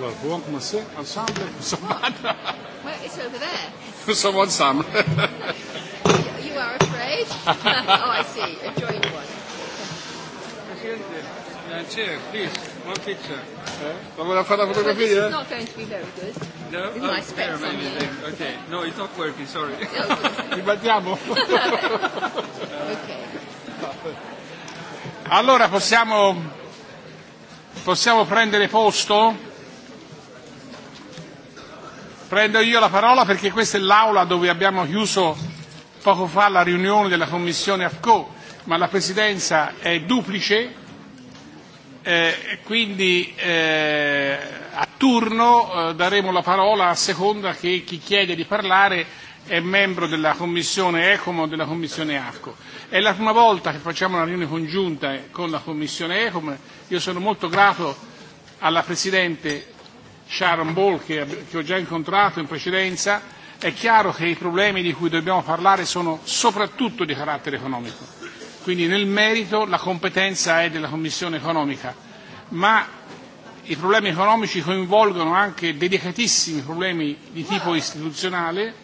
Well, who Borg Masse Ensemble for someone. Well, it's over there. For someone, Sam. you are afraid? oh, I see. A joint one. Chair, please, one picture. Okay. we'll have a photography, yeah? It's not going to be very good. No? In oh, my specs on Okay. No, it's not working, sorry. Ribadiamo. okay. Allora, possiamo, possiamo prendere posto? Prendo io la parola perché questa è l'aula dove abbiamo chiuso poco fa la riunione della Commissione AFCO, ma la Presidenza è duplice, eh, quindi eh, a turno eh, daremo la parola a seconda che chi chiede di parlare è membro della Commissione ECOM o della Commissione AFCO. È la prima volta che facciamo una riunione congiunta con la Commissione ECOM, io sono molto grato alla Presidente Sharon Ball che, che ho già incontrato in precedenza, è chiaro che i problemi di cui dobbiamo parlare sono soprattutto di carattere economico. Quindi nel merito la competenza è della Commissione economica, ma i problemi economici coinvolgono anche delicatissimi problemi di tipo istituzionale,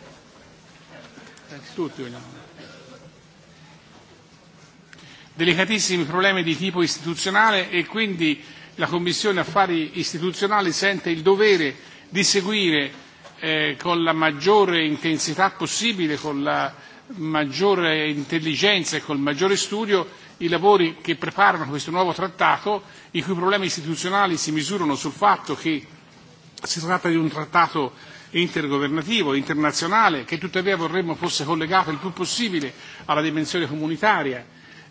delicatissimi problemi di tipo istituzionale e quindi la Commissione Affari Istituzionali sente il dovere di seguire eh, con la maggiore intensità possibile, con la maggiore intelligenza e col maggiore studio i lavori che preparano questo nuovo trattato, i cui problemi istituzionali si misurano sul fatto che si tratta di un trattato intergovernativo, internazionale, che tuttavia vorremmo fosse collegato il più possibile alla dimensione comunitaria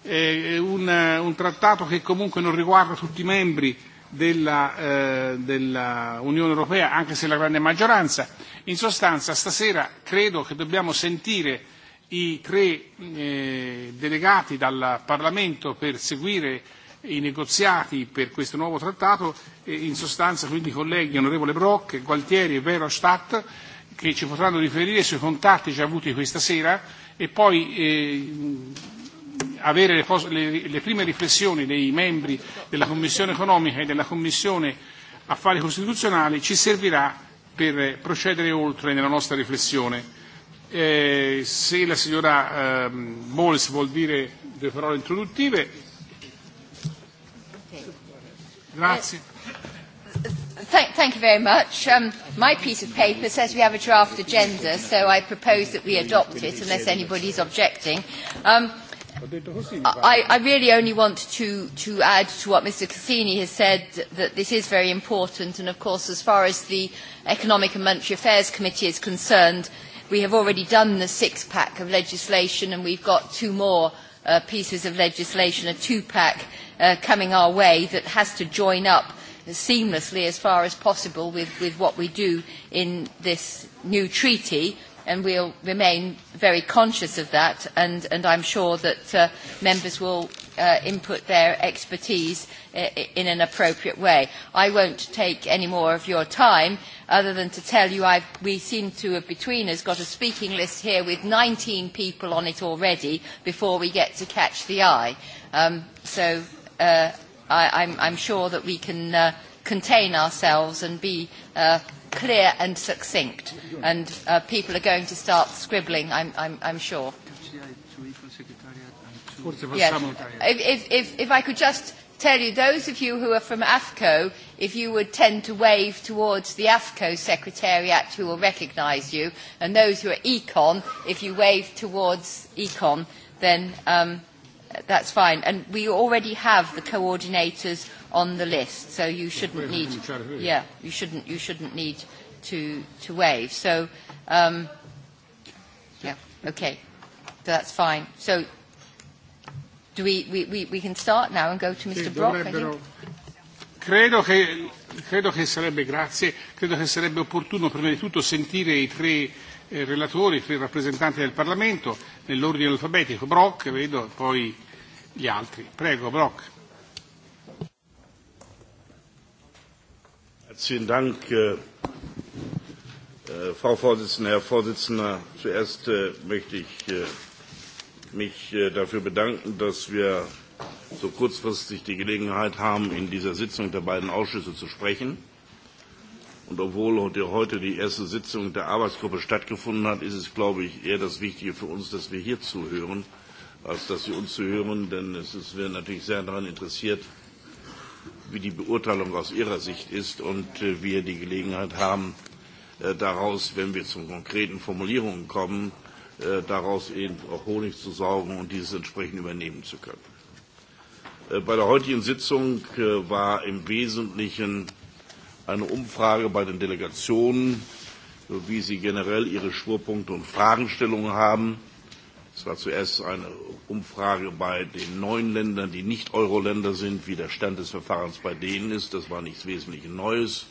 eh, un, un trattato che comunque non riguarda tutti i membri della, eh, dell'Unione Europea, anche se la grande maggioranza. In sostanza stasera credo che dobbiamo sentire i tre eh, delegati dal Parlamento per seguire i negoziati per questo nuovo trattato, e in sostanza quindi i colleghi onorevole Brock, Gualtieri e Verhofstadt, che ci potranno riferire sui contatti già avuti questa sera e poi eh, avere le, cose, le, le prime riflessioni dei membri della Commissione economica e della Commissione affari costituzionali ci servirà per procedere oltre nella nostra riflessione. Eh, se la signora eh, Bowles vuol dire due parole introduttive. Grazie. Thank, thank you very much. Um, my piece of paper says we have a draft agenda, so I propose that we adopt it unless anybody's objecting. Um, I, I really only want to, to add to what Mr Cassini has said that this is very important and of course as far as the Economic and Monetary Affairs Committee is concerned we have already done the six-pack of legislation and we've got two more uh, pieces of legislation, a two-pack uh, coming our way that has to join up seamlessly as far as possible with, with what we do in this new treaty and we'll remain very conscious of that, and, and I'm sure that uh, members will uh, input their expertise in an appropriate way. I won't take any more of your time other than to tell you I've, we seem to have between us got a speaking list here with 19 people on it already before we get to catch the eye. Um, so uh, I, I'm, I'm sure that we can uh, contain ourselves and be uh, clear and succinct, and uh, people are going to start scribbling, I'm, I'm, I'm sure. Yes. If, if, if I could just tell you, those of you who are from AFCO, if you would tend to wave towards the AFCO Secretariat who will recognise you, and those who are ECON, if you wave towards ECON, then um, That's fine. And we already have the coordinators on the list, so you shouldn't need. Yeah, you shouldn't. You shouldn't need to to waive. So, um, yeah, okay, so that's fine. So, do we, we we we can start now and go to Mr. Brock? I think. Credo che, credo che sarebbe, grazie, credo che sarebbe opportuno prima di tutto sentire i tre Relatori, relatore, rappresentanti del Parlamento, nell'ordine alfabetico. Brock, vedo poi gli altri. Prego, Brock. Grazie, Dank, Frau Vorsitzende, Herr Vorsitzender. Zuerst möchte ich mich dafür bedanken, dass wir so kurzfristig die Gelegenheit haben, in dieser Sitzung der beiden Ausschüsse zu sprechen Und obwohl heute die erste Sitzung der Arbeitsgruppe stattgefunden hat, ist es, glaube ich, eher das Wichtige für uns, dass wir hier zuhören, als dass Sie uns zuhören, denn es ist, wir natürlich sehr daran interessiert, wie die Beurteilung aus Ihrer Sicht ist und wir die Gelegenheit haben, daraus, wenn wir zu konkreten Formulierungen kommen, daraus eben auch Honig zu saugen und dieses entsprechend übernehmen zu können. Bei der heutigen Sitzung war im Wesentlichen eine Umfrage bei den Delegationen, wie sie generell ihre Schwerpunkte und Fragestellungen haben. Es war zuerst eine Umfrage bei den neuen Ländern, die nicht Euro-Länder sind, wie der Stand des Verfahrens bei denen ist. Das war nichts wesentlich Neues.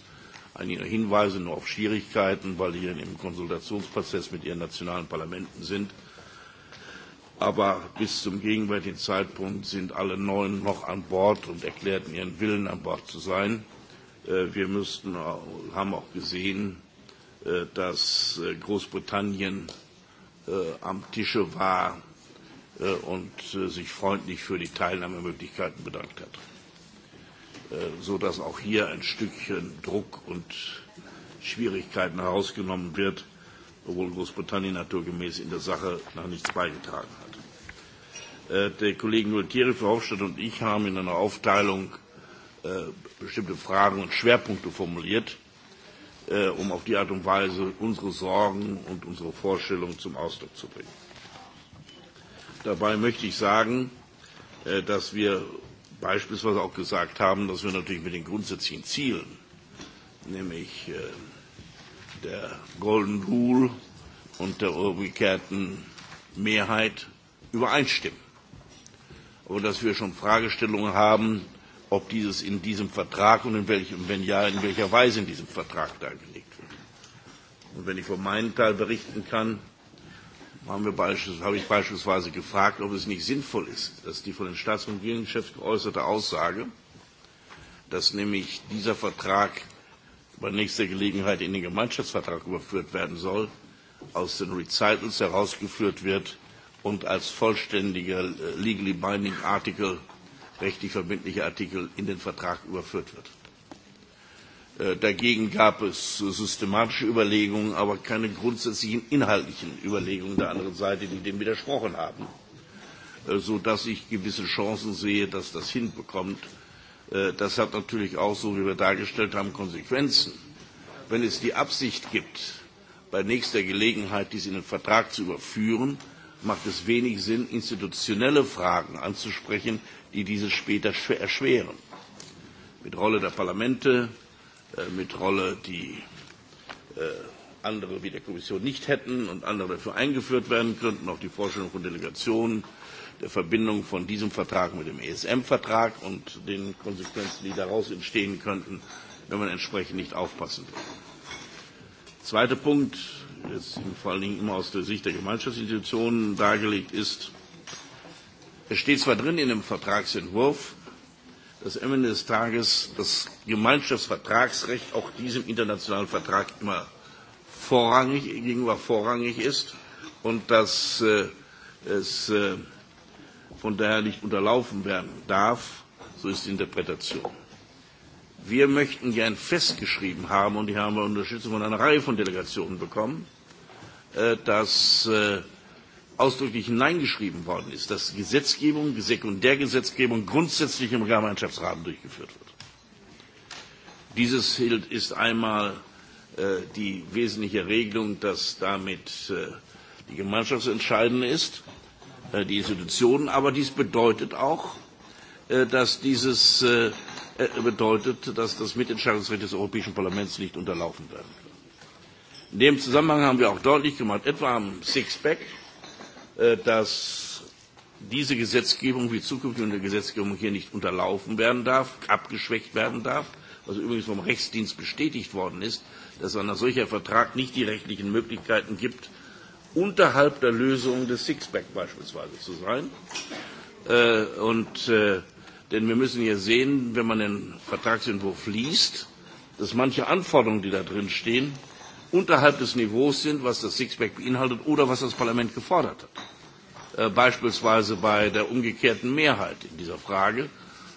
Einige Hinweise nur auf Schwierigkeiten, weil die im Konsultationsprozess mit ihren nationalen Parlamenten sind. Aber bis zum gegenwärtigen Zeitpunkt sind alle neuen noch an Bord und erklärten ihren Willen, an Bord zu sein. Wir haben auch gesehen, dass Großbritannien am Tische war und sich freundlich für die Teilnahmemöglichkeiten bedankt hat, sodass auch hier ein Stückchen Druck und Schwierigkeiten herausgenommen wird, obwohl Großbritannien naturgemäß in der Sache noch nichts beigetragen hat. Der Kollege Gualtieri Verhofstadt und ich haben in einer Aufteilung bestimmte Fragen und Schwerpunkte formuliert, um auf die Art und Weise unsere Sorgen und unsere Vorstellungen zum Ausdruck zu bringen. Dabei möchte ich sagen, dass wir beispielsweise auch gesagt haben, dass wir natürlich mit den grundsätzlichen Zielen, nämlich der Golden Rule und der umgekehrten Mehrheit übereinstimmen. Aber dass wir schon Fragestellungen haben, ob dieses in diesem Vertrag und in welchem, wenn ja, in welcher Weise in diesem Vertrag dargelegt wird. Und wenn ich von meinem Teil berichten kann, haben wir habe ich beispielsweise gefragt, ob es nicht sinnvoll ist, dass die von den Staats- und Regierungschefs geäußerte Aussage, dass nämlich dieser Vertrag bei nächster Gelegenheit in den Gemeinschaftsvertrag überführt werden soll, aus den Recitals herausgeführt wird und als vollständiger legally binding Artikel rechtlich verbindliche Artikel in den Vertrag überführt wird. Dagegen gab es systematische Überlegungen, aber keine grundsätzlichen inhaltlichen Überlegungen der anderen Seite, die dem widersprochen haben, sodass ich gewisse Chancen sehe, dass das hinbekommt. Das hat natürlich auch, so wie wir dargestellt haben, Konsequenzen. Wenn es die Absicht gibt, bei nächster Gelegenheit dies in den Vertrag zu überführen, macht es wenig Sinn, institutionelle Fragen anzusprechen, die dieses später erschweren. Mit Rolle der Parlamente, mit Rolle, die andere wie der Kommission nicht hätten und andere dafür eingeführt werden könnten, auch die Vorstellung von Delegationen, der Verbindung von diesem Vertrag mit dem ESM-Vertrag und den Konsequenzen, die daraus entstehen könnten, wenn man entsprechend nicht aufpassen will. Zweiter Punkt, jetzt vor allen Dingen immer aus der Sicht der Gemeinschaftsinstitutionen dargelegt ist, Es steht zwar drin in dem Vertragsentwurf, dass am Ende des Tages das Gemeinschaftsvertragsrecht auch diesem internationalen Vertrag immer vorrangig, gegenüber vorrangig ist und dass äh, es äh, von daher nicht unterlaufen werden darf, so ist die Interpretation. Wir möchten gern festgeschrieben haben, und die haben wir Unterstützung von einer Reihe von Delegationen bekommen, dass ausdrücklich hineingeschrieben worden ist, dass Gesetzgebung, Sekundärgesetzgebung grundsätzlich im Gemeinschaftsrahmen durchgeführt wird. Dieses ist einmal die wesentliche Regelung, dass damit die Gemeinschaft entscheidend ist, die Institutionen, aber dies bedeutet auch, dass dieses bedeutet, dass das Mitentscheidungsrecht des Europäischen Parlaments nicht unterlaufen werden kann. In dem Zusammenhang haben wir auch deutlich gemacht, etwa am Sixpack, dass diese Gesetzgebung wie zukünftige Gesetzgebung hier nicht unterlaufen werden darf, abgeschwächt werden darf, was übrigens vom Rechtsdienst bestätigt worden ist, dass es ein solcher Vertrag nicht die rechtlichen Möglichkeiten gibt, unterhalb der Lösung des Sixpack beispielsweise zu sein. und, denn wir müssen ja sehen, wenn man den Vertragsentwurf liest, dass manche Anforderungen, die da drin stehen, unterhalb des Niveaus sind, was das Sixpack beinhaltet oder was das Parlament gefordert hat. beispielsweise bei der umgekehrten Mehrheit in dieser Frage,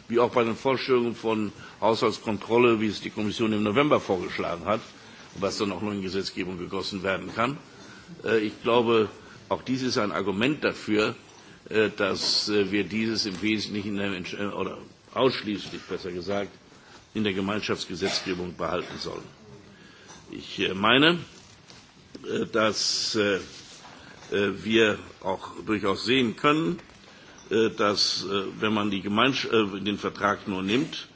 wie auch bei den Vorstellungen von Haushaltskontrolle, wie es die Kommission im November vorgeschlagen hat, was dann auch nur in Gesetzgebung gegossen werden kann. ich glaube, auch dies ist ein Argument dafür, dass wir dieses im Wesentlichen oder ausschließlich besser gesagt in der Gemeinschaftsgesetzgebung behalten sollen. Ich meine, dass wir auch durchaus sehen können, dass, wenn man den Vertrag nur nimmt,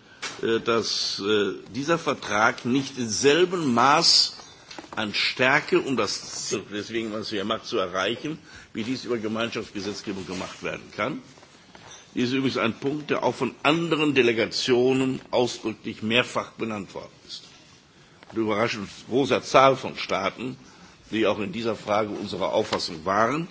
dass dieser Vertrag nicht im selben Maß an Stärke, um das deswegen, was er macht, zu erreichen, wie dies über Gemeinschaftsgesetzgebung gemacht werden kann. Dies ist übrigens ein Punkt, der auch von anderen Delegationen ausdrücklich mehrfach benannt worden ist eine überraschend großer Zahl von Staaten, die auch in dieser Frage unserer Auffassung waren,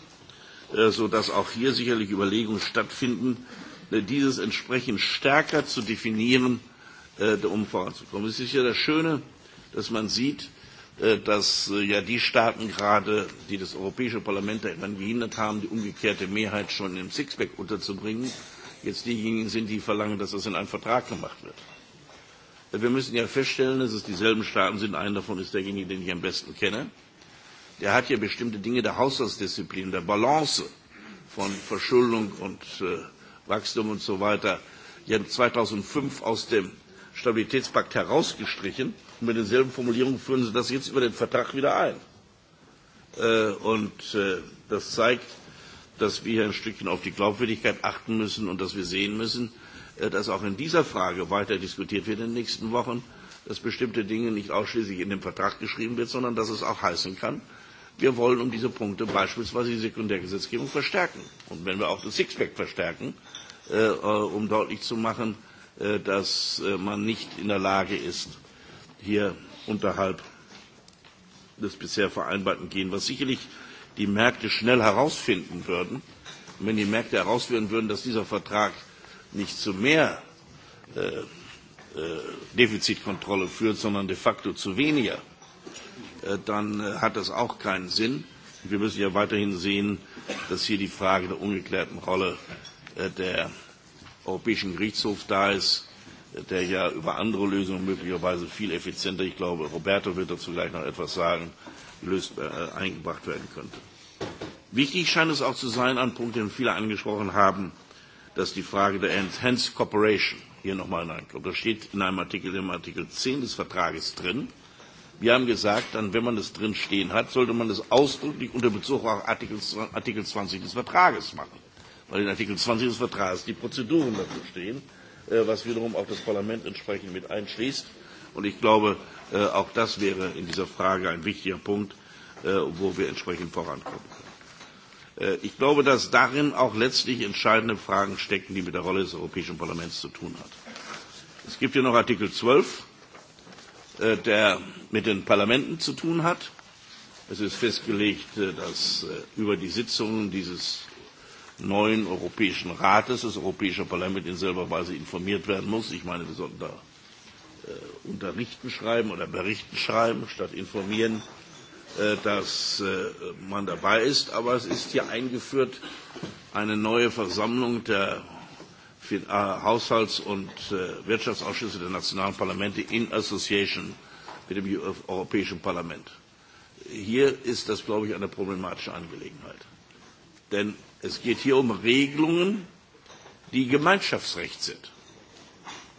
sodass auch hier sicherlich Überlegungen stattfinden, dieses entsprechend stärker zu definieren, um voranzukommen. Es ist ja das Schöne, dass man sieht, dass ja die Staaten gerade, die das Europäische Parlament daran gehindert haben, die umgekehrte Mehrheit schon im Sixpack unterzubringen, jetzt diejenigen sind, die verlangen, dass das in einen Vertrag gemacht wird. Wir müssen ja feststellen, dass es dieselben Staaten sind. Einer davon ist derjenige, den ich am besten kenne. Der hat ja bestimmte Dinge der Haushaltsdisziplin, der Balance von Verschuldung und äh, Wachstum und so weiter. ja 2005 aus dem Stabilitätspakt herausgestrichen und mit denselben Formulierungen führen sie das jetzt über den Vertrag wieder ein. Äh, und äh, das zeigt, dass wir hier ein Stückchen auf die Glaubwürdigkeit achten müssen und dass wir sehen müssen, dass auch in dieser Frage weiter diskutiert wird in den nächsten Wochen, dass bestimmte Dinge nicht ausschließlich in den Vertrag geschrieben wird, sondern dass es auch heißen kann, wir wollen um diese Punkte beispielsweise die Sekundärgesetzgebung verstärken. Und wenn wir auch das Sixpack verstärken, um deutlich zu machen, dass man nicht in der Lage ist, hier unterhalb des bisher vereinbarten gehen, was sicherlich die Märkte schnell herausfinden würden. Und wenn die Märkte herausfinden würden, dass dieser Vertrag nicht zu mehr Defizitkontrolle führt, sondern de facto zu weniger, dann hat das auch keinen Sinn. Wir müssen ja weiterhin sehen, dass hier die Frage der ungeklärten Rolle der Europäischen Gerichtshof da ist, der ja über andere Lösungen möglicherweise viel effizienter, ich glaube, Roberto wird dazu gleich noch etwas sagen, löst, äh, eingebracht werden könnte. Wichtig scheint es auch zu sein, ein Punkt, den viele angesprochen haben, dass die Frage der Enhanced Cooperation hier nochmal hineinkommt. Das steht in einem Artikel, im Artikel 10 des Vertrages drin. Wir haben gesagt, dann, wenn man das drin stehen hat, sollte man das ausdrücklich unter Bezug auf Artikel, Artikel 20 des Vertrages machen. Weil in Artikel 20 des Vertrages die Prozeduren dazu stehen, was wiederum auch das Parlament entsprechend mit einschließt. Und ich glaube, auch das wäre in dieser Frage ein wichtiger Punkt, wo wir entsprechend vorankommen. Ich glaube, dass darin auch letztlich entscheidende Fragen stecken, die mit der Rolle des Europäischen Parlaments zu tun haben. Es gibt hier noch Artikel 12, der mit den Parlamenten zu tun hat. Es ist festgelegt, dass über die Sitzungen dieses neuen Europäischen Rates das Europäische Parlament in selber Weise informiert werden muss. Ich meine, wir sollten da unterrichten schreiben oder berichten schreiben statt informieren dass man dabei ist. Aber es ist hier eingeführt eine neue Versammlung der Haushalts- und Wirtschaftsausschüsse der nationalen Parlamente in Association mit dem Europäischen Parlament. Hier ist das, glaube ich, eine problematische Angelegenheit. Denn es geht hier um Regelungen, die Gemeinschaftsrecht sind.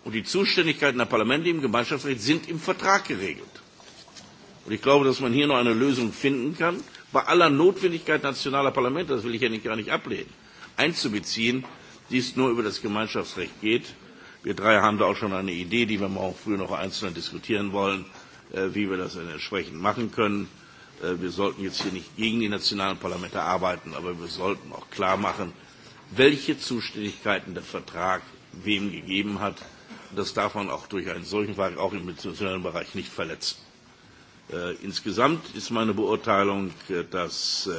Und die Zuständigkeiten der Parlamente im Gemeinschaftsrecht sind im Vertrag geregelt. Und ich glaube, dass man hier noch eine Lösung finden kann, bei aller Notwendigkeit nationaler Parlamente, das will ich ja nicht, gar nicht ablehnen, einzubeziehen, die es nur über das Gemeinschaftsrecht geht. Wir drei haben da auch schon eine Idee, die wir morgen früh noch einzeln diskutieren wollen, wie wir das entsprechend machen können. Wir sollten jetzt hier nicht gegen die nationalen Parlamente arbeiten, aber wir sollten auch klar machen, welche Zuständigkeiten der Vertrag wem gegeben hat. Das darf man auch durch einen solchen Vertrag auch im internationalen Bereich nicht verletzen insgesamt ist meine Beurteilung, dass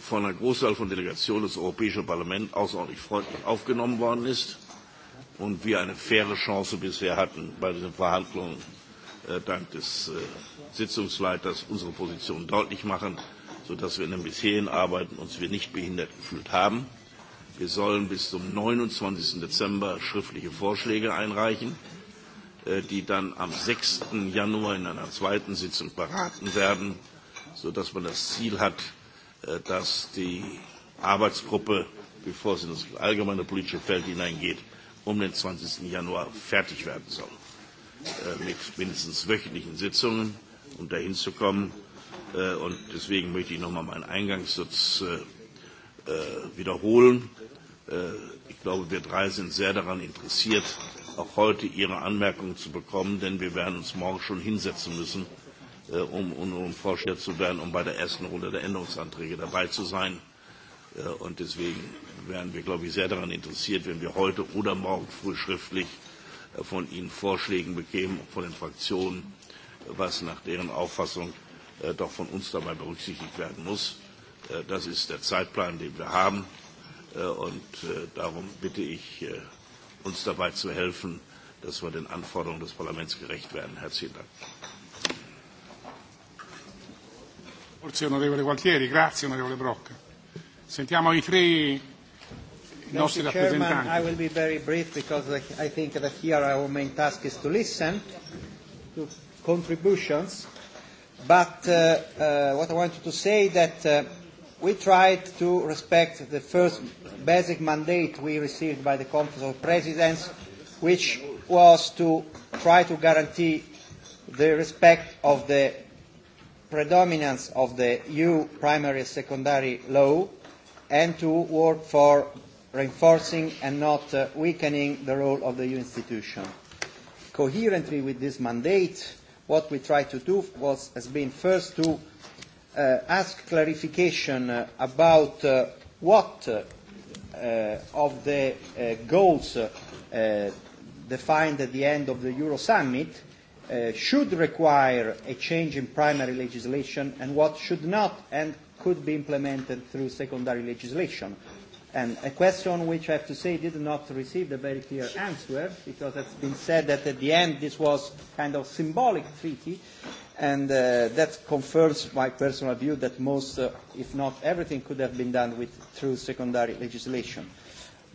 von einer Großzahl von Delegationen das Europäische Parlament außerordentlich freundlich aufgenommen worden ist und wir eine faire Chance bisher hatten, bei diesen Verhandlungen dank des Sitzungsleiters unsere Position deutlich machen, sodass wir in den bisherigen Arbeiten uns wir nicht behindert gefühlt haben. Wir sollen bis zum 29. Dezember schriftliche Vorschläge einreichen die dann am 6. Januar in einer zweiten Sitzung beraten werden, sodass man das Ziel hat, dass die Arbeitsgruppe, bevor sie in das allgemeine politische Feld hineingeht, um den 20. Januar fertig werden soll, mit mindestens wöchentlichen Sitzungen, um dahin zu kommen. Und deswegen möchte ich nochmal meinen Eingangssatz wiederholen. Ich glaube, wir drei sind sehr daran interessiert, auch heute Ihre Anmerkungen zu bekommen, denn wir werden uns morgen schon hinsetzen müssen, um, um, vorgestellt zu werden, um bei der ersten Runde der Änderungsanträge dabei zu sein. Und deswegen wären wir, glaube ich, sehr daran interessiert, wenn wir heute oder morgen früh schriftlich von Ihnen Vorschläge bekämen, von den Fraktionen, was nach deren Auffassung doch von uns dabei berücksichtigt werden muss. Das ist der Zeitplan, den wir haben. Und darum bitte ich uns dabei zu helfen, dass wir den Anforderungen des Parlaments gerecht werden. Herzlichen Dank. Grazie onorevole Gualtieri, grazie onorevole Brock. Sentiamo i tre nostri rappresentanti. I will be very brief because I think that here our main task is to listen to contributions. But uh, uh, what I wanted to say that uh, we tried to respect the first basic mandate we received by the Conference of Presidents, which was to try to guarantee the respect of the predominance of the EU primary and secondary law and to work for reinforcing and not weakening the role of the EU institution. Coherently with this mandate, what we tried to do was, has been first to ask clarification about what of the goals defined at the end of the Euro summit should require a change in primary legislation and what should not and could be implemented through secondary legislation. And a question which I have to say did not receive a very clear answer because it's been said that at the end this was kind of symbolic treaty and uh, that confirms my personal view that most, uh, if not everything, could have been done with, through secondary legislation.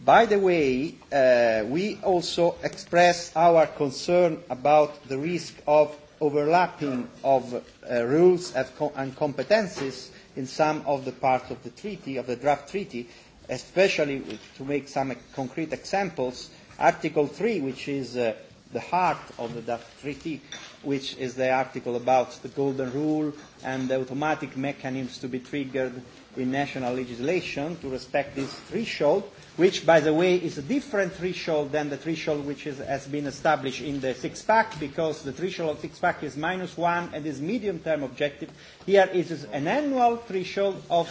By the way, uh, we also express our concern about the risk of overlapping of uh, rules and competences in some of the parts of the treaty, of the draft treaty, especially to make some concrete examples, Article 3, which is uh, the heart of the DAF Treaty, which is the article about the golden rule and the automatic mechanisms to be triggered in national legislation to respect this threshold, which, by the way, is a different threshold than the threshold which is, has been established in the six-pack, because the threshold of six-pack is minus one and is medium-term objective. Here it is an annual threshold of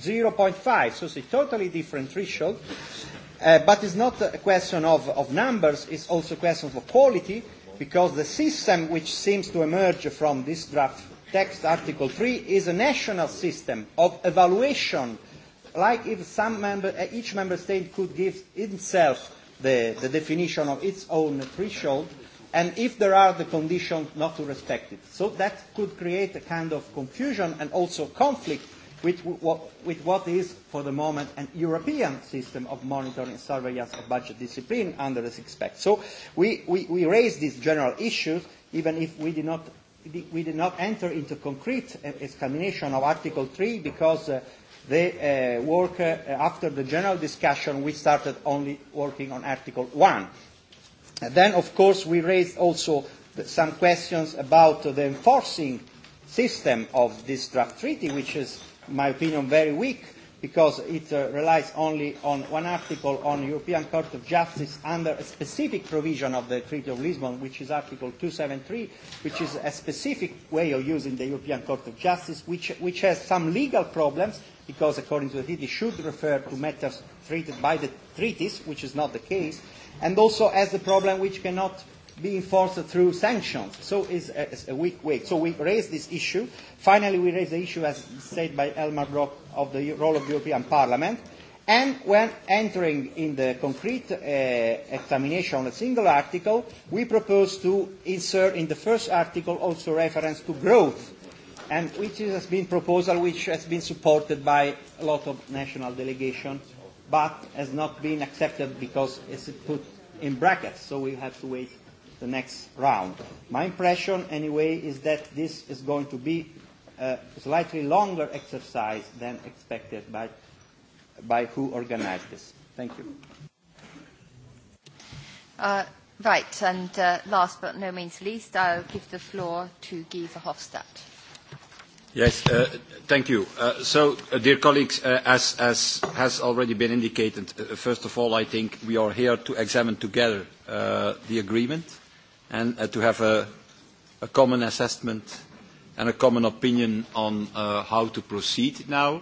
0.5, so it's a totally different threshold. Uh, but it's not a question of, of numbers, it's also a question of quality, because the system which seems to emerge from this draft text, Article 3, is a national system of evaluation, like if some member, each member state could give itself the, the definition of its own threshold, and if there are the conditions not to respect it. So that could create a kind of confusion and also conflict with what with what is, for the moment, an European system of monitoring and surveillance of budget discipline under the six pack. So we, we, we raise these general issues, even if we did not we did not enter into concrete examination of Article 3 because uh, the uh, work uh, after the general discussion we started only working on Article 1. And then, of course, we raised also some questions about the enforcing system of this draft treaty, which is my opinion, very weak because it uh, relies only on one article on European Court of Justice under a specific provision of the Treaty of Lisbon, which is Article 273, which is a specific way of using the European Court of Justice, which, which has some legal problems because, according to the treaty, should refer to matters treated by the treaties, which is not the case, and also has the problem which cannot being forced through sanctions. So it's a, it's a weak way. So we raised this issue. Finally, we raised the issue, as said by Elmar Brock, of the role of the European Parliament. And when entering in the concrete uh, examination on a single article, we propose to insert in the first article also reference to growth, and which has been proposal which has been supported by a lot of national delegation, but has not been accepted because it's put in brackets, so we have to wait the next round. My impression, anyway, is that this is going to be a slightly longer exercise than expected by, by who organized this. Thank you. Uh, right, and uh, last but no means least, I'll give the floor to Guy Verhofstadt. Yes, thank you. So, dear colleagues, as has already been indicated, first of all, I think we are here to examine together the agreement and to have a, common assessment and a common opinion on how to proceed now.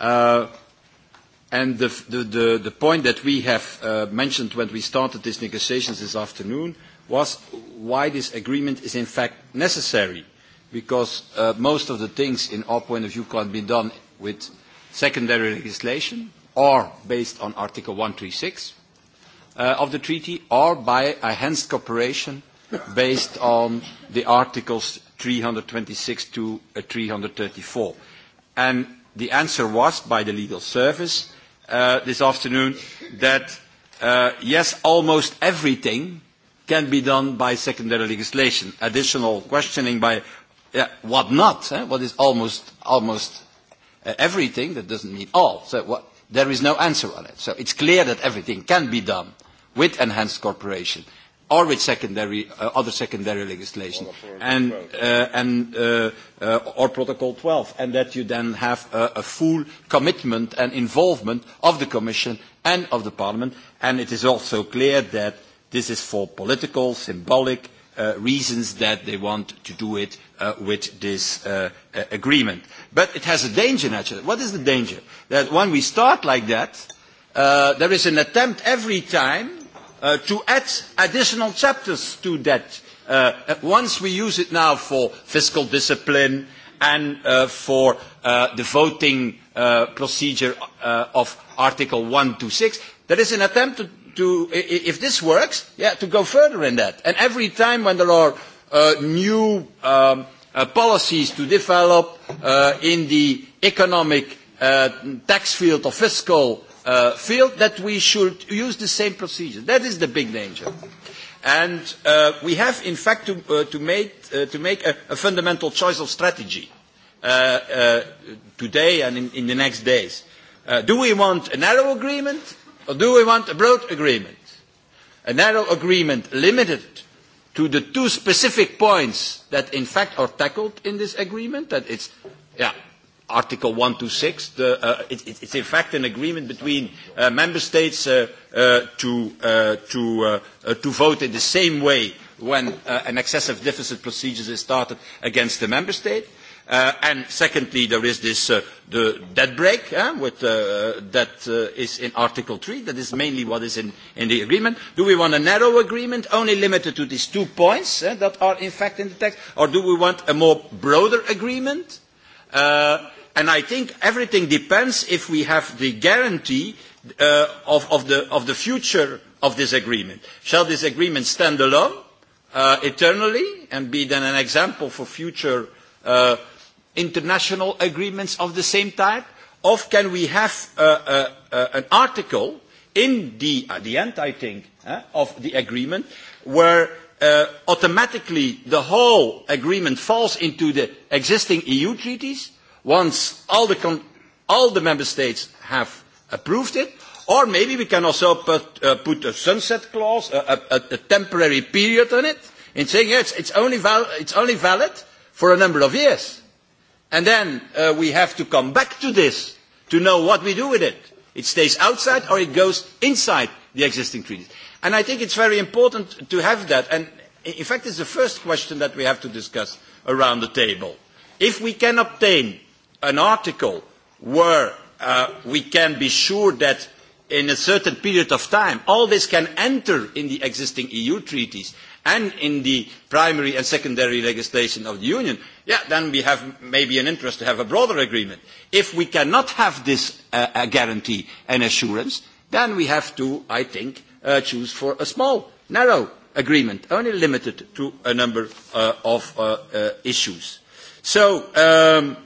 and the, the, the, point that we have mentioned when we started these negotiations this afternoon was why this agreement is in fact necessary, because most of the things in our point of view can be done with secondary legislation or based on Article one hundred and thirty six of the treaty or by enhanced cooperation based on the Articles 326 to 334. And the answer was by the legal service uh, this afternoon that uh, yes, almost everything can be done by secondary legislation. Additional questioning by yeah, what not? Eh? What is almost almost uh, everything? That doesn't mean all. So what, there is no answer on it. So it's clear that everything can be done with enhanced cooperation or with secondary, uh, other secondary legislation, and, uh, and, uh, uh, or Protocol 12, and that you then have a, a full commitment and involvement of the Commission and of the Parliament. And it is also clear that this is for political, symbolic uh, reasons that they want to do it uh, with this uh, agreement. But it has a danger, naturally. What is the danger? That when we start like that, uh, there is an attempt every time uh, to add additional chapters to that. Uh, once we use it now for fiscal discipline and uh, for uh, the voting uh, procedure uh, of Article 126, there is an attempt to, to if this works, yeah, to go further in that. And every time when there are uh, new um, uh, policies to develop uh, in the economic uh, tax field of fiscal uh, field that we should use the same procedure. That is the big danger. And uh, we have, in fact, to, uh, to make, uh, to make a, a fundamental choice of strategy uh, uh, today and in, in the next days. Uh, do we want a narrow agreement or do we want a broad agreement? A narrow agreement limited to the two specific points that in fact are tackled in this agreement, that it's yeah, Article 126. The, uh, it, it, it's in fact an agreement between uh, member states uh, uh, to, uh, to, uh, uh, to vote in the same way when uh, an excessive deficit procedure is started against the member state. Uh, and secondly, there is this uh, the debt break uh, with, uh, that uh, is in Article 3. That is mainly what is in, in the agreement. Do we want a narrow agreement only limited to these two points uh, that are in fact in the text? Or do we want a more broader agreement? Uh, And I think everything depends if we have the guarantee uh, of, of, the, of the future of this agreement. Shall this agreement stand alone uh, eternally and be then an example for future uh, international agreements of the same type? Or can we have uh, uh, uh, an article in the, at the end, I think, uh, of the agreement where uh, automatically the whole agreement falls into the existing EU treaties once all the, all the member states have approved it, or maybe we can also put, uh, put a sunset clause, a, a, a temporary period on it, in saying yes, it's only, val- it's only valid for a number of years. And then uh, we have to come back to this to know what we do with it. It stays outside or it goes inside the existing treaties. And I think it's very important to have that. And in fact, it's the first question that we have to discuss around the table. If we can obtain an article where uh, we can be sure that in a certain period of time, all this can enter in the existing EU treaties and in the primary and secondary legislation of the Union, yeah, then we have maybe an interest to have a broader agreement. If we cannot have this uh, guarantee and assurance, then we have to, I think, uh, choose for a small, narrow agreement, only limited to a number uh, of uh, uh, issues. So, um,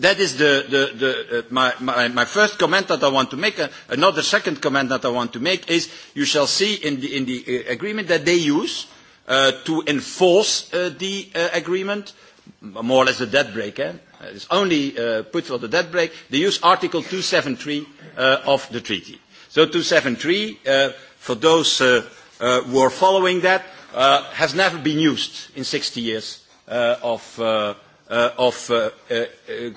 that is the, the, the, uh, my, my, my first comment that I want to make. Uh, another second comment that I want to make is you shall see in the, in the uh, agreement that they use uh, to enforce uh, the uh, agreement, more or less a dead break. Eh? It's only uh, put for the dead break. They use Article 273 uh, of the treaty. So 273, uh, for those uh, uh, who are following that, uh, has never been used in 60 years uh, of uh, of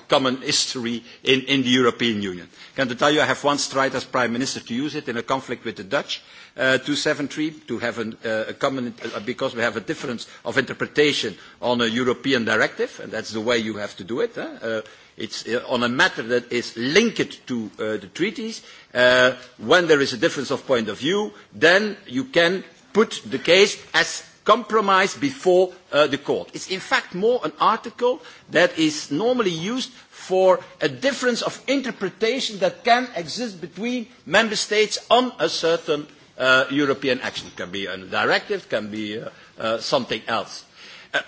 common history in, the European Union. Can I tell you, I have once tried as Prime Minister to use it in a conflict with the Dutch, uh, 273, to have a common, because we have a difference of interpretation on a European directive, and that's the way you have to do it. Huh? it's on a matter that is linked to the treaties. when there is a difference of point of view, then you can put the case as compromise before uh, the court. It's in fact more an article that is normally used for a difference of interpretation that can exist between member states on a certain uh, European action. It can be a directive, it can be uh, uh, something else. Uh,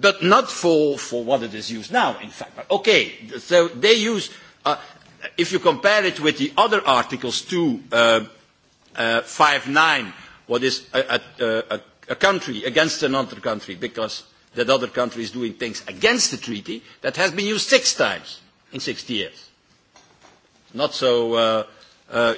but not for, for what it is used now, in fact. okay, so they use, uh, if you compare it with the other articles, 2, uh, uh, 5, 9, what is a, a, a a country against another country because that other country is doing things against the treaty, that has been used six times in 60 years. Not so... Uh, uh,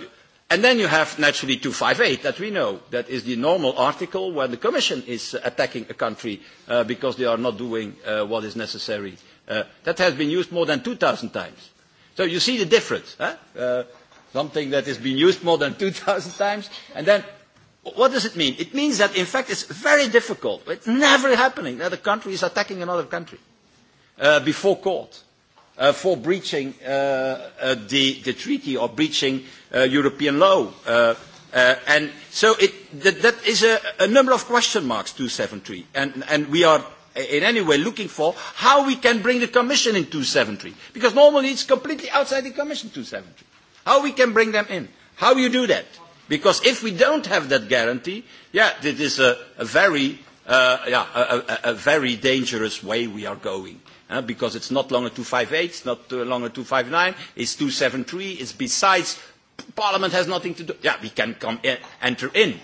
and then you have naturally 258 that we know. That is the normal article where the Commission is attacking a country uh, because they are not doing uh, what is necessary. Uh, that has been used more than 2,000 times. So you see the difference. Huh? Uh, something that has been used more than 2,000 times, and then What does it mean? It means that, in fact, it's very difficult. It's never happening that a country is attacking another country uh, before court uh, for breaching uh, uh, the, the treaty or breaching uh, European law. Uh, uh, and so it, that, that is a, a number of question marks, 273. And, and we are in any way looking for how we can bring the Commission in 273. Because normally it's completely outside the Commission, 273. How we can bring them in. How you do that? Because if we don't have that guarantee, yeah, it is a, a very, uh, yeah, a, a, a very dangerous way we are going. Uh, because it's not longer 258, it's not hundred longer 259, it's 273, it's besides, Parliament has nothing to do. Yeah, we can come in, enter in,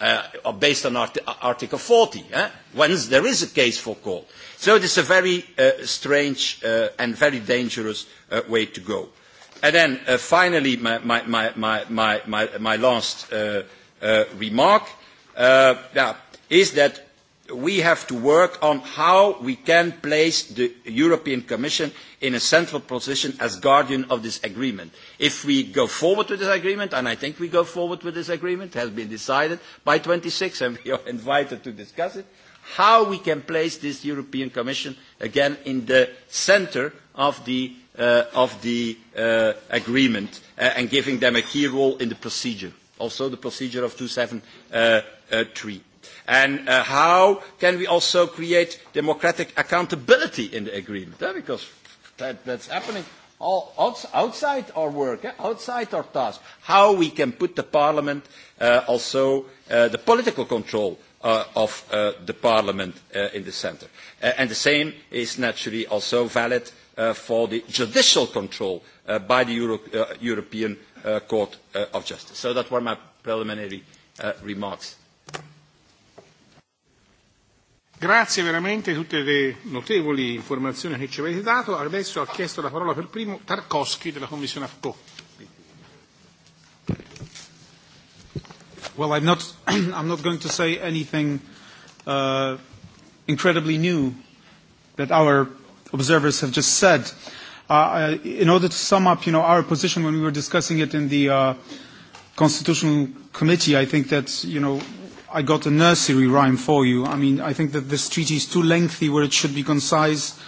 uh, based on Art- Article 40, eh? once there is a case for call. So it is a very uh, strange uh, and very dangerous uh, way to go. And then finally, my, my, last remark is that we have to work on how we can place the European Commission in a central position as guardian of this agreement. If we go forward with this agreement, and I think we go forward with this agreement, it has been decided by twenty six and we are invited to discuss it, how we can place this European Commission again in the centre of the of the agreement and giving them a key role in the procedure, also the procedure of 273. And how can we also create democratic accountability in the agreement? Because that, that's happening all outside our work, outside our task. How we can put the parliament, also the political control of the parliament in the centre. and the same is naturally also valid for the judicial control by the European Court of Justice. So that were my preliminary remarks. Grazie veramente tutte le notevoli informazioni che ci avete dato. Adesso ha chiesto la parola per primo Tarkovsky della Commissione AFCO. Well, I'm not, I'm not going to say anything uh, incredibly new that our observers have just said. Uh, in order to sum up, you know, our position when we were discussing it in the uh, constitutional committee, I think that, you know, I got a nursery rhyme for you. I mean, I think that this treaty is too lengthy where it should be concise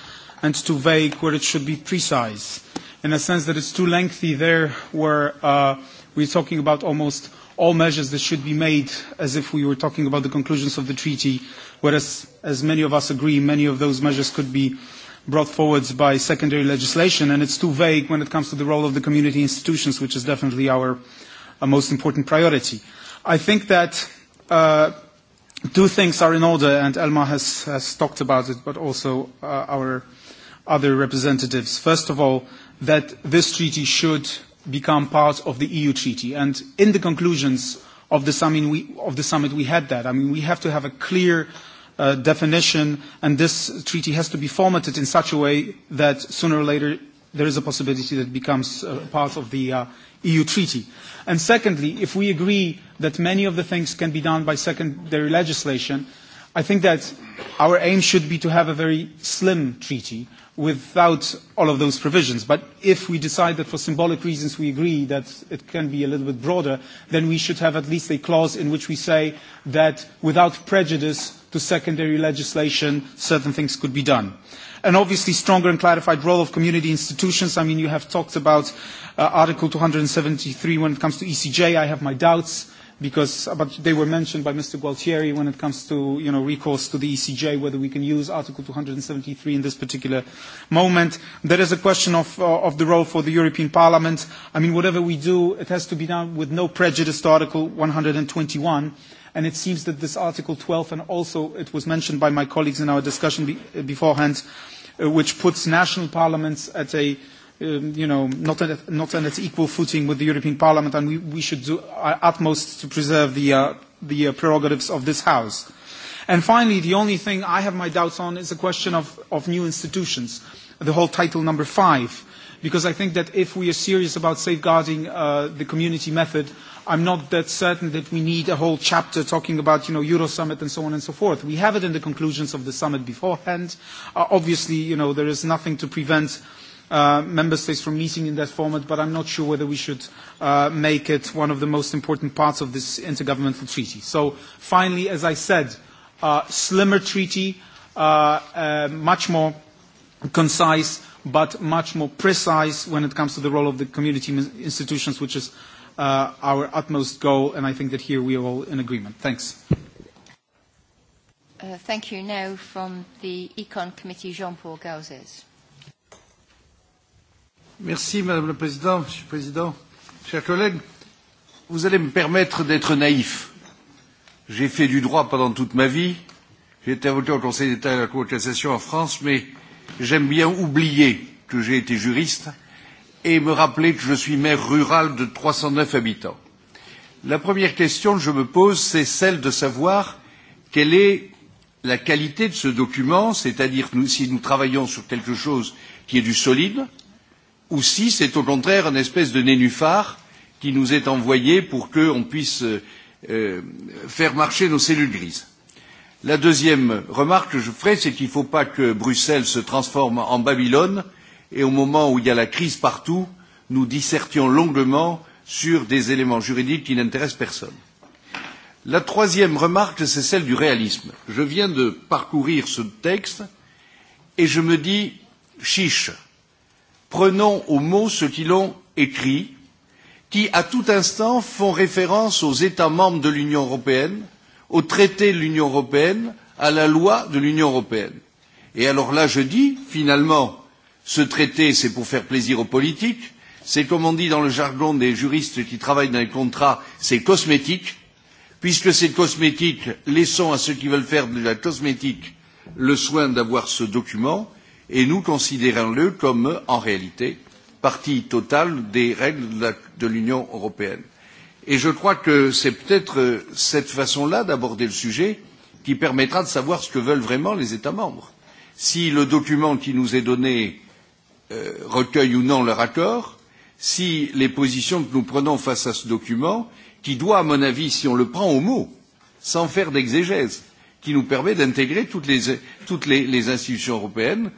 and too vague where it should be precise. In a sense that it's too lengthy there where uh, we're talking about almost all measures that should be made as if we were talking about the conclusions of the treaty, whereas, as many of us agree, many of those measures could be uh, brought forward by secondary legislation, and it's too vague when it comes to the role of the community institutions, which is definitely our uh, most important priority. I think that uh, two things are in order, and Elma has, has talked about it, but also uh, our other representatives. First of all, that this treaty should become part of the EU treaty. And in the conclusions of the summit, we, of the summit, we had that. I mean, we have to have a clear uh, definition, and this treaty has to be formatted in such a way that sooner or later there is a possibility that it becomes uh, part of the uh, EU treaty. And secondly, if we agree that many of the things can be done by secondary legislation, I think that our aim should be to have a very slim treaty without all of those provisions. But if we decide that for symbolic reasons we agree that it can be a little bit broader, then we should have at least a clause in which we say that without prejudice to secondary legislation, certain things could be done. And obviously, stronger and clarified role of community institutions. I mean, you have talked about uh, Article 273 when it comes to ECJ. I have my doubts because but they were mentioned by Mr. Gualtieri when it comes to you know, recourse to the ECJ, whether we can use Article 273 in this particular moment. There is a question of, uh, of the role for the European Parliament. I mean, whatever we do, it has to be done with no prejudice to Article 121 And it seems that this Article 12, and also it was mentioned by my colleagues in our discussion be- beforehand, uh, which puts national parliaments at a you know, not at, not on its equal footing with the European Parliament, and we, we should do our utmost to preserve the, uh, the uh, prerogatives of this House. And finally, the only thing I have my doubts on is the question of, of new institutions, the whole title number five because I think that if we are serious about safeguarding uh, the community method, I'm not that certain that we need a whole chapter talking about, you know, Euro summit and so on and so forth. We have it in the conclusions of the summit beforehand. Uh, obviously, you know, there is nothing to prevent uh, member states from meeting in that format, but I'm not sure whether we should uh, make it one of the most important parts of this intergovernmental treaty. So finally, as I said, uh, slimmer treaty, uh, uh, much more concise, but much more precise when it comes to the role of the community institutions, which is uh, our utmost goal, and I think that here we are all in agreement. Thanks. Uh, thank you. Now from the Econ Committee, Jean-Paul Gauzes. Merci, Madame la Présidente, Monsieur le Président, chers collègues. Vous allez me permettre d'être naïf. J'ai fait du droit pendant toute ma vie. J'ai été avocat au Conseil d'État et à la Cour de cassation en France, mais euh, J'aime bien oublier que j'ai été juriste et me rappeler que je suis maire rural de 309 habitants. La première question que je me pose, c'est celle de savoir quelle est la qualité de ce document, c'est-à-dire si nous travaillons sur quelque chose qui est du solide, ou si c'est au contraire une espèce de nénuphar qui nous est envoyé pour qu'on puisse euh, faire marcher nos cellules grises. La deuxième remarque que je ferai, c'est qu'il ne faut pas que Bruxelles se transforme en Babylone et au moment où il y a la crise partout, nous dissertions longuement sur des éléments juridiques qui n'intéressent personne. La troisième remarque, c'est celle du réalisme. Je viens de parcourir ce texte et je me dis chiche, prenons au mot ceux qui l'ont écrit, qui à tout instant font référence aux États membres de l'Union européenne, au traité de l'Union européenne, à la loi de l'Union européenne. Et alors là, je dis, finalement, ce traité, c'est pour faire plaisir aux politiques, c'est comme on dit dans le jargon des juristes qui travaillent dans les contrats, c'est cosmétique. Puisque c'est cosmétique, laissons à ceux qui veulent faire de la cosmétique le soin d'avoir ce document et nous considérons-le comme, en réalité, partie totale des règles de l'Union européenne. Et je crois que c'est peut-être cette façon-là d'aborder le sujet qui permettra de savoir ce que veulent vraiment les États membres. Si le document qui nous est donné recueille ou non leur accord, si les positions que nous prenons face à ce document, qui doit, à mon avis, si on le prend au mot, sans faire d'exégèse, qui nous permet d'intégrer toutes les, institutions européennes,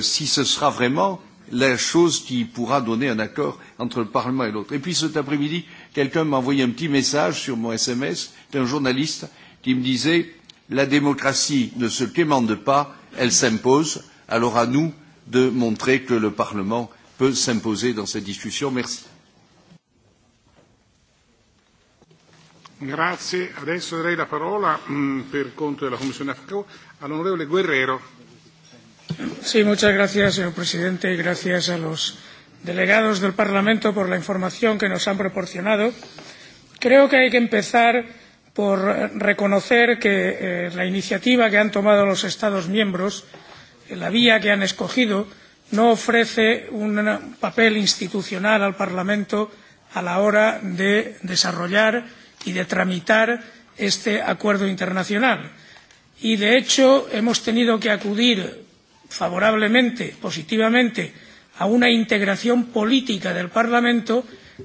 si ce sera vraiment la chose qui pourra donner un accord entre le Parlement et l'autre. Et puis cet après-midi, Quelqu'un m'a envoyé un petit message sur mon SMS d'un journaliste qui me disait La démocratie ne se quémande pas, elle s'impose. Alors à nous de montrer que le Parlement peut s'imposer dans cette discussion. Merci. Grazie. Adesso darei la parola per conto della Commissione AFCO all'onorevole Guerrero. muchas gracias, señor presidente, gracias a los delegados del Parlamento por la información que nos han proporcionado. Creo que hay que empezar por reconocer que la iniciativa que han tomado los Estados miembros, la vía que han escogido, no ofrece un papel institucional al Parlamento a la hora de desarrollar y de tramitar este acuerdo internacional. Y, de hecho, hemos tenido que acudir favorablemente, positivamente, a una integración política del Parlamento,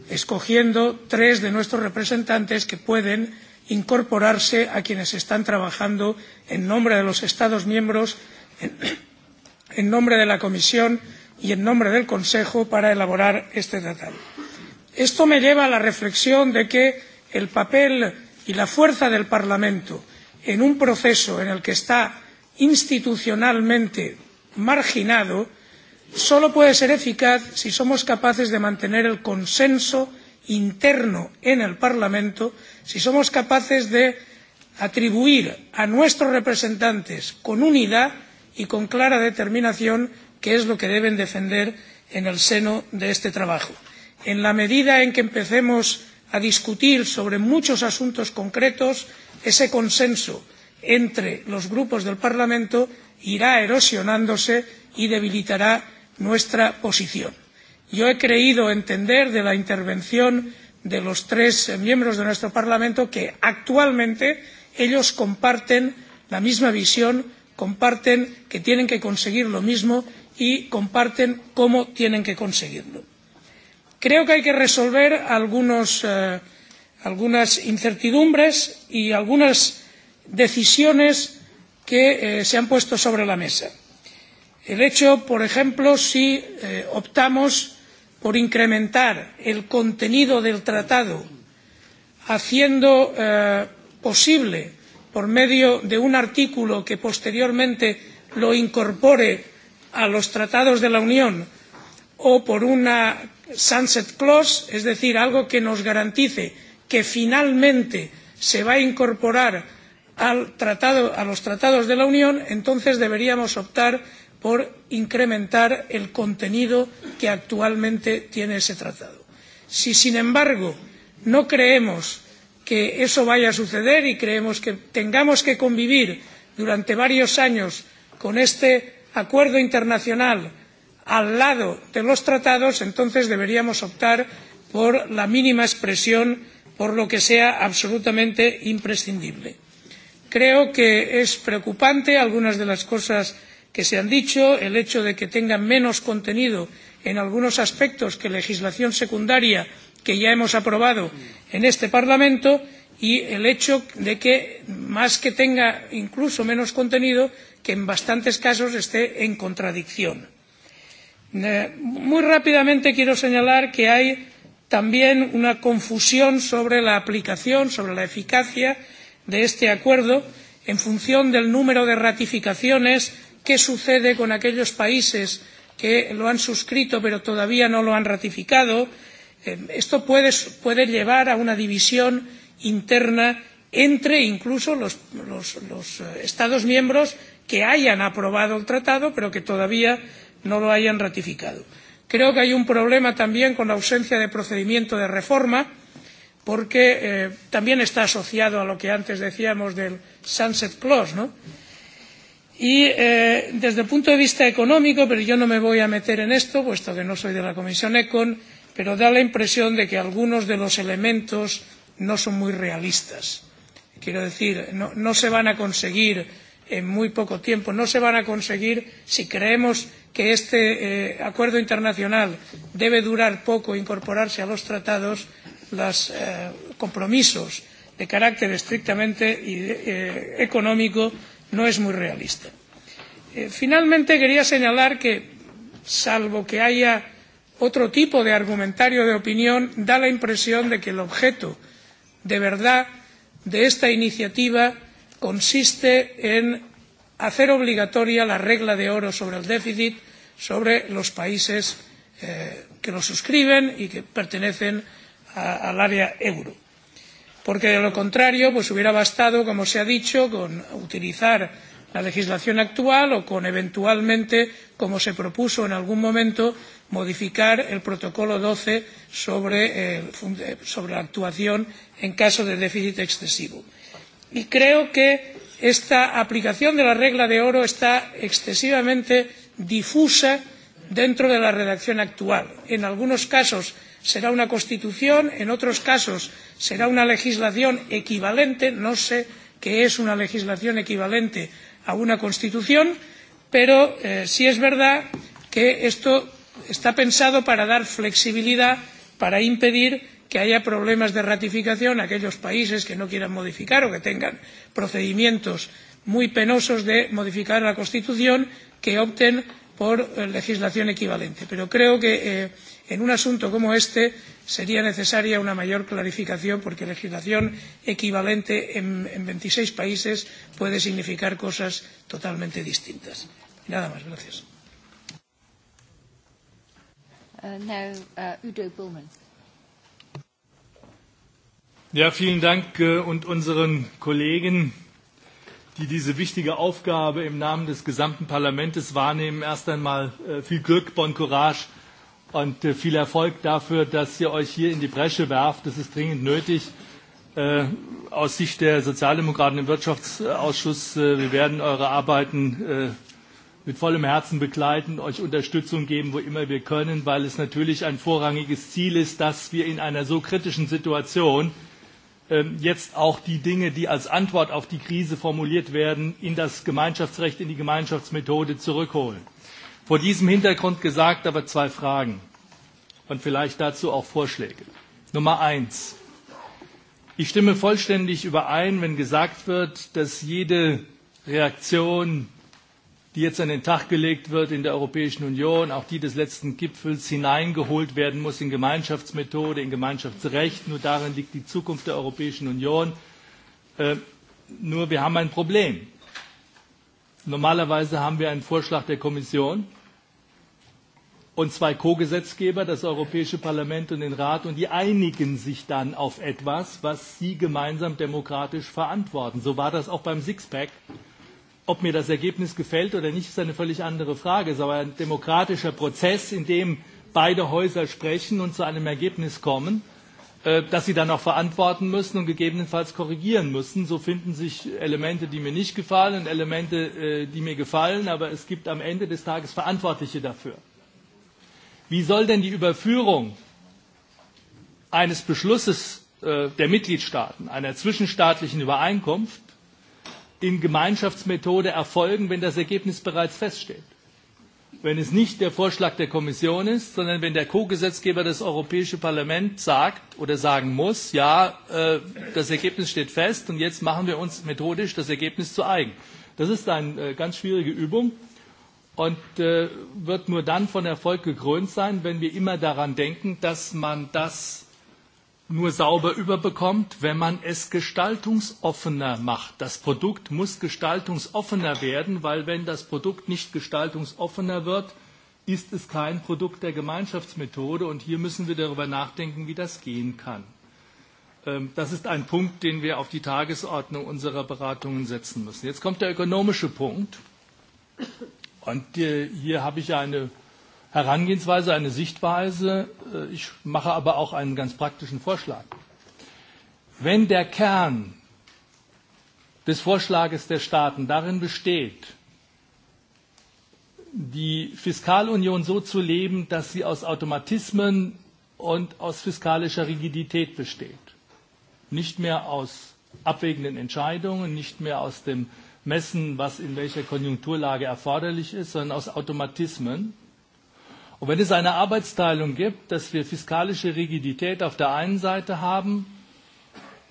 escogiendo tres de nuestros representantes que pueden incorporarse a quienes están trabajando en nombre de los Estados miembros, en nombre de la Comisión y en nombre del Consejo para elaborar este tratado. Esto me lleva a la reflexión de que el papel y la fuerza del Parlamento en un proceso en el que está institucionalmente marginado solo puede ser eficaz si somos capaces de mantener el consenso interno en el parlamento si somos capaces de atribuir a nuestros representantes con unidad y con clara determinación qué es lo que deben defender en el seno de este trabajo. en la medida en que empecemos a discutir sobre muchos asuntos concretos ese consenso entre los grupos del parlamento irá erosionándose y debilitará nuestra posición. Yo he creído entender de la intervención de los tres miembros de nuestro Parlamento que actualmente ellos comparten la misma visión, comparten que tienen que conseguir lo mismo y comparten cómo tienen que conseguirlo. Creo que hay que resolver algunos, algunas incertidumbres y algunas decisiones que se han puesto sobre la mesa el hecho por ejemplo si optamos por incrementar el contenido del tratado haciendo posible por medio de un artículo que posteriormente lo incorpore a los tratados de la unión o por una sunset clause es decir algo que nos garantice que finalmente se va a incorporar a los tratados de la unión entonces deberíamos optar por incrementar el contenido que actualmente tiene ese tratado. Si, sin embargo, no creemos que eso vaya a suceder y creemos que tengamos que convivir durante varios años con este acuerdo internacional al lado de los tratados, entonces deberíamos optar por la mínima expresión, por lo que sea absolutamente imprescindible. Creo que es preocupante algunas de las cosas que se han dicho el hecho de que tengan menos contenido en algunos aspectos que legislación secundaria que ya hemos aprobado en este parlamento y el hecho de que más que tenga incluso menos contenido que en bastantes casos esté en contradicción. muy rápidamente quiero señalar que hay también una confusión sobre la aplicación sobre la eficacia de este acuerdo en función del número de ratificaciones qué sucede con aquellos países que lo han suscrito pero todavía no lo han ratificado. esto puede, llevar a una división interna entre incluso los, Estados miembros que hayan aprobado el tratado pero que todavía no lo hayan ratificado. Creo que hay un problema también con la ausencia de procedimiento de reforma porque también está asociado a lo que antes decíamos del sunset clause, ¿no? Y desde el punto de vista económico, pero yo no me voy a meter en esto, puesto que no soy de la Comisión ECON, pero da la impresión de que algunos de los elementos no son muy realistas. Quiero decir, no, no se van a conseguir en muy poco tiempo, no se van a conseguir si creemos que este eh, acuerdo internacional debe durar poco, incorporarse a los tratados, los eh, compromisos de carácter estrictamente eh, económico no es muy realista. finalmente quería señalar que salvo que haya otro tipo de argumentario de opinión da la impresión de que el objeto de verdad de esta iniciativa consiste en hacer obligatoria la regla de oro sobre el déficit sobre los países que lo suscriben y que pertenecen al área euro porque de lo contrario pues hubiera bastado, como se ha dicho, con utilizar la legislación actual o con eventualmente, como se propuso en algún momento, modificar el protocolo doce sobre, la actuación en caso de déficit excesivo. Y creo que esta aplicación de la regla de oro está excesivamente difusa dentro de la redacción actual. En algunos casos será una constitución en otros casos será una legislación equivalente no sé qué es una legislación equivalente a una constitución pero sí es verdad que esto está pensado para dar flexibilidad para impedir que haya problemas de ratificación a aquellos países que no quieran modificar o que tengan procedimientos muy penosos de modificar la constitución que opten por legislación equivalente. pero creo que en un asunto como este sería necesaria una mayor clarificación porque legislación equivalente en veintiséis países puede significar cosas totalmente distintas. nada más. gracias. Ja, vielen Dank und unseren Kollegen, die diese wichtige Aufgabe im Namen des gesamten Parlaments wahrnehmen. Erst einmal viel Glück, Bon Courage Und viel Erfolg dafür, dass ihr euch hier in die Bresche werft. Das ist dringend nötig. Aus Sicht der Sozialdemokraten im Wirtschaftsausschuss, wir werden eure Arbeiten mit vollem Herzen begleiten, euch Unterstützung geben, wo immer wir können, weil es natürlich ein vorrangiges Ziel ist, dass wir in einer so kritischen Situation jetzt auch die Dinge, die als Antwort auf die Krise formuliert werden, in das Gemeinschaftsrecht, in die Gemeinschaftsmethode zurückholen. Vor diesem Hintergrund gesagt, aber zwei Fragen und vielleicht dazu auch Vorschläge. Nummer eins. Ich stimme vollständig überein, wenn gesagt wird, dass jede Reaktion, die jetzt an den Tag gelegt wird in der Europäischen Union, auch die des letzten Gipfels, hineingeholt werden muss in Gemeinschaftsmethode, in Gemeinschaftsrecht. Nur darin liegt die Zukunft der Europäischen Union. Nur wir haben ein Problem. Normalerweise haben wir einen Vorschlag der Kommission und zwei Co-Gesetzgeber, das Europäische Parlament und den Rat, und die einigen sich dann auf etwas, was sie gemeinsam demokratisch verantworten. So war das auch beim Sixpack. Ob mir das Ergebnis gefällt oder nicht, ist eine völlig andere Frage. Es ist aber ein demokratischer Prozess, in dem beide Häuser sprechen und zu einem Ergebnis kommen, das sie dann auch verantworten müssen und gegebenenfalls korrigieren müssen. So finden sich Elemente, die mir nicht gefallen und Elemente, die mir gefallen, aber es gibt am Ende des Tages Verantwortliche dafür. Wie soll denn die Überführung eines Beschlusses der Mitgliedstaaten, einer zwischenstaatlichen Übereinkunft, in Gemeinschaftsmethode erfolgen, wenn das Ergebnis bereits feststeht? Wenn es nicht der Vorschlag der Kommission ist, sondern wenn der Co-Gesetzgeber das Europäische Parlament sagt oder sagen muss, ja, das Ergebnis steht fest und jetzt machen wir uns methodisch das Ergebnis zu eigen. Das ist eine ganz schwierige Übung und wird nur dann von Erfolg gekrönt sein, wenn wir immer daran denken, dass man das nur sauber überbekommt, wenn man es gestaltungsoffener macht. Das Produkt muss gestaltungsoffener werden, weil wenn das Produkt nicht gestaltungsoffener wird, ist es kein Produkt der Gemeinschaftsmethode und hier müssen wir darüber nachdenken, wie das gehen kann. Das ist ein Punkt, den wir auf die Tagesordnung unserer Beratungen setzen müssen. Jetzt kommt der ökonomische Punkt. Und hier habe ich ja eine Herangehensweise, eine Sichtweise. Ich mache aber auch einen ganz praktischen Vorschlag. Wenn der Kern des Vorschlages der Staaten darin besteht, die Fiskalunion so zu leben, dass sie aus Automatismen und aus fiskalischer Rigidität besteht, nicht mehr aus abwägenden Entscheidungen, nicht mehr aus dem messen, was in welcher Konjunkturlage erforderlich ist, sondern aus Automatismen. Und wenn es eine Arbeitsteilung gibt, dass wir fiskalische Rigidität auf der einen Seite haben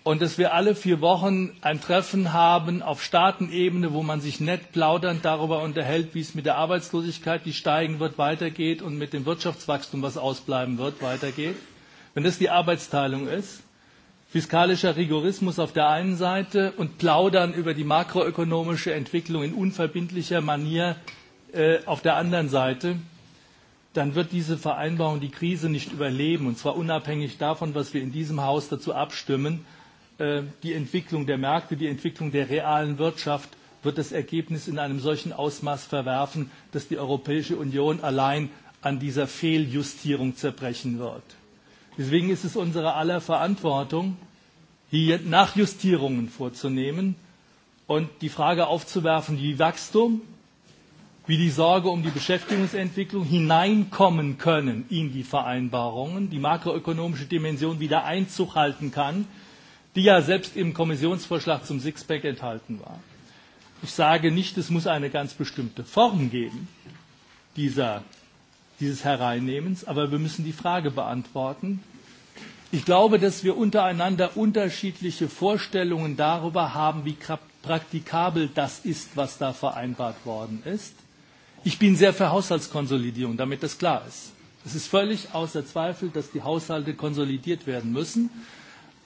und dass wir alle vier Wochen ein Treffen haben auf Staatenebene, wo man sich nett plaudernd darüber unterhält, wie es mit der Arbeitslosigkeit, die steigen wird, weitergeht und mit dem Wirtschaftswachstum, was ausbleiben wird, weitergeht, wenn das die Arbeitsteilung ist, fiskalischer Rigorismus auf der einen Seite und Plaudern über die makroökonomische Entwicklung in unverbindlicher Manier auf der anderen Seite, dann wird diese Vereinbarung die Krise nicht überleben, und zwar unabhängig davon, was wir in diesem Haus dazu abstimmen. Die Entwicklung der Märkte, die Entwicklung der realen Wirtschaft wird das Ergebnis in einem solchen Ausmaß verwerfen, dass die Europäische Union allein an dieser Fehljustierung zerbrechen wird. Deswegen ist es unsere aller Verantwortung, hier Nachjustierungen vorzunehmen und die Frage aufzuwerfen, wie Wachstum, wie die Sorge um die Beschäftigungsentwicklung hineinkommen können in die Vereinbarungen, die makroökonomische Dimension wieder Einzug halten kann, die ja selbst im Kommissionsvorschlag zum Sixpack enthalten war. Ich sage nicht, es muss eine ganz bestimmte Form geben dieser, dieses Hereinnehmens, aber wir müssen die Frage beantworten, Ich glaube, dass wir untereinander unterschiedliche Vorstellungen darüber haben, wie praktikabel das ist, was da vereinbart worden ist. Ich bin sehr für Haushaltskonsolidierung, damit das klar ist. Es ist völlig außer Zweifel, dass die Haushalte konsolidiert werden müssen.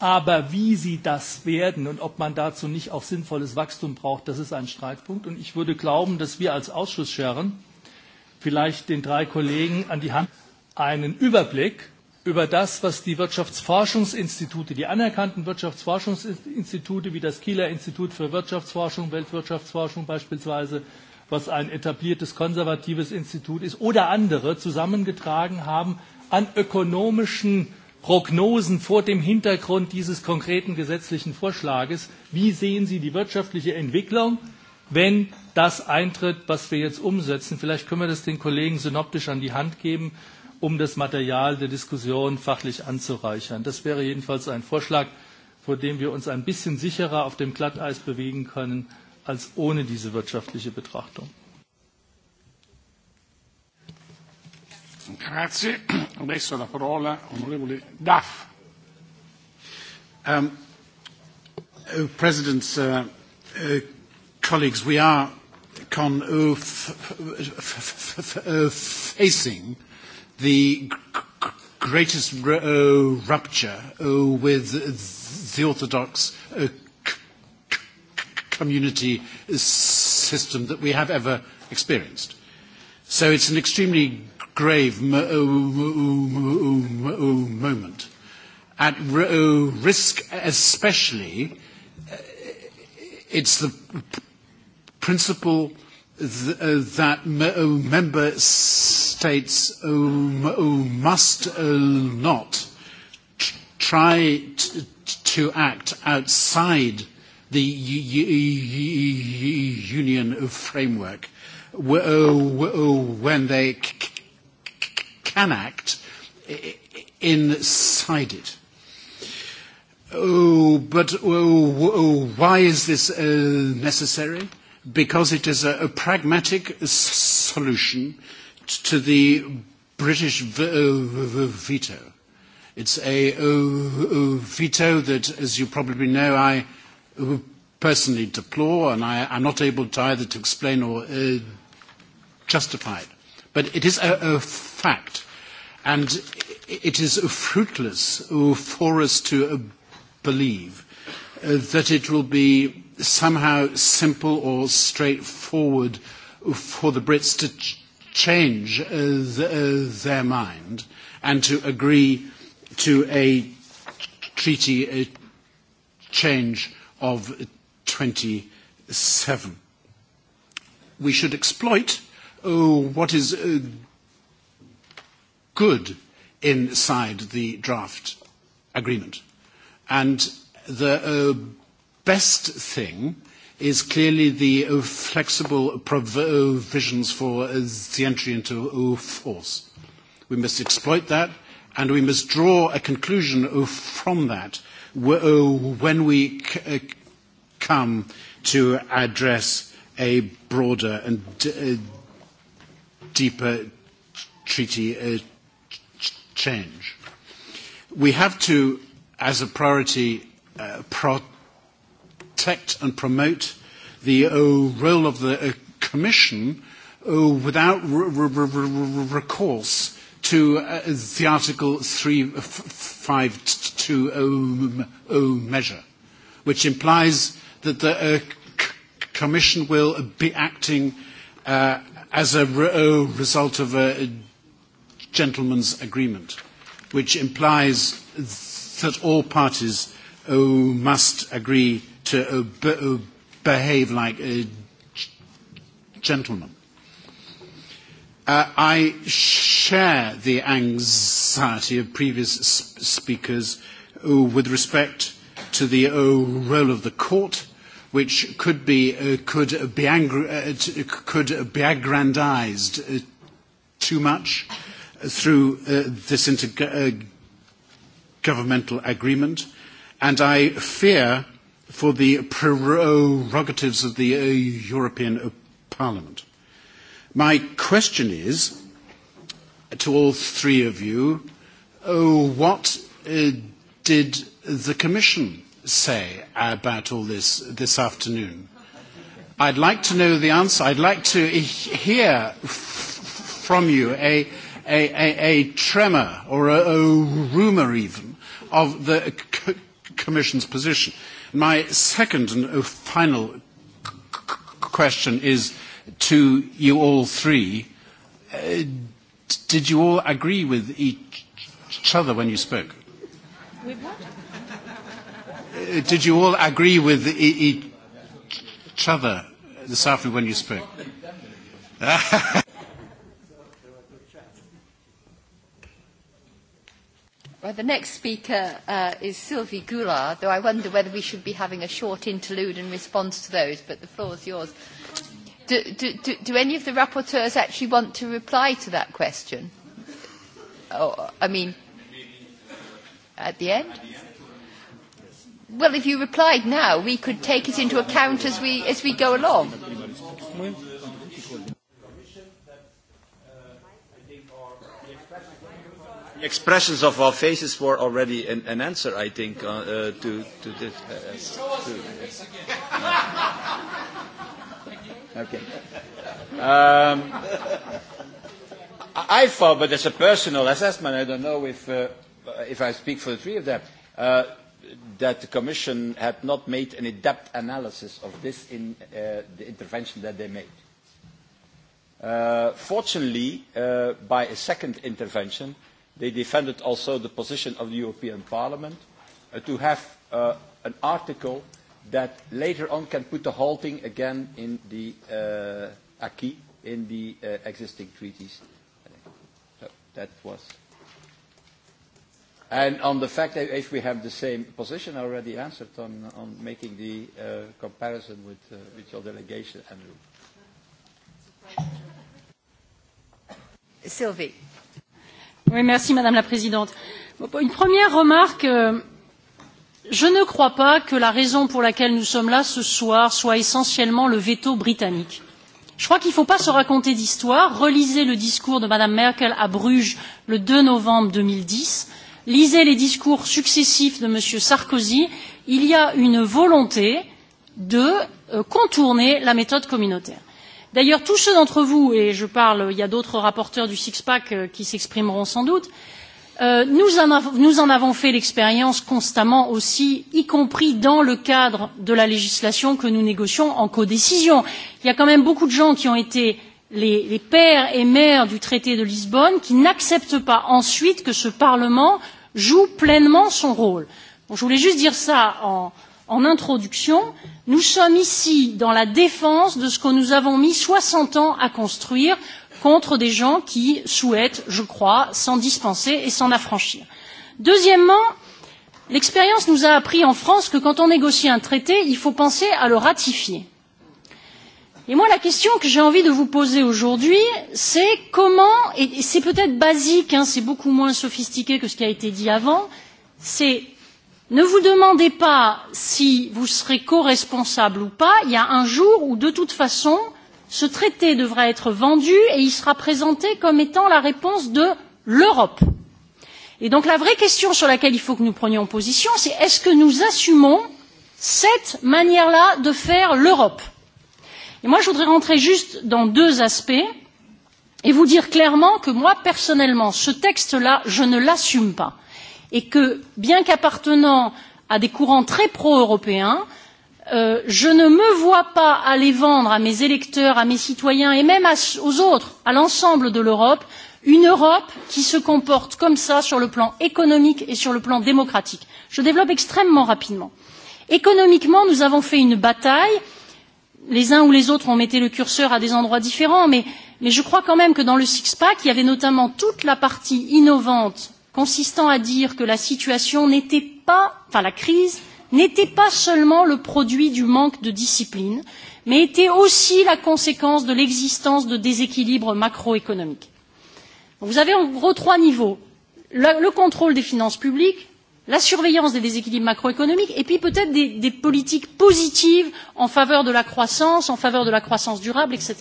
Aber wie sie das werden und ob man dazu nicht auch sinnvolles Wachstum braucht, das ist ein Streitpunkt. Und ich würde glauben, dass wir als Ausschussscherren vielleicht den drei Kollegen an die Hand einen Überblick über das, was die Wirtschaftsforschungsinstitute, die anerkannten Wirtschaftsforschungsinstitute wie das Kieler Institut für Wirtschaftsforschung, Weltwirtschaftsforschung beispielsweise, was ein etabliertes konservatives Institut ist, oder andere zusammengetragen haben an ökonomischen Prognosen vor dem Hintergrund dieses konkreten gesetzlichen Vorschlages. Wie sehen Sie die wirtschaftliche Entwicklung, wenn das eintritt, was wir jetzt umsetzen? Vielleicht können wir das den Kollegen synoptisch an die Hand geben um das Material der Diskussion fachlich anzureichern. Das wäre jedenfalls ein Vorschlag, vor dem wir uns ein bisschen sicherer auf dem Glatteis bewegen können als ohne diese wirtschaftliche Betrachtung. Grazie. Adesso la parola onorevole Duff. Um, President, uh, uh, colleagues, we are con, uh, f- f- f- f- uh, the greatest rupture with the Orthodox community system that we have ever experienced. So it's an extremely grave moment. At risk, especially, it's the principle that member states must not try to act outside the union framework when they can act inside it. But why is this necessary? because it is a, pragmatic solution to the British veto. It's a veto that, as you probably know, I personally deplore, and I, I'm not able to either to explain or uh, justify it. But it is a, a fact, and it is fruitless for us to believe that it will be somehow simple or straightforward for the Brits to ch- change uh, the, uh, their mind and to agree to a treaty a change of 27. We should exploit oh, what is uh, good inside the draft agreement. And the uh, best thing is clearly the flexible provisions for the entry into force. We must exploit that, and we must draw a conclusion from that when we come to address a broader and deeper treaty change. We have to, as a priority, protect protect and promote the role of the Commission without recourse to the Article uh, measure, which implies that the Commission will be acting as a result of a gentleman's agreement, which implies that all parties must agree to uh, behave like a gentleman. Uh, I share the anxiety of previous speakers with respect to the role of the court, which could be could be angry, could be aggrandized too much through this intergovernmental agreement, and I fear for the prerogatives of the European Parliament. My question is to all three of you, what did the Commission say about all this this afternoon? I'd like to know the answer. I'd like to hear from you a, a, a, a tremor or a, a rumour even of the Commission's position. My second and final question is to you all three. Did you all agree with each other when you spoke? With what? Did you all agree with each other this afternoon when you spoke? Well, the next speaker uh, is Sylvie Goulard, though I wonder whether we should be having a short interlude in response to those, but the floor is yours. Do, do, do, do any of the rapporteurs actually want to reply to that question? Oh, I mean, at the end? Well, if you replied now, we could take it into account as we, as we go along. expressions of our faces were already an, an answer, I think, uh, uh, to, to this. Uh, to, okay. Um, I thought, but as a personal assessment, I don't know if, uh, if I speak for the three of them, uh, that the Commission had not made an in-depth analysis of this in uh, the intervention that they made. Uh, fortunately, uh, by a second intervention, uh, They defended also the position of the European Parliament to have an article that later on can put a halting again in the uh, acquis, in the uh, existing treaties. So that was. And on the fact that if we have the same position, I already answered on, on making the uh, comparison with, uh, with your delegation, Andrew. Sylvie. Oui, merci Madame la Présidente. Une première remarque. Je ne crois pas que la raison pour laquelle nous sommes là ce soir soit essentiellement le veto britannique. Je crois qu'il ne faut pas se raconter d'histoire. Relisez le discours de madame Merkel à Bruges le 2 novembre 2010. Lisez les discours successifs de Monsieur Sarkozy. Il y a une volonté de contourner la méthode communautaire. D'ailleurs, tous ceux d'entre vous, et je parle, il y a d'autres rapporteurs du six-pack qui s'exprimeront sans doute, nous en avons fait l'expérience constamment aussi, y compris dans le cadre de la législation que nous négocions en codécision. Il y a quand même beaucoup de gens qui ont été les, les pères et mères du traité de Lisbonne qui n'acceptent pas ensuite que ce Parlement joue pleinement son rôle. je voulais juste dire ça en, en introduction, nous sommes ici dans la défense de ce que nous avons mis soixante ans à construire contre des gens qui souhaitent, je crois, s'en dispenser et s'en affranchir. Deuxièmement, l'expérience nous a appris en France que quand on négocie un traité, il faut penser à le ratifier. Et moi, la question que j'ai envie de vous poser aujourd'hui, c'est comment, et c'est peut-être basique, hein, c'est beaucoup moins sophistiqué que ce qui a été dit avant, c'est ne vous demandez pas si vous serez coresponsable ou pas il y a un jour où de toute façon ce traité devra être vendu et il sera présenté comme étant la réponse de l'europe. et donc la vraie question sur laquelle il faut que nous prenions position c'est est ce que nous assumons cette manière là de faire l'europe? et moi je voudrais rentrer juste dans deux aspects et vous dire clairement que moi personnellement ce texte là je ne l'assume pas et que, bien qu'appartenant à des courants très pro-européens, je ne me vois pas aller vendre à mes électeurs, à mes citoyens et même aux autres, à l'ensemble de l'Europe, une Europe qui se comporte comme cela sur le plan économique et sur le plan démocratique. Je développe extrêmement rapidement. Économiquement, nous avons fait une bataille. Les uns ou les autres ont mis le curseur à des endroits différents, mais, je crois quand même que dans le six-pack, il y avait notamment toute la partie innovante consistant à dire que la situation n'était pas, enfin la crise n'était pas seulement le produit du manque de discipline, mais était aussi la conséquence de l'existence de déséquilibres macroéconomiques. Vous avez en gros trois niveaux le, contrôle des finances publiques, la surveillance des déséquilibres macroéconomiques et puis peut-être des, des politiques positives en faveur de la croissance, en faveur de la croissance durable, etc.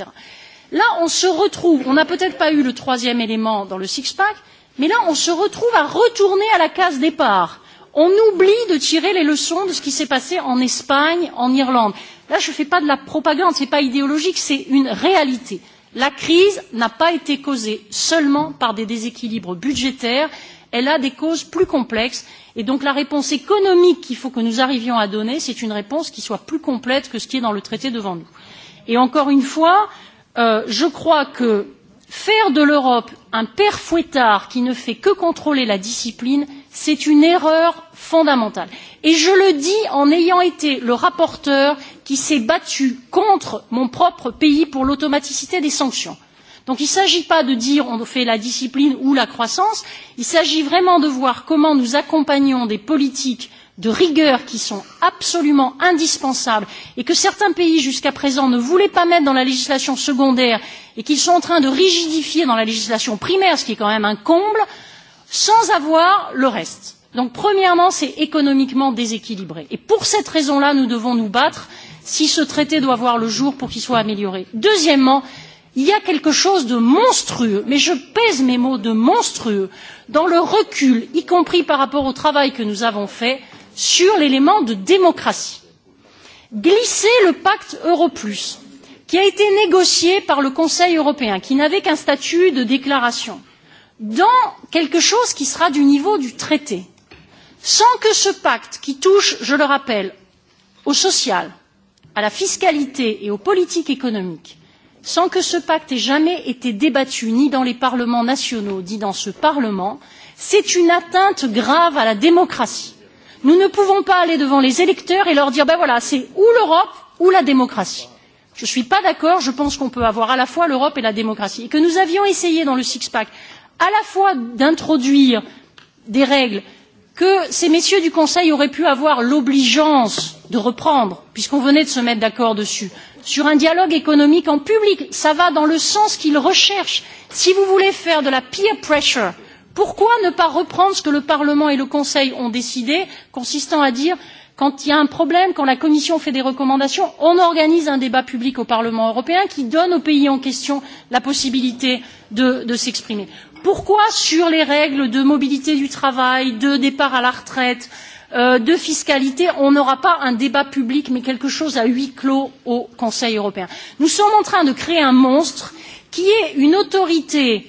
Là, on se retrouve, on n'a peut-être pas eu le troisième élément dans le six-pack, Mais là, on se retrouve à retourner à la case départ. On oublie de tirer les leçons de ce qui s'est passé en Espagne, en Irlande. Là, je ne fais pas de la propagande, ce n'est pas idéologique, c'est une réalité. La crise n'a pas été causée seulement par des déséquilibres budgétaires, elle a des causes plus complexes. Et donc la réponse économique qu'il faut que nous arrivions à donner, c'est une réponse qui soit plus complète que ce qui est dans le traité devant nous. Et encore une fois, je crois que Faire de l'Europe un père fouettard qui ne fait que contrôler la discipline, c'est une erreur fondamentale. Et je le dis en ayant été le rapporteur qui s'est battu contre mon propre pays pour l'automaticité des sanctions. Donc il ne s'agit pas de dire on fait la discipline ou la croissance, il s'agit vraiment de voir comment nous accompagnons des politiques de rigueur qui sont absolument indispensables et que certains pays jusqu'à présent ne voulaient pas mettre dans la législation secondaire et qu'ils sont en train de rigidifier dans la législation primaire, ce qui est quand même un comble, sans avoir le reste. Donc premièrement, c'est économiquement déséquilibré. Et pour cette raison-là, nous devons nous battre si ce traité doit voir le jour pour qu'il soit amélioré. Deuxièmement, il y a quelque chose de monstrueux, mais je pèse mes mots de monstrueux, dans le recul, y compris par rapport au travail que nous avons fait sur l'élément de démocratie. Glisser le pacte euro plus, qui a été négocié par le Conseil européen, qui n'avait qu'un statut de déclaration, dans quelque chose qui sera du niveau du traité, sans que ce pacte, qui touche, je le rappelle, au social, à la fiscalité et aux politiques économiques, sans que ce pacte ait jamais été débattu ni dans les parlements nationaux ni dans ce Parlement, c'est une atteinte grave à la démocratie Nous ne pouvons pas aller devant les électeurs et leur dire ben voilà, c'est ou l'Europe ou la démocratie. Je ne suis pas d'accord, je pense qu'on peut avoir à la fois l'Europe et la démocratie. Et que nous avions essayé dans le six pack à la fois d'introduire des règles que ces messieurs du Conseil auraient pu avoir l'obligeance de reprendre, puisqu'on venait de se mettre d'accord dessus, sur un dialogue économique en public. Ça va dans le sens qu'ils recherchent. Si vous voulez faire de la peer pressure Pourquoi ne pas reprendre ce que le Parlement et le Conseil ont décidé, consistant à dire quand il y a un problème, quand la Commission fait des recommandations, on organise un débat public au Parlement européen qui donne aux pays en question la possibilité de, s'exprimer. Pourquoi sur les règles de mobilité du travail, de départ à la retraite, de fiscalité, on n'aura pas un débat public, mais quelque chose à huis clos au Conseil européen Nous sommes en train de créer un monstre qui est une autorité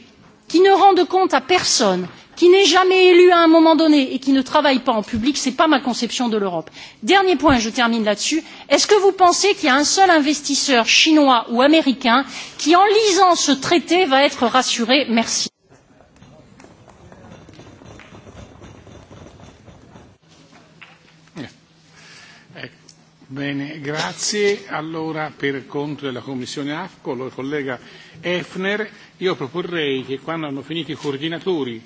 qui ne rende compte à personne, qui n'est jamais élu à un moment donné et qui ne travaille pas en public, ce n'est pas ma conception de l'Europe. Dernier point, je termine là-dessus. Est-ce que vous pensez qu'il y a un seul investisseur chinois ou américain qui, en lisant ce traité, va être rassuré Merci. Bene, grazie. Allora per conto della Commissione AFCO, il collega Efner, io proporrei che quando hanno finito i coordinatori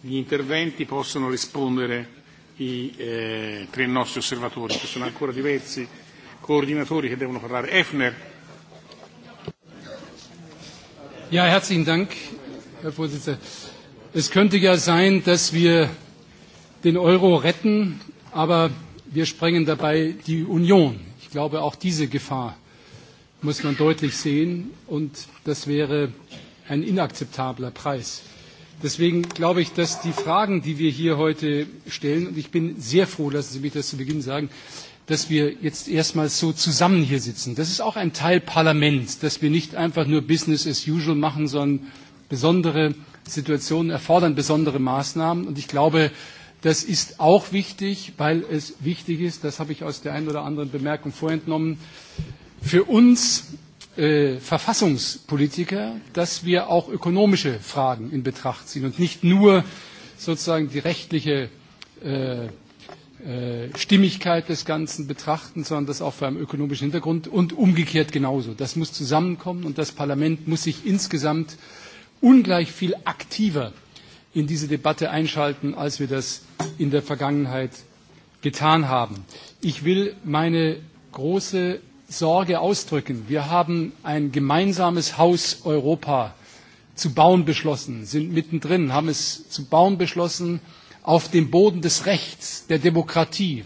gli interventi possano rispondere i eh, tre nostri osservatori, che sono ancora diversi coordinatori che devono parlare. Efner. Ja, herzlichen Dank, Herr Vorsitzender. Es könnte ja sein, dass wir den Euro retten, aber wir sprengen dabei die Union. Ich glaube, auch diese Gefahr muss man deutlich sehen. Und das wäre ein inakzeptabler Preis. Deswegen glaube ich, dass die Fragen, die wir hier heute stellen, und ich bin sehr froh, lassen Sie mich das zu Beginn sagen, dass wir jetzt erstmals so zusammen hier sitzen. Das ist auch ein Teil Parlament, dass wir nicht einfach nur Business as usual machen, sondern besondere Situationen erfordern besondere Maßnahmen. Und ich glaube, das ist auch wichtig, weil es wichtig ist, das habe ich aus der einen oder anderen Bemerkung vorentnommen, für uns Verfassungspolitiker, dass wir auch ökonomische Fragen in Betracht ziehen und nicht nur sozusagen die rechtliche Stimmigkeit des Ganzen betrachten, sondern das auch vor einem ökonomischen Hintergrund und umgekehrt genauso. Das muss zusammenkommen und das Parlament muss sich insgesamt ungleich viel aktiver in diese Debatte einschalten, als wir das in der Vergangenheit getan haben. Ich will meine große Sorge ausdrücken. Wir haben ein gemeinsames Haus Europa zu bauen beschlossen, sind mittendrin, haben es zu bauen beschlossen auf dem Boden des Rechts, der Demokratie,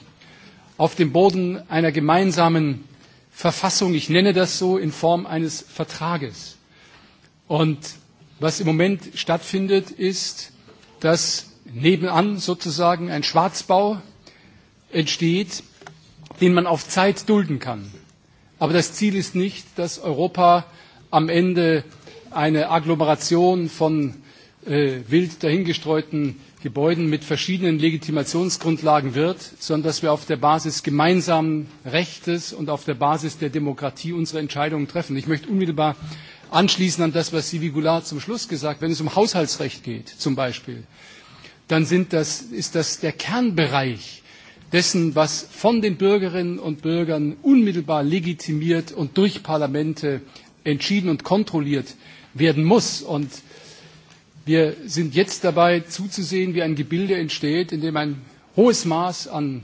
auf dem Boden einer gemeinsamen Verfassung, ich nenne das so, in Form eines Vertrages. Und was im Moment stattfindet, ist, dass nebenan sozusagen ein Schwarzbau entsteht, den man auf Zeit dulden kann. Aber das Ziel ist nicht, dass Europa am Ende eine Agglomeration von wild dahingestreuten Gebäuden mit verschiedenen Legitimationsgrundlagen wird, sondern dass wir auf der Basis gemeinsamen Rechtes und auf der Basis der Demokratie unsere Entscheidungen treffen. Ich möchte unmittelbar anschließen an das, was Sylvie Goulard zum Schluss gesagt hat. Wenn es um Haushaltsrecht geht zum Beispiel, dann ist das der Kernbereich dessen, was von den Bürgerinnen und Bürgern unmittelbar legitimiert und durch Parlamente entschieden und kontrolliert werden muss. Und wir sind jetzt dabei zuzusehen, wie ein Gebilde entsteht, in dem ein hohes Maß an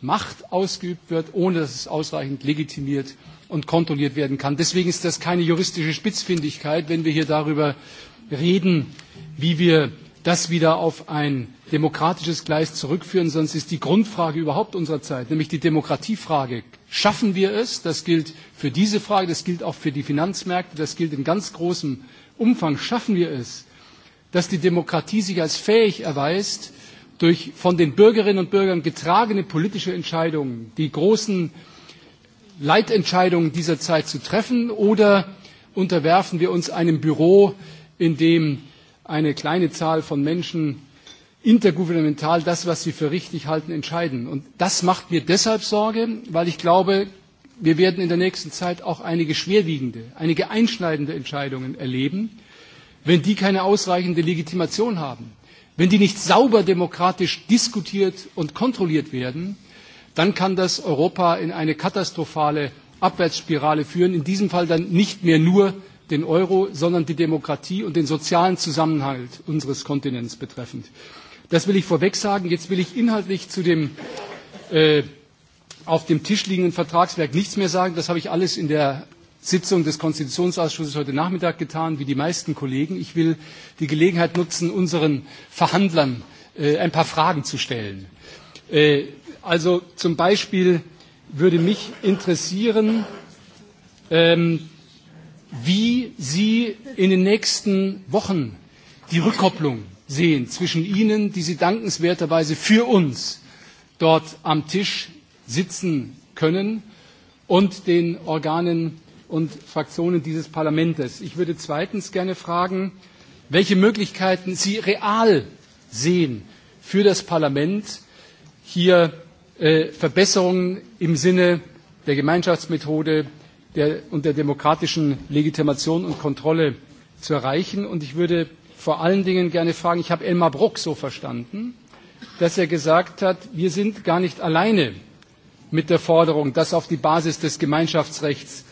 Macht ausgeübt wird, ohne dass es ausreichend legitimiert und kontrolliert werden kann. Deswegen ist das keine juristische Spitzfindigkeit, wenn wir hier darüber reden, wie wir das wieder auf ein demokratisches Gleis zurückführen, sonst ist die Grundfrage überhaupt unserer Zeit, nämlich die Demokratiefrage. Schaffen wir es? Das gilt für diese Frage, das gilt auch für die Finanzmärkte, das gilt in ganz großem Umfang. Schaffen wir es, dass die Demokratie sich als fähig erweist, durch von den Bürgerinnen und Bürgern getragene politische Entscheidungen die großen Leitentscheidungen dieser Zeit zu treffen? Oder unterwerfen wir uns einem Büro, in dem eine kleine Zahl von Menschen intergouvernemental das, was sie für richtig halten, entscheiden. Und das macht mir deshalb Sorge, weil ich glaube, wir werden in der nächsten Zeit auch einige schwerwiegende, einige einschneidende Entscheidungen erleben, wenn die keine ausreichende Legitimation haben. Wenn die nicht sauber demokratisch diskutiert und kontrolliert werden, dann kann das Europa in eine katastrophale Abwärtsspirale führen. In diesem Fall dann nicht mehr nur den Euro, sondern die Demokratie und den sozialen Zusammenhalt unseres Kontinents betreffend. Das will ich vorweg sagen. Jetzt will ich inhaltlich zu dem auf dem Tisch liegenden Vertragswerk nichts mehr sagen. Das habe ich alles in der Sitzung des Konstitutionsausschusses heute Nachmittag getan, wie die meisten Kollegen. Ich will die Gelegenheit nutzen, unseren Verhandlern ein paar Fragen zu stellen. also zum Beispiel würde mich interessieren, wie Sie in den nächsten Wochen die Rückkopplung sehen zwischen Ihnen, die Sie dankenswerterweise für uns dort am Tisch sitzen können, und den Organen und Fraktionen dieses Parlaments. Ich würde zweitens gerne fragen, welche Möglichkeiten Sie real sehen für das Parlament, hier Verbesserungen im Sinne der Gemeinschaftsmethode und der demokratischen Legitimation und Kontrolle zu erreichen. Und ich würde vor allen Dingen gerne fragen, ich habe Elmar Bruck so verstanden, dass er gesagt hat, wir sind gar nicht alleine mit der Forderung, das auf die Basis des Gemeinschaftsrechts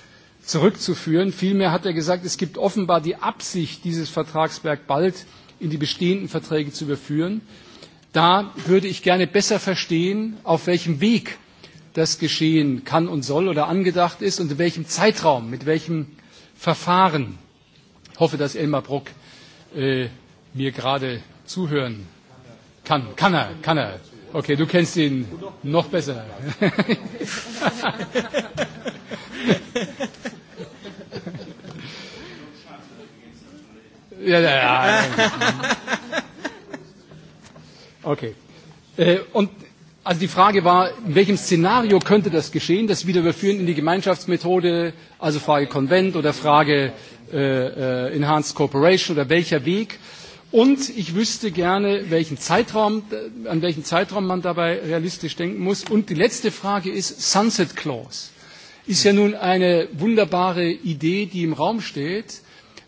zurückzuführen. Vielmehr hat er gesagt, es gibt offenbar die Absicht, dieses Vertragswerk bald in die bestehenden Verträge zu überführen. Da würde ich gerne besser verstehen, auf welchem Weg das geschehen kann und soll oder angedacht ist und in welchem Zeitraum, mit welchem Verfahren. Ich hoffe, dass Elmar Bruck äh, mir gerade zuhören kann. Kann er, kann er. Okay, du kennst ihn noch besser. ja, ja, ja. Okay. Und Also die Frage war, in welchem Szenario könnte das geschehen, das wieder überführen in die Gemeinschaftsmethode, also Frage Konvent oder Frage äh, Enhanced Cooperation oder welcher Weg. Und ich wüsste gerne, welchen Zeitraum, an welchen Zeitraum man dabei realistisch denken muss. Und die letzte Frage ist Sunset Clause. Ist ja nun eine wunderbare Idee, die im Raum steht.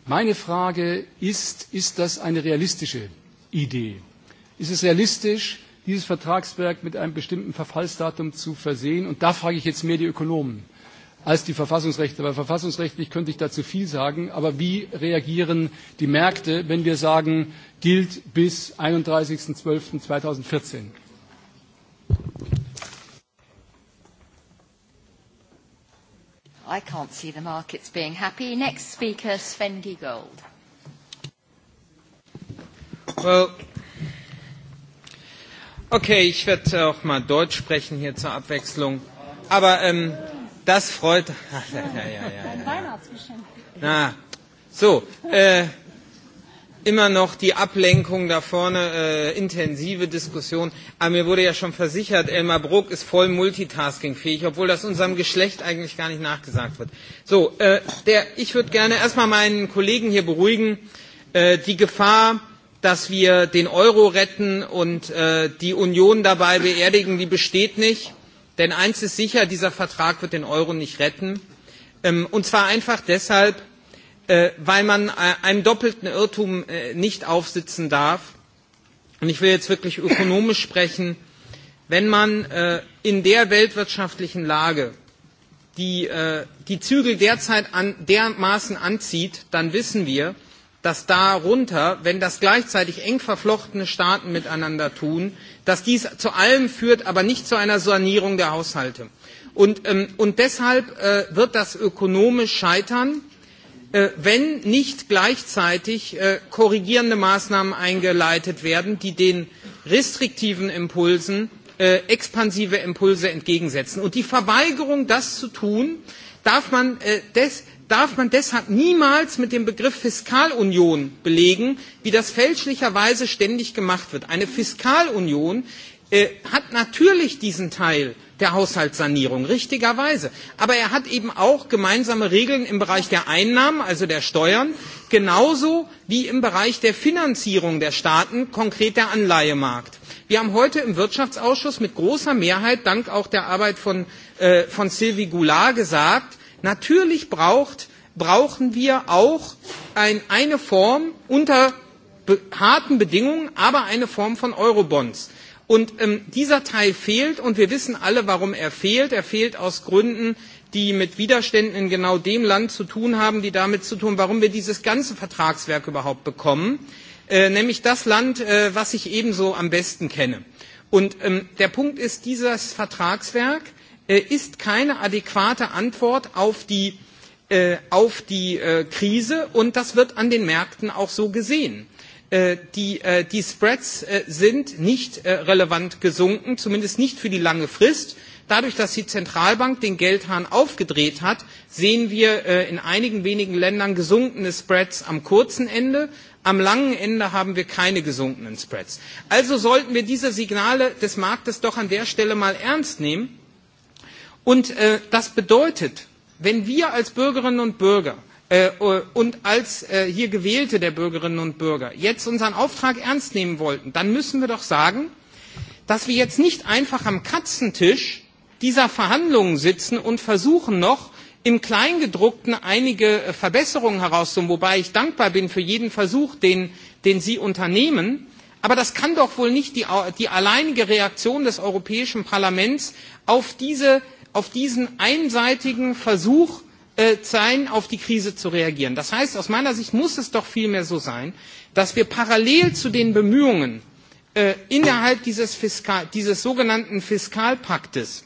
Meine Frage ist, ist das eine realistische Idee? Ist es realistisch, dieses Vertragswerk mit einem bestimmten Verfallsdatum zu versehen. Und da frage ich jetzt mehr die Ökonomen als die Verfassungsrechte, Weil verfassungsrechtlich könnte ich dazu viel sagen, aber wie reagieren die Märkte, wenn wir sagen, gilt bis 31.12.2014? I can't see the markets being happy. Next speaker, Sven Giegold. Well, Okay, ich werde auch mal Deutsch sprechen hier zur Abwechslung. Aber ähm, das freut. Ja, ja, ja, ja, Na, so. Äh, immer noch die Ablenkung da vorne, äh, intensive Diskussion. Aber mir wurde ja schon versichert, Elmar Brok ist voll multitaskingfähig, obwohl das unserem Geschlecht eigentlich gar nicht nachgesagt wird. So, äh, der, ich würde gerne erstmal meinen Kollegen hier beruhigen. Äh, die Gefahr, dass wir den Euro retten und die Union dabei beerdigen, die besteht nicht. Denn eins ist sicher, dieser Vertrag wird den Euro nicht retten. und zwar einfach deshalb, weil man einem doppelten Irrtum nicht aufsitzen darf. Und ich will jetzt wirklich ökonomisch sprechen. Wenn man in der weltwirtschaftlichen Lage die, Zügel derzeit dermaßen anzieht, dann wissen wir, dass darunter, wenn das gleichzeitig eng verflochtene Staaten miteinander tun, dass dies zu allem führt, aber nicht zu einer Sanierung der Haushalte. Und, deshalb wird das ökonomisch scheitern, wenn nicht gleichzeitig korrigierende Maßnahmen eingeleitet werden, die den restriktiven Impulsen expansive Impulse entgegensetzen. Und die Verweigerung, das zu tun, darf man, deshalb niemals mit dem Begriff Fiskalunion belegen, wie das fälschlicherweise ständig gemacht wird. Eine Fiskalunion hat natürlich diesen Teil der Haushaltssanierung, richtigerweise. Aber er hat eben auch gemeinsame Regeln im Bereich der Einnahmen, also der Steuern, genauso wie im Bereich der Finanzierung der Staaten, konkret der Anleihemarkt. Wir haben heute im Wirtschaftsausschuss mit großer Mehrheit, dank auch der Arbeit von, Sylvie Goulard, gesagt, natürlich brauchen wir auch eine Form unter harten Bedingungen, aber eine Form von Eurobonds. Und dieser Teil fehlt und wir wissen alle, warum er fehlt. Er fehlt aus Gründen, die mit Widerständen in genau dem Land zu tun haben, die damit zu tun, warum wir dieses ganze Vertragswerk überhaupt bekommen nämlich das Land, das ich ebenso am besten kenne. Und der Punkt ist, dieses Vertragswerk ist keine adäquate Antwort auf die, Krise und das wird an den Märkten auch so gesehen. Die, Spreads sind nicht relevant gesunken, zumindest nicht für die lange Frist. Dadurch, dass die Zentralbank den Geldhahn aufgedreht hat, sehen wir in einigen wenigen Ländern gesunkene Spreads am kurzen Ende, am langen Ende haben wir keine gesunkenen Spreads. Also sollten wir diese Signale des Marktes doch an der Stelle mal ernst nehmen. Und äh, das bedeutet, wenn wir als Bürgerinnen und Bürger äh, und als äh, hier Gewählte der Bürgerinnen und Bürger jetzt unseren Auftrag ernst nehmen wollten, dann müssen wir doch sagen, dass wir jetzt nicht einfach am Katzentisch dieser Verhandlungen sitzen und versuchen noch, im Kleingedruckten einige Verbesserungen herauszuholen, wobei ich dankbar bin für jeden Versuch, den, Sie unternehmen. Aber das kann doch wohl nicht die, alleinige Reaktion des Europäischen Parlaments auf, diesen einseitigen Versuch sein, auf die Krise zu reagieren. Das heißt, aus meiner Sicht muss es doch vielmehr so sein, dass wir parallel zu den Bemühungen innerhalb dieses sogenannten Fiskalpaktes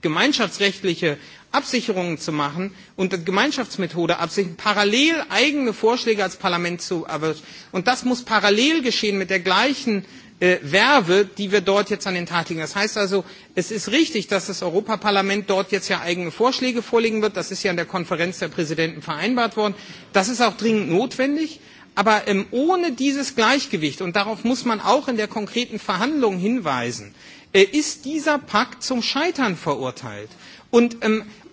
gemeinschaftsrechtliche Absicherungen zu machen und Gemeinschaftsmethode absichern, parallel eigene Vorschläge als Parlament zu erwirtschaften. Und das muss parallel geschehen mit der gleichen Werbe, die wir dort jetzt an den Tag legen. Das heißt also, es ist richtig, dass das Europaparlament dort jetzt ja eigene Vorschläge vorlegen wird. Das ist ja in der Konferenz der Präsidenten vereinbart worden. Das ist auch dringend notwendig. Aber ohne dieses Gleichgewicht, und darauf muss man auch in der konkreten Verhandlung hinweisen, ist dieser Pakt zum Scheitern verurteilt. Und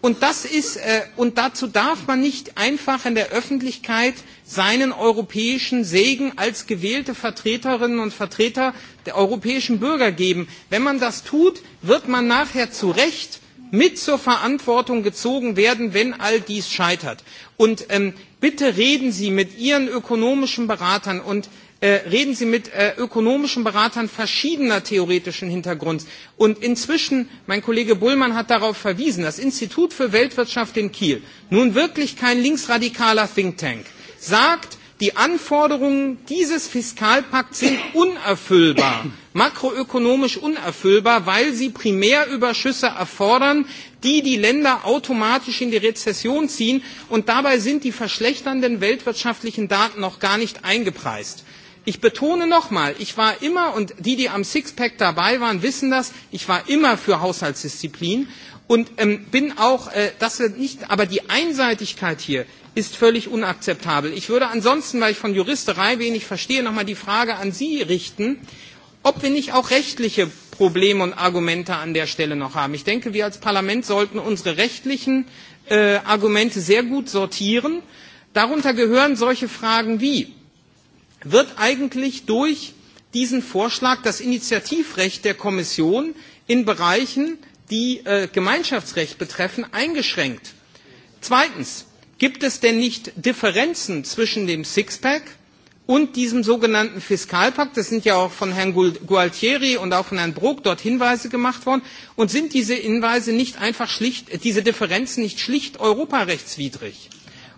Und, dazu darf man nicht einfach in der Öffentlichkeit seinen europäischen Segen als gewählte Vertreterinnen und Vertreter der europäischen Bürger geben. Wenn man das tut, wird man nachher zu Recht mit zur Verantwortung gezogen werden, wenn all dies scheitert. Und bitte reden Sie mit Ihren ökonomischen Beratern und reden Sie mit ökonomischen Beratern verschiedener theoretischen Hintergrunds. Und inzwischen, mein Kollege Bullmann hat darauf verwiesen, das Institut für Weltwirtschaft in Kiel, nun wirklich kein linksradikaler Think Tank, sagt, die Anforderungen dieses Fiskalpakts sind unerfüllbar, makroökonomisch unerfüllbar, weil sie Primärüberschüsse erfordern, die die Länder automatisch in die Rezession ziehen. Und dabei sind die verschlechternden weltwirtschaftlichen Daten noch gar nicht eingepreist. Ich betone nochmal, ich war immer, und die, die am Sixpack dabei waren, wissen das, ich war immer für Haushaltsdisziplin und ähm, bin auch, äh, das wird nicht, aber die Einseitigkeit hier ist völlig unakzeptabel. Ich würde ansonsten, weil ich von Juristerei wenig verstehe, nochmal die Frage an Sie richten, ob wir nicht auch rechtliche Probleme und Argumente an der Stelle noch haben. Ich denke, wir als Parlament sollten unsere rechtlichen äh, Argumente sehr gut sortieren. Darunter gehören solche Fragen wie, wird eigentlich durch diesen Vorschlag das Initiativrecht der Kommission in Bereichen, die Gemeinschaftsrecht betreffen, eingeschränkt. Zweitens gibt es denn nicht Differenzen zwischen dem Sixpack und diesem sogenannten Fiskalpakt? Das sind ja auch von Herrn Gualtieri und auch von Herrn Brok dort Hinweise gemacht worden. Und sind diese Hinweise nicht einfach schlicht, diese Differenzen nicht schlicht europarechtswidrig?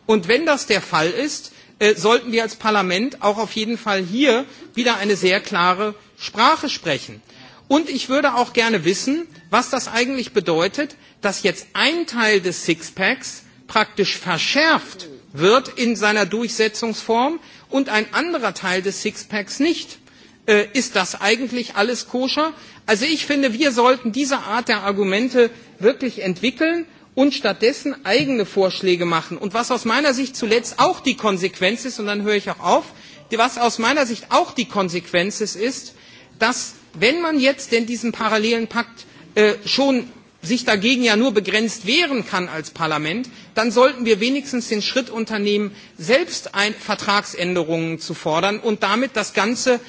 Und wenn das der Fall ist, sollten wir als Parlament auch auf jeden Fall hier wieder eine sehr klare Sprache sprechen. Und ich würde auch gerne wissen, was das eigentlich bedeutet, dass jetzt ein Teil des Sixpacks praktisch verschärft wird in seiner Durchsetzungsform und ein anderer Teil des Sixpacks nicht. ist das eigentlich alles koscher? Also ich finde, wir sollten diese Art der Argumente wirklich entwickeln und stattdessen eigene Vorschläge machen. Und was aus meiner Sicht zuletzt auch die Konsequenz ist, und dann höre ich auch auf, was aus meiner Sicht auch die Konsequenz ist, ist, dass wenn man jetzt denn diesen parallelen Pakt schon sich dagegen ja nur begrenzt wehren kann als Parlament, dann sollten wir wenigstens den Schritt unternehmen, selbst Vertragsänderungen zu fordern und damit das Ganze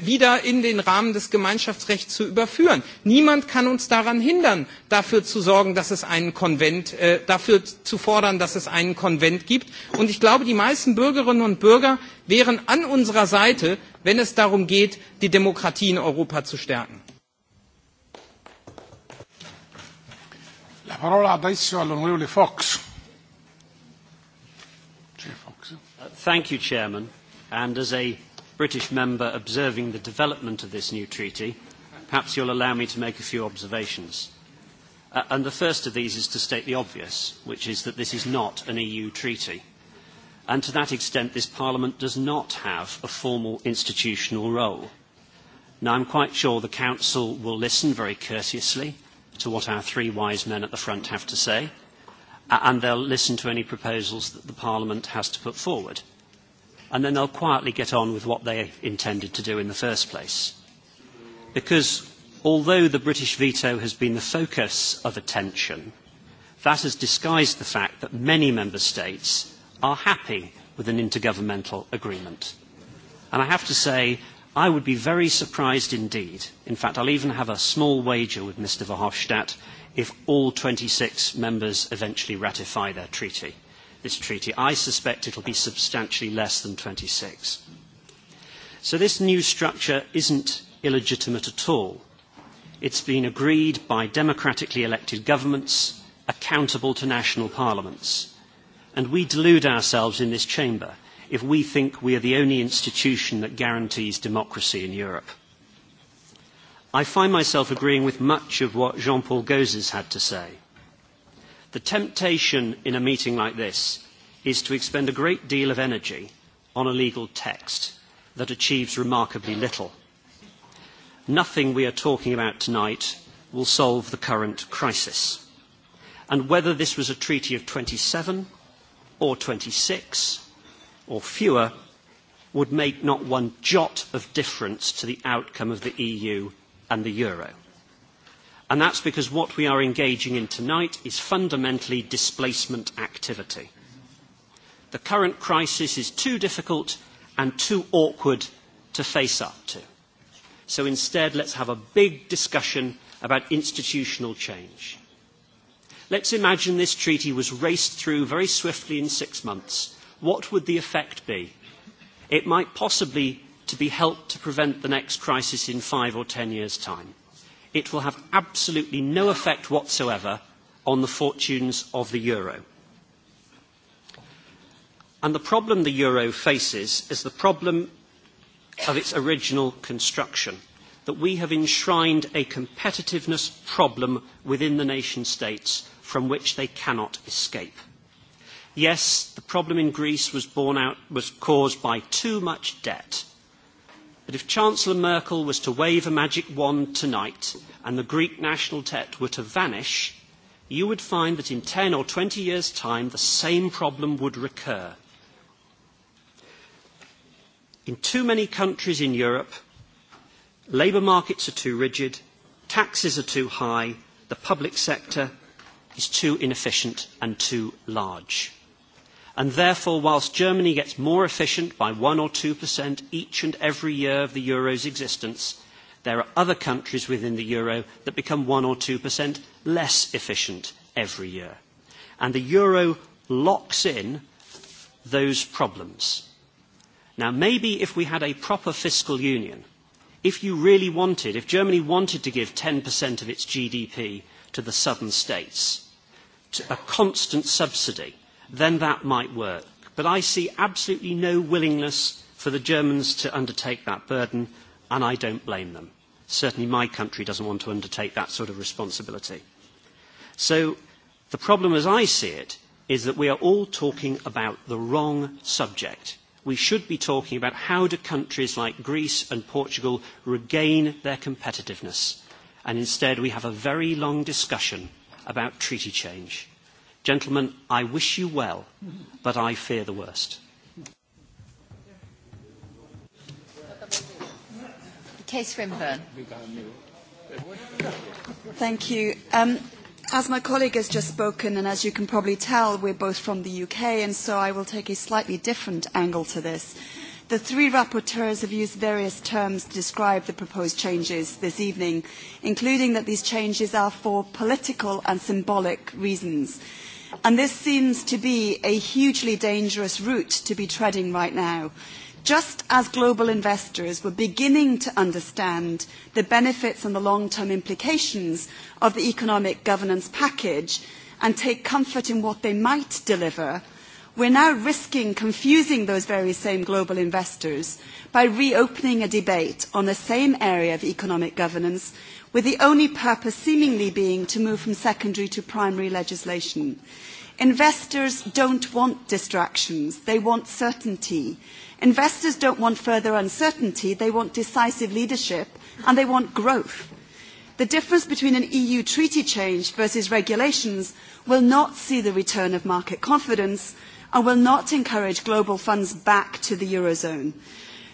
wieder in den Rahmen des Gemeinschaftsrechts zu überführen. Niemand kann uns daran hindern, dafür zu sorgen, dass es einen Konvent, dafür zu fordern, dass es einen Konvent gibt. Und ich glaube, die meisten Bürgerinnen und Bürger wären an unserer Seite, wenn es darum geht, die Demokratie in Europa zu stärken. parola adesso all'onorevole Fox. Thank you, Chairman. And as a British member observing the development of this new treaty, perhaps you'll allow me to make a few observations. Uh, and the first of these is to state the obvious, which is that this is not an EU treaty. And to that extent, this Parliament does not have a formal institutional role. Now, I'm quite sure the Council will listen very courteously to what our three wise men at the front have to say, and they'll listen to any proposals that the Parliament has to put forward. And then they'll quietly get on with what they intended to do in the first place. Because although the British veto has been the focus of attention, that has disguised the fact that many member states are happy with an intergovernmental agreement. And I have to say I would be very surprised indeed. In fact, I'll even have a small wager with Mr. Verhofstadt if all 26 members eventually ratify their treaty, this treaty. I suspect it will be substantially less than 26. So this new structure isn't illegitimate at all. It's been agreed by democratically elected governments accountable to national parliaments. And we delude ourselves in this chamber if we think we are the only institution that guarantees democracy in Europe. I find myself agreeing with much of what Jean-Paul Gauzes had to say. The temptation in a meeting like this is to expend a great deal of energy on a legal text that achieves remarkably little. Nothing we are talking about tonight will solve the current crisis. And whether this was a treaty of twenty seven or twenty six or fewer would make not one jot of difference to the outcome of the EU and the euro. And that's because what we are engaging in tonight is fundamentally displacement activity. The current crisis is too difficult and too awkward to face up to. So instead, let's have a big discussion about institutional change. Let's imagine this treaty was raced through very swiftly in six months what would the effect be? It might possibly to be helped to prevent the next crisis in five or ten years' time. It will have absolutely no effect whatsoever on the fortunes of the euro. And the problem the euro faces is the problem of its original construction, that we have enshrined a competitiveness problem within the nation states from which they cannot escape. Yes, the problem in Greece was, born out, was caused by too much debt. But if Chancellor Merkel was to wave a magic wand tonight and the Greek national debt were to vanish, you would find that in 10 or 20 years' time the same problem would recur. In too many countries in Europe, labour markets are too rigid, taxes are too high, the public sector is too inefficient and too large. And therefore, whilst Germany gets more efficient by 1 or 2% each and every year of the euro's existence, there are other countries within the euro that become 1 or 2% less efficient every year. And the euro locks in those problems. Now, maybe if we had a proper fiscal union, if you really wanted, if Germany wanted to give 10% of its GDP to the southern states, to a constant subsidy, then that might work. But I see absolutely no willingness for the Germans to undertake that burden, and I don't blame them. Certainly my country doesn't want to undertake that sort of responsibility. So the problem as I see it is that we are all talking about the wrong subject. We should be talking about how do countries like Greece and Portugal regain their competitiveness. And instead we have a very long discussion about treaty change. Gentlemen, I wish you well, but I fear the worst. Case Thank you. Um, as my colleague has just spoken, and as you can probably tell, we're both from the UK, and so I will take a slightly different angle to this. The three rapporteurs have used various terms to describe the proposed changes this evening, including that these changes are for political and symbolic reasons. And this seems to be a hugely dangerous route to be treading right now. Just as global investors were beginning to understand the benefits and the long-term implications of the economic governance package and take comfort in what they might deliver, we are now risking confusing those very same global investors by reopening a debate on the same area of economic governance with the only purpose seemingly being to move from secondary to primary legislation. Investors don't want distractions, they want certainty. Investors don't want further uncertainty, they want decisive leadership and they want growth. The difference between an EU treaty change versus regulations will not see the return of market confidence and will not encourage global funds back to the Eurozone.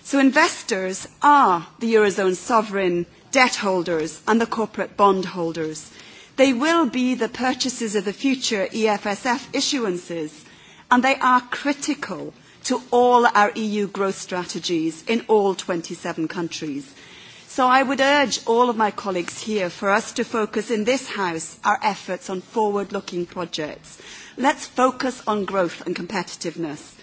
So investors are the Eurozone's sovereign debt holders and the corporate bond holders. They will be the purchases of the future EFSF issuances, and they are critical to all our EU growth strategies in all twenty seven countries. So I would urge all of my colleagues here for us to focus in this House our efforts on forward-looking projects. Let's focus on growth and competitiveness.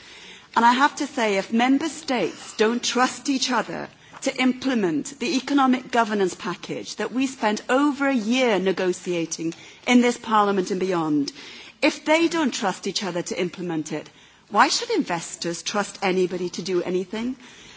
And I have to say, if member states don't trust each other to implement the economic governance package that we spent over a year negotiating in this Parliament and beyond. If they don't trust each other to implement it, why should investors trust anybody to do anything?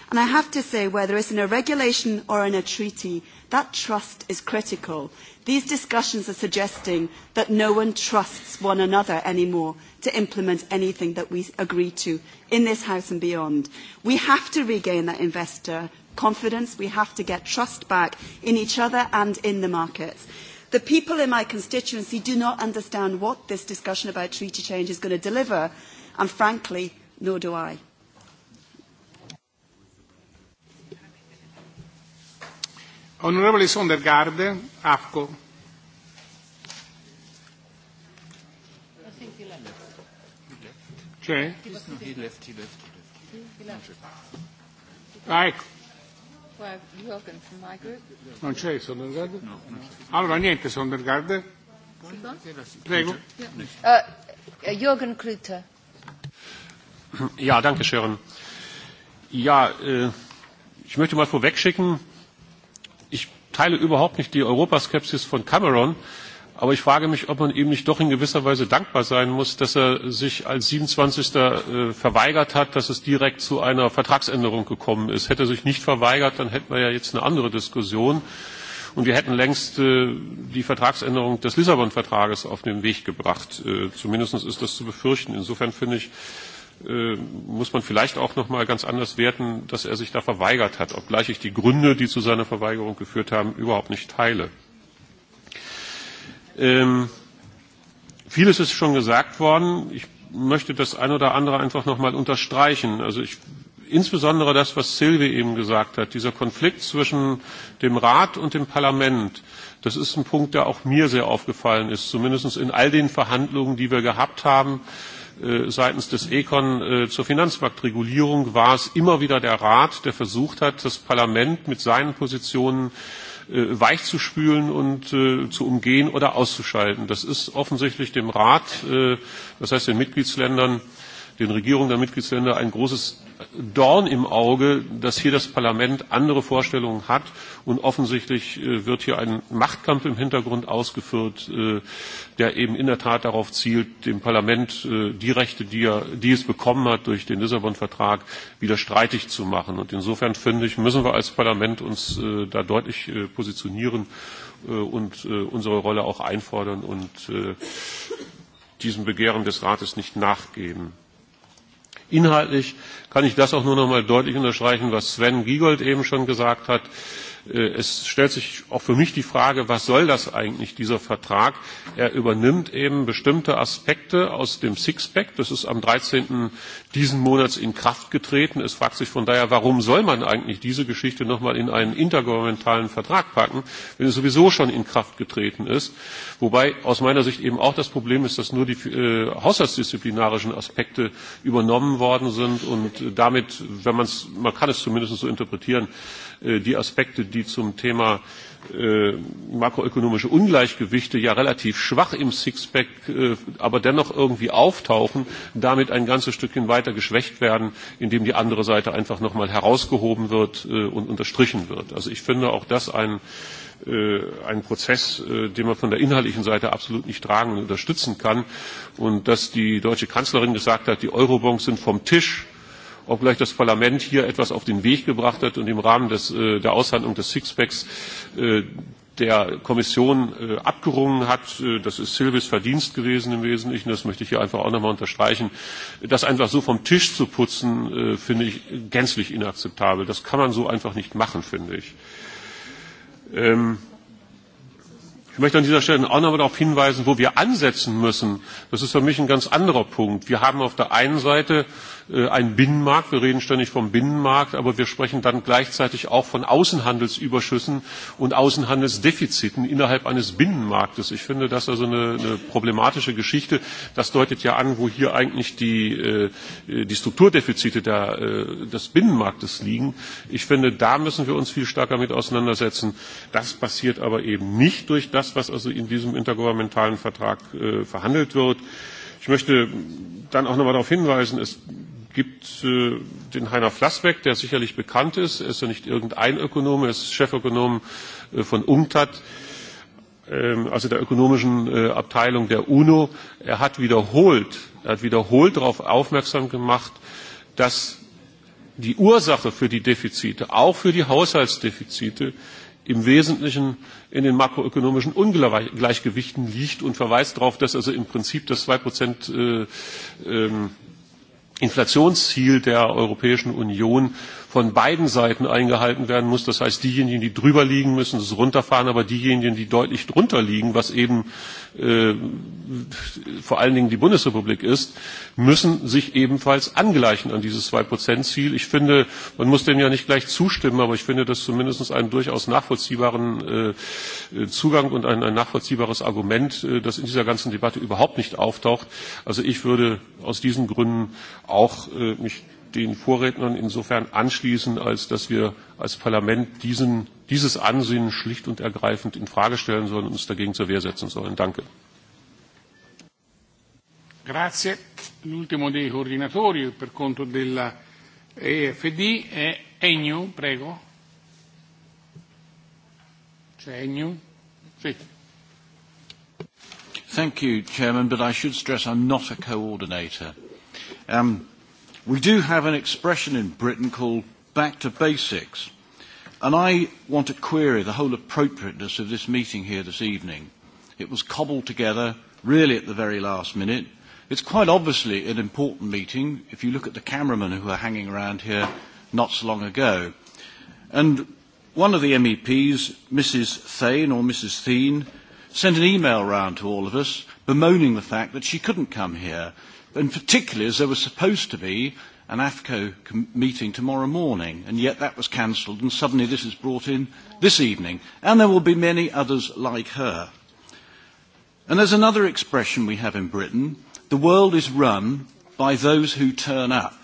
And I have to say, whether it's in a regulation or in a treaty, that trust is critical. These discussions are suggesting that no one trusts one another anymore to implement anything that we agree to in this House and beyond. We have to regain that investor confidence. We have to get trust back in each other and in the markets. The people in my constituency do not understand what this discussion about treaty change is going to deliver, and frankly, nor do I. Onorevole Sondergaard, AFCO. Ah, ecco. Non c'è il Sondergaard? No, no. Allora niente Sondergaard. Prego. Uh, Jürgen Klüter. Ja, danke schön. Ja, äh, ich möchte mal vorweg schicken, ich teile überhaupt nicht die Europaskepsis von Cameron. Äh, Aber ich frage mich, ob man ihm nicht doch in gewisser Weise dankbar sein muss, dass er sich als 27. verweigert hat, dass es direkt zu einer Vertragsänderung gekommen ist. Hätte er sich nicht verweigert, dann hätten wir ja jetzt eine andere Diskussion. Und wir hätten längst die Vertragsänderung des Lissabon-Vertrages auf den Weg gebracht. Zumindest ist das zu befürchten. Insofern finde ich, muss man vielleicht auch noch mal ganz anders werten, dass er sich da verweigert hat, obgleich ich die Gründe, die zu seiner Verweigerung geführt haben, überhaupt nicht teile. Ähm, vieles ist schon gesagt worden. Ich möchte das ein oder andere einfach noch mal unterstreichen. Also ich, insbesondere das, was Silvi eben gesagt hat, dieser Konflikt zwischen dem Rat und dem Parlament, das ist ein Punkt, der auch mir sehr aufgefallen ist, zumindest in all den Verhandlungen, die wir gehabt haben seitens des Econ zur Finanzmarktregulierung war es immer wieder der Rat, der versucht hat, das Parlament mit seinen Positionen äh, weich zu spülen und zu umgehen oder auszuschalten. Das ist offensichtlich dem Rat, das heißt den Mitgliedsländern, den Regierungen der Mitgliedsländer ein großes Dorn im Auge, dass hier das Parlament andere Vorstellungen hat und offensichtlich wird hier ein Machtkampf im Hintergrund ausgeführt, der eben in der Tat darauf zielt, dem Parlament die Rechte, die, er, die es bekommen hat durch den Lissabon-Vertrag, wieder streitig zu machen. Und insofern finde ich, müssen wir als Parlament uns da deutlich positionieren und unsere Rolle auch einfordern und diesem Begehren des Rates nicht nachgeben. Inhaltlich kann ich das auch nur noch einmal deutlich unterstreichen, was Sven Giegold eben schon gesagt hat es stellt sich auch für mich die Frage, was soll das eigentlich, dieser Vertrag? Er übernimmt eben bestimmte Aspekte aus dem Sixpack. Das ist am 13. diesen Monats in Kraft getreten. Es fragt sich von daher, warum soll man eigentlich diese Geschichte nochmal in einen intergouvernementalen Vertrag packen, wenn es sowieso schon in Kraft getreten ist? Wobei aus meiner Sicht eben auch das Problem ist, dass nur die äh, haushaltsdisziplinarischen Aspekte übernommen worden sind und damit, wenn man es, man kann es zumindest so interpretieren, die Aspekte, die zum Thema makroökonomische Ungleichgewichte ja relativ schwach im Sixpack, aber dennoch irgendwie auftauchen, damit ein ganzes Stückchen weiter geschwächt werden, indem die andere Seite einfach nochmal herausgehoben wird und unterstrichen wird. Also ich finde auch das ein ein Prozess, den man von der inhaltlichen Seite absolut nicht tragen und unterstützen kann. Und dass die deutsche Kanzlerin gesagt hat, die Eurobonds sind vom Tisch, obgleich das Parlament hier etwas auf den Weg gebracht hat und im Rahmen des, der Aushandlung des Sixpacks der Kommission abgerungen hat. Das ist Silvis Verdienst gewesen im Wesentlichen. Das möchte ich hier einfach auch nochmal unterstreichen. Das einfach so vom Tisch zu putzen, finde ich gänzlich inakzeptabel. Das kann man so einfach nicht machen, finde ich. Ich möchte an dieser Stelle auch noch darauf hinweisen, wo wir ansetzen müssen. Das ist für mich ein ganz anderer Punkt. Wir haben auf der einen Seite einen Binnenmarkt. Wir reden ständig vom Binnenmarkt, aber wir sprechen dann gleichzeitig auch von Außenhandelsüberschüssen und Außenhandelsdefiziten innerhalb eines Binnenmarktes. Ich finde das also eine, eine problematische Geschichte. Das deutet ja an, wo hier eigentlich die, die Strukturdefizite der, des Binnenmarktes liegen. Ich finde, da müssen wir uns viel stärker mit auseinandersetzen. Das passiert aber eben nicht durch das, was also in diesem intergouvernementalen Vertrag verhandelt wird. Ich möchte dann auch nochmal darauf hinweisen, es gibt äh, den Heiner Flassbeck, der sicherlich bekannt ist. Er ist ja nicht irgendein Ökonom, er ist Chefökonom äh, von UNCTAD, ähm, also der ökonomischen äh, Abteilung der UNO. Er hat wiederholt, er hat wiederholt darauf aufmerksam gemacht, dass die Ursache für die Defizite, auch für die Haushaltsdefizite, im Wesentlichen in den makroökonomischen Ungleichgewichten liegt und verweist darauf, dass also im Prinzip das 2% Inflationsziel der Europäischen Union von beiden Seiten eingehalten werden muss. Das heißt, diejenigen, die drüber liegen, müssen es runterfahren, aber diejenigen, die deutlich drunter liegen, was eben äh, vor allen Dingen die Bundesrepublik ist, müssen sich ebenfalls angleichen an dieses 2-Prozent-Ziel. Ich finde, man muss dem ja nicht gleich zustimmen, aber ich finde das zumindest einen durchaus nachvollziehbaren äh, Zugang und ein, ein nachvollziehbares Argument, äh, das in dieser ganzen Debatte überhaupt nicht auftaucht. Also ich würde aus diesen Gründen auch äh, mich den Vorrednern insofern anschließen, als dass wir als Parlament diesen, dieses Ansinnen schlicht und ergreifend in Frage stellen sollen und uns dagegen zur Wehr setzen sollen. Danke. Grazie. L'ultimo dei coordinatori per conto della EFD è Egnu, prego. C'è Egnu? Sì. Thank you, Chairman, but I should stress I'm not a coordinator. Um, we do have an expression in Britain called back to basics. And I want to query the whole appropriateness of this meeting here this evening. It was cobbled together really at the very last minute. It's quite obviously an important meeting if you look at the cameramen who are hanging around here not so long ago. And one of the MEPs, Mrs. Thane or Mrs. Thien, sent an email round to all of us bemoaning the fact that she couldn't come here. And particularly as there was supposed to be an AFCO meeting tomorrow morning, and yet that was cancelled, and suddenly this is brought in this evening. And there will be many others like her. And there's another expression we have in Britain the world is run by those who turn up.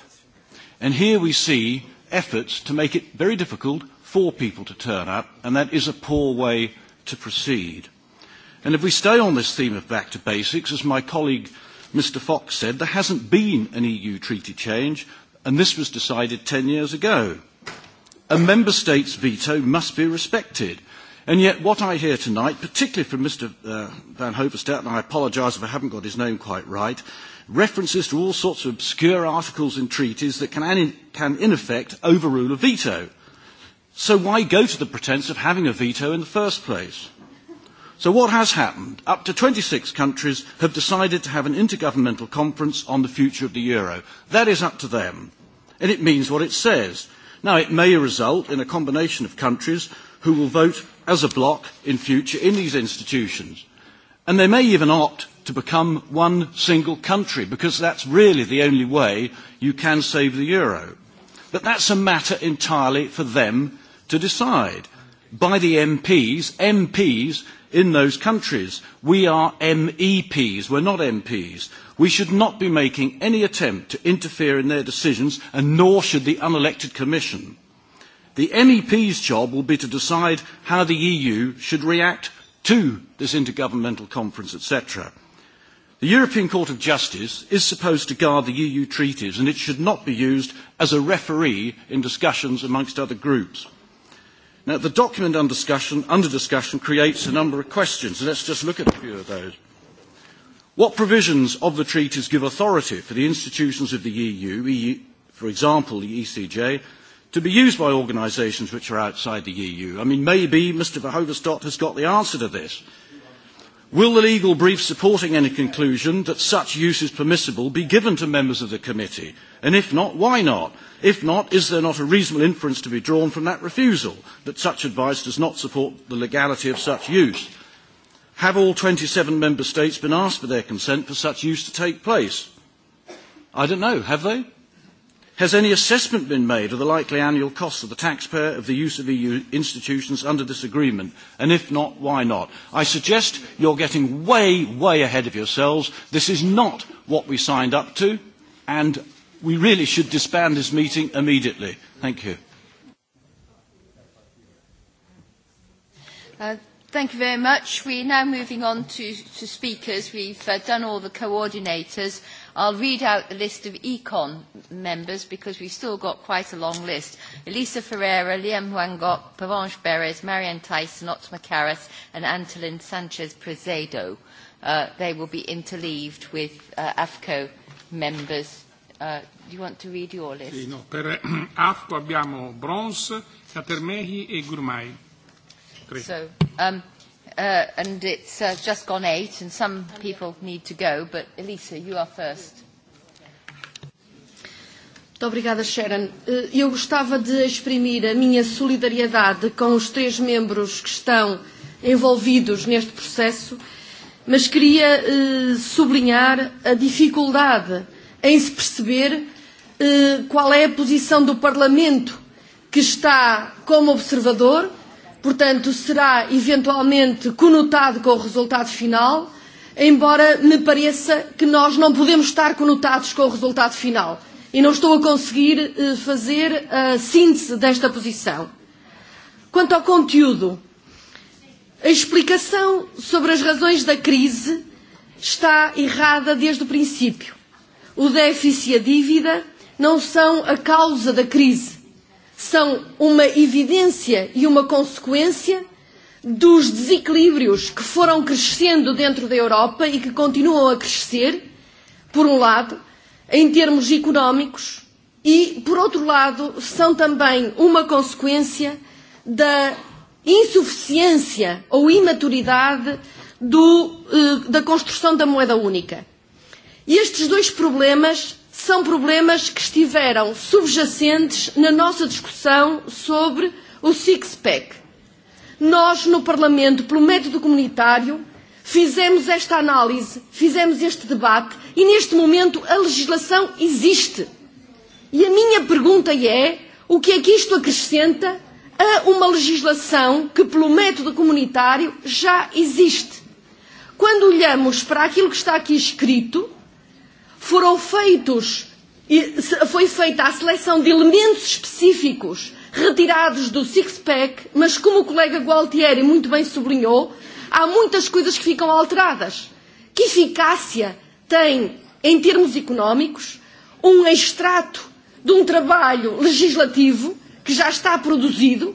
And here we see efforts to make it very difficult for people to turn up, and that is a poor way to proceed. And if we stay on this theme of back to basics, as my colleague Mr Fox said there hasn't been an EU treaty change, and this was decided 10 years ago. A member state's veto must be respected. And yet what I hear tonight, particularly from Mr uh, Van Hoverstadt, and I apologise if I haven't got his name quite right, references to all sorts of obscure articles in treaties that can, can in effect overrule a veto. So why go to the pretense of having a veto in the first place? So what has happened? Up to twenty six countries have decided to have an intergovernmental conference on the future of the euro. That is up to them. And it means what it says. Now, it may result in a combination of countries who will vote as a bloc in future in these institutions. And they may even opt to become one single country, because that's really the only way you can save the euro. But that's a matter entirely for them to decide. By the MPs, MPs in those countries. We are MEPs, we're not MPs. We should not be making any attempt to interfere in their decisions, and nor should the unelected Commission. The MEP's job will be to decide how the EU should react to this intergovernmental conference, etc. The European Court of Justice is supposed to guard the EU treaties, and it should not be used as a referee in discussions amongst other groups. Now, the document under discussion, under discussion creates a number of questions, and let's just look at a few of those. What provisions of the treaties give authority for the institutions of the EU, EU for example, the ECJ, to be used by organisations which are outside the EU? I mean, maybe Mr Verhofstadt has got the answer to this. Will the legal brief supporting any conclusion that such use is permissible be given to members of the committee? And if not, why not? If not, is there not a reasonable inference to be drawn from that refusal that such advice does not support the legality of such use? Have all 27 member states been asked for their consent for such use to take place? I don't know. Have they? Has any assessment been made of the likely annual cost of the taxpayer of the use of EU institutions under this agreement? And if not, why not? I suggest you're getting way, way ahead of yourselves. This is not what we signed up to, and we really should disband this meeting immediately. Thank you. Uh, Thank you very much. We're now moving on to, to speakers. We've uh, done all the coordinators. I'll read out the list of Econ members because we've still got quite a long list. Elisa Ferreira, Liam Wangok, Pavanche Beres, Marianne Tyson, Otma Karas and Antolin Sanchez Prezedo. Uh, they will be interleaved with uh, AFCO members. Uh, do you want to read your list? Sì, no, per AFCO abbiamo Bronze, Catermehi e Gurmai. So, um, uh, and it's uh, just gone eight, and some people need to go, but Elisa, you are first. Muito obrigada, Sharon. Eu gostava de exprimir a minha solidariedade com os três membros que estão envolvidos neste processo, mas queria sublinhar a dificuldade em se perceber qual é a posição do Parlamento que está como observador portanto, será eventualmente conotado com o resultado final, embora me pareça que nós não podemos estar conotados com o resultado final. E não estou a conseguir fazer a síntese desta posição. Quanto ao conteúdo, a explicação sobre as razões da crise está errada desde o princípio. O déficit e a dívida não são a causa da crise são uma evidência e uma consequência dos desequilíbrios que foram crescendo dentro da Europa e que continuam a crescer, por um lado, em termos económicos, e, por outro lado, são também uma consequência da insuficiência ou imaturidade do, da construção da moeda única. E estes dois problemas são problemas que estiveram subjacentes na nossa discussão sobre o six-pack. Nós, no Parlamento, pelo método comunitário, fizemos esta análise, fizemos este debate e, neste momento, a legislação existe. E a minha pergunta é: o que é que isto acrescenta a uma legislação que, pelo método comunitário, já existe? Quando olhamos para aquilo que está aqui escrito, foram feitos, foi feita a seleção de elementos específicos retirados do six-pack, mas como o colega Gualtieri muito bem sublinhou, há muitas coisas que ficam alteradas. Que eficácia tem, em termos económicos, um extrato de um trabalho legislativo que já está produzido,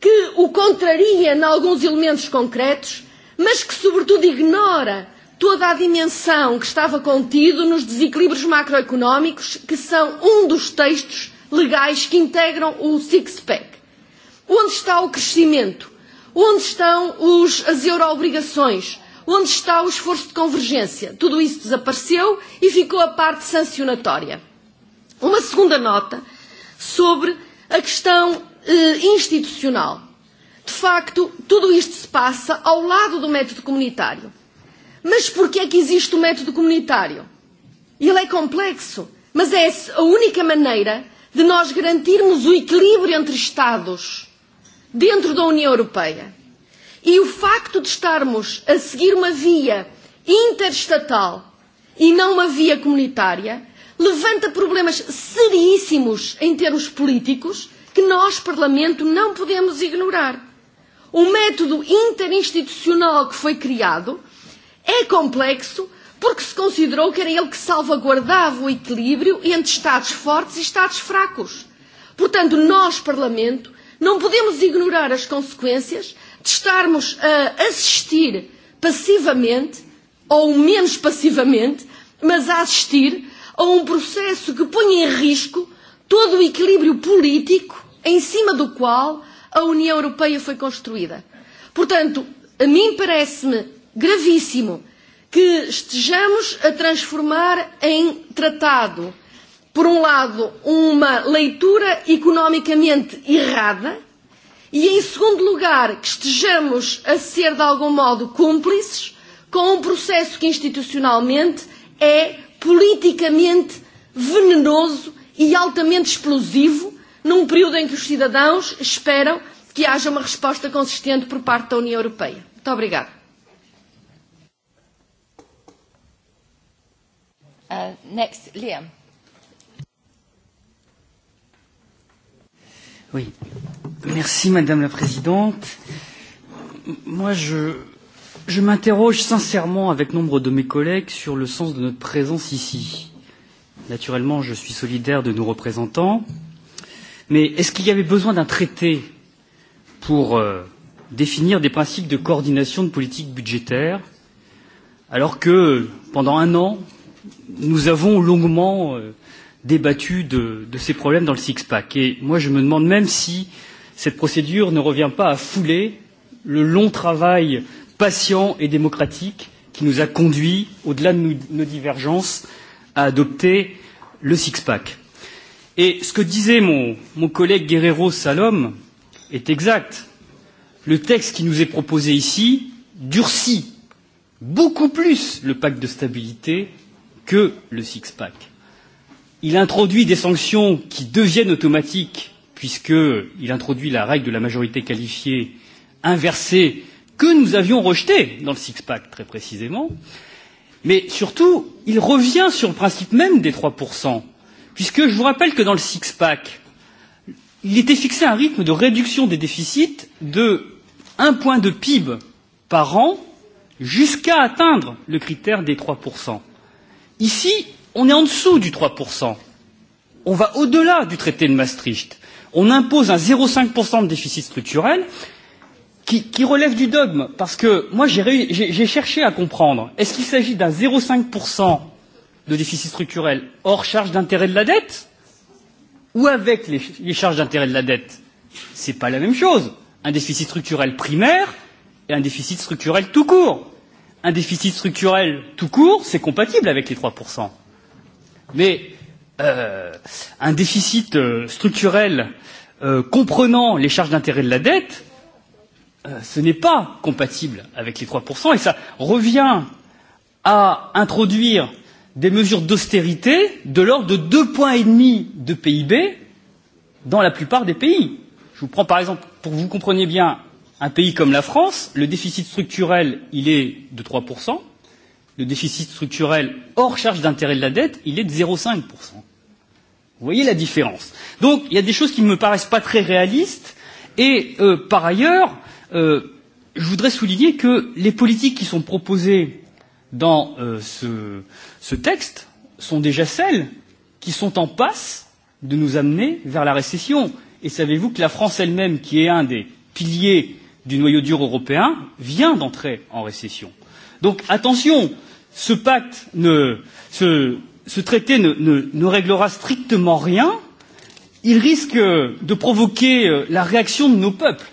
que o contraria em alguns elementos concretos, mas que, sobretudo, ignora toda a dimensão que estava contido nos desequilíbrios macroeconómicos, que são um dos textos legais que integram o six-pack. Onde está o crescimento? Onde estão os, as euroobrigações? Onde está o esforço de convergência? Tudo isso desapareceu e ficou a parte sancionatória. Uma segunda nota sobre a questão eh, institucional. De facto, tudo isto se passa ao lado do método comunitário. Mas porquê é que existe o método comunitário? Ele é complexo, mas é a única maneira de nós garantirmos o equilíbrio entre Estados dentro da União Europeia. E o facto de estarmos a seguir uma via interestatal e não uma via comunitária levanta problemas seríssimos em termos políticos que nós, Parlamento, não podemos ignorar. O método interinstitucional que foi criado É complexo porque se considerou que era ele que salvaguardava o equilíbrio entre Estados fortes e Estados fracos. Portanto, nós, Parlamento, não podemos ignorar as consequências de estarmos a assistir passivamente, ou menos passivamente, mas a assistir a um processo que põe em risco todo o equilíbrio político em cima do qual a União Europeia foi construída. Portanto, a mim parece-me gravíssimo que estejamos a transformar em tratado, por um lado, uma leitura economicamente errada, e em segundo lugar, que estejamos a ser de algum modo cúmplices com um processo que institucionalmente é politicamente venenoso e altamente explosivo, num período em que os cidadãos esperam que haja uma resposta consistente por parte da União Europeia. Muito obrigada. next, Liam. Oui. Merci, Madame la Présidente. Moi, je, je m'interroge sincèrement avec nombre de mes collègues sur le sens de notre présence ici. Naturellement, je suis solidaire de nos représentants, mais est-ce qu'il y avait besoin d'un traité pour euh, définir des principes de coordination de politique budgétaire, alors que pendant un an, nous avons longuement débattu de, de ces problèmes dans le six-pack. Et moi, je me demande même si cette procédure ne revient pas à fouler le long travail patient et démocratique qui nous a conduits, au-delà de nos, nos divergences, à adopter le six-pack. Et ce que disait mon, mon collègue Guerrero Salom est exact. Le texte qui nous est proposé ici durcit beaucoup plus le pacte de stabilité que le six-pack. Il introduit des sanctions qui deviennent automatiques, puisqu'il introduit la règle de la majorité qualifiée inversée que nous avions rejetée dans le six-pack, très précisément. Mais surtout, il revient sur le principe même des 3%, puisque je vous rappelle que dans le six-pack, il était fixé un rythme de réduction des déficits de 1 point de PIB par an jusqu'à atteindre le critère des 3%. Ici, on est en dessous du 3%. On va au-delà du traité de Maastricht. On impose un 0,5% de déficit structurel qui, qui relève du dogme. Parce que moi, j'ai cherché à comprendre. Est-ce qu'il s'agit d'un 0,5% de déficit structurel hors charge d'intérêt de la dette ou avec les, les charges d'intérêt de la dette Ce n'est pas la même chose. Un déficit structurel primaire et un déficit structurel tout court un déficit structurel tout court, c'est compatible avec les 3%. Mais euh, un déficit euh, structurel euh, comprenant les charges d'intérêt de la dette, euh, ce n'est pas compatible avec les 3%, et ça revient à introduire des mesures d'austérité de l'ordre de deux points et demi de PIB dans la plupart des pays. Je vous prends par exemple, pour que vous compreniez bien, Un pays comme la France, le déficit structurel, il est de 3%. Le déficit structurel hors charge d'intérêt de la dette, il est de 0,5%. Vous voyez la différence. Donc, il y a des choses qui ne me paraissent pas très réalistes. Et euh, par ailleurs, euh, je voudrais souligner que les politiques qui sont proposées dans euh, ce, ce texte sont déjà celles qui sont en passe de nous amener vers la récession. Et savez-vous que la France elle-même, qui est un des piliers du noyau dur européen vient d'entrer en récession. Donc attention, ce pacte, ne, ce, ce traité ne, ne, ne réglera strictement rien. Il risque de provoquer la réaction de nos peuples.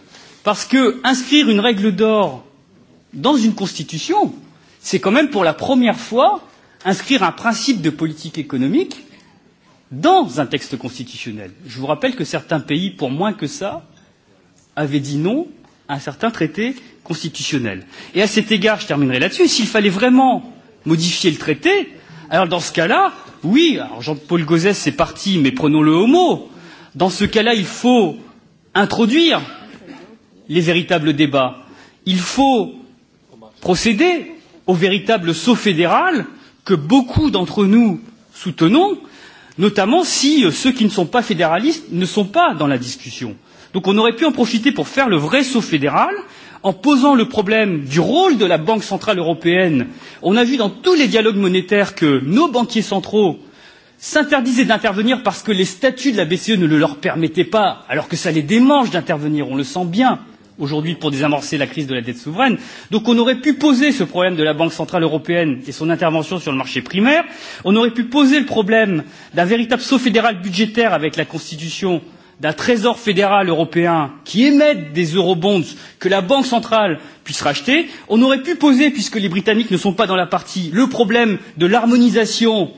Parce que inscrire une règle d'or dans une constitution, c'est quand même pour la première fois inscrire un principe de politique économique dans un texte constitutionnel. Je vous rappelle que certains pays, pour moins que ça, avaient dit non un certain traité constitutionnel. Et à cet égard, je terminerai là-dessus, s'il fallait vraiment modifier le traité, alors dans ce cas-là, oui, alors Jean-Paul Gauzès c'est parti, mais prenons-le au mot. Dans ce cas-là, il faut introduire les véritables débats. Il faut procéder au véritable saut fédéral que beaucoup d'entre nous soutenons, notamment si ceux qui ne sont pas fédéralistes ne sont pas dans la discussion. Donc on aurait pu en profiter pour faire le vrai saut fédéral en posant le problème du rôle de la Banque centrale européenne. On a vu dans tous les dialogues monétaires que nos banquiers centraux s'interdisaient d'intervenir parce que les statuts de la BCE ne le leur permettaient pas, alors que ça les démange d'intervenir, on le sent bien aujourd'hui pour désamorcer la crise de la dette souveraine. Donc on aurait pu poser ce problème de la Banque centrale européenne et son intervention sur le marché primaire, on aurait pu poser le problème d'un véritable saut fédéral budgétaire avec la Constitution d'un trésor fédéral européen qui émette des eurobonds que la Banque centrale puisse racheter, on aurait pu poser, puisque les Britanniques ne sont pas dans la partie, le problème de l'harmonisation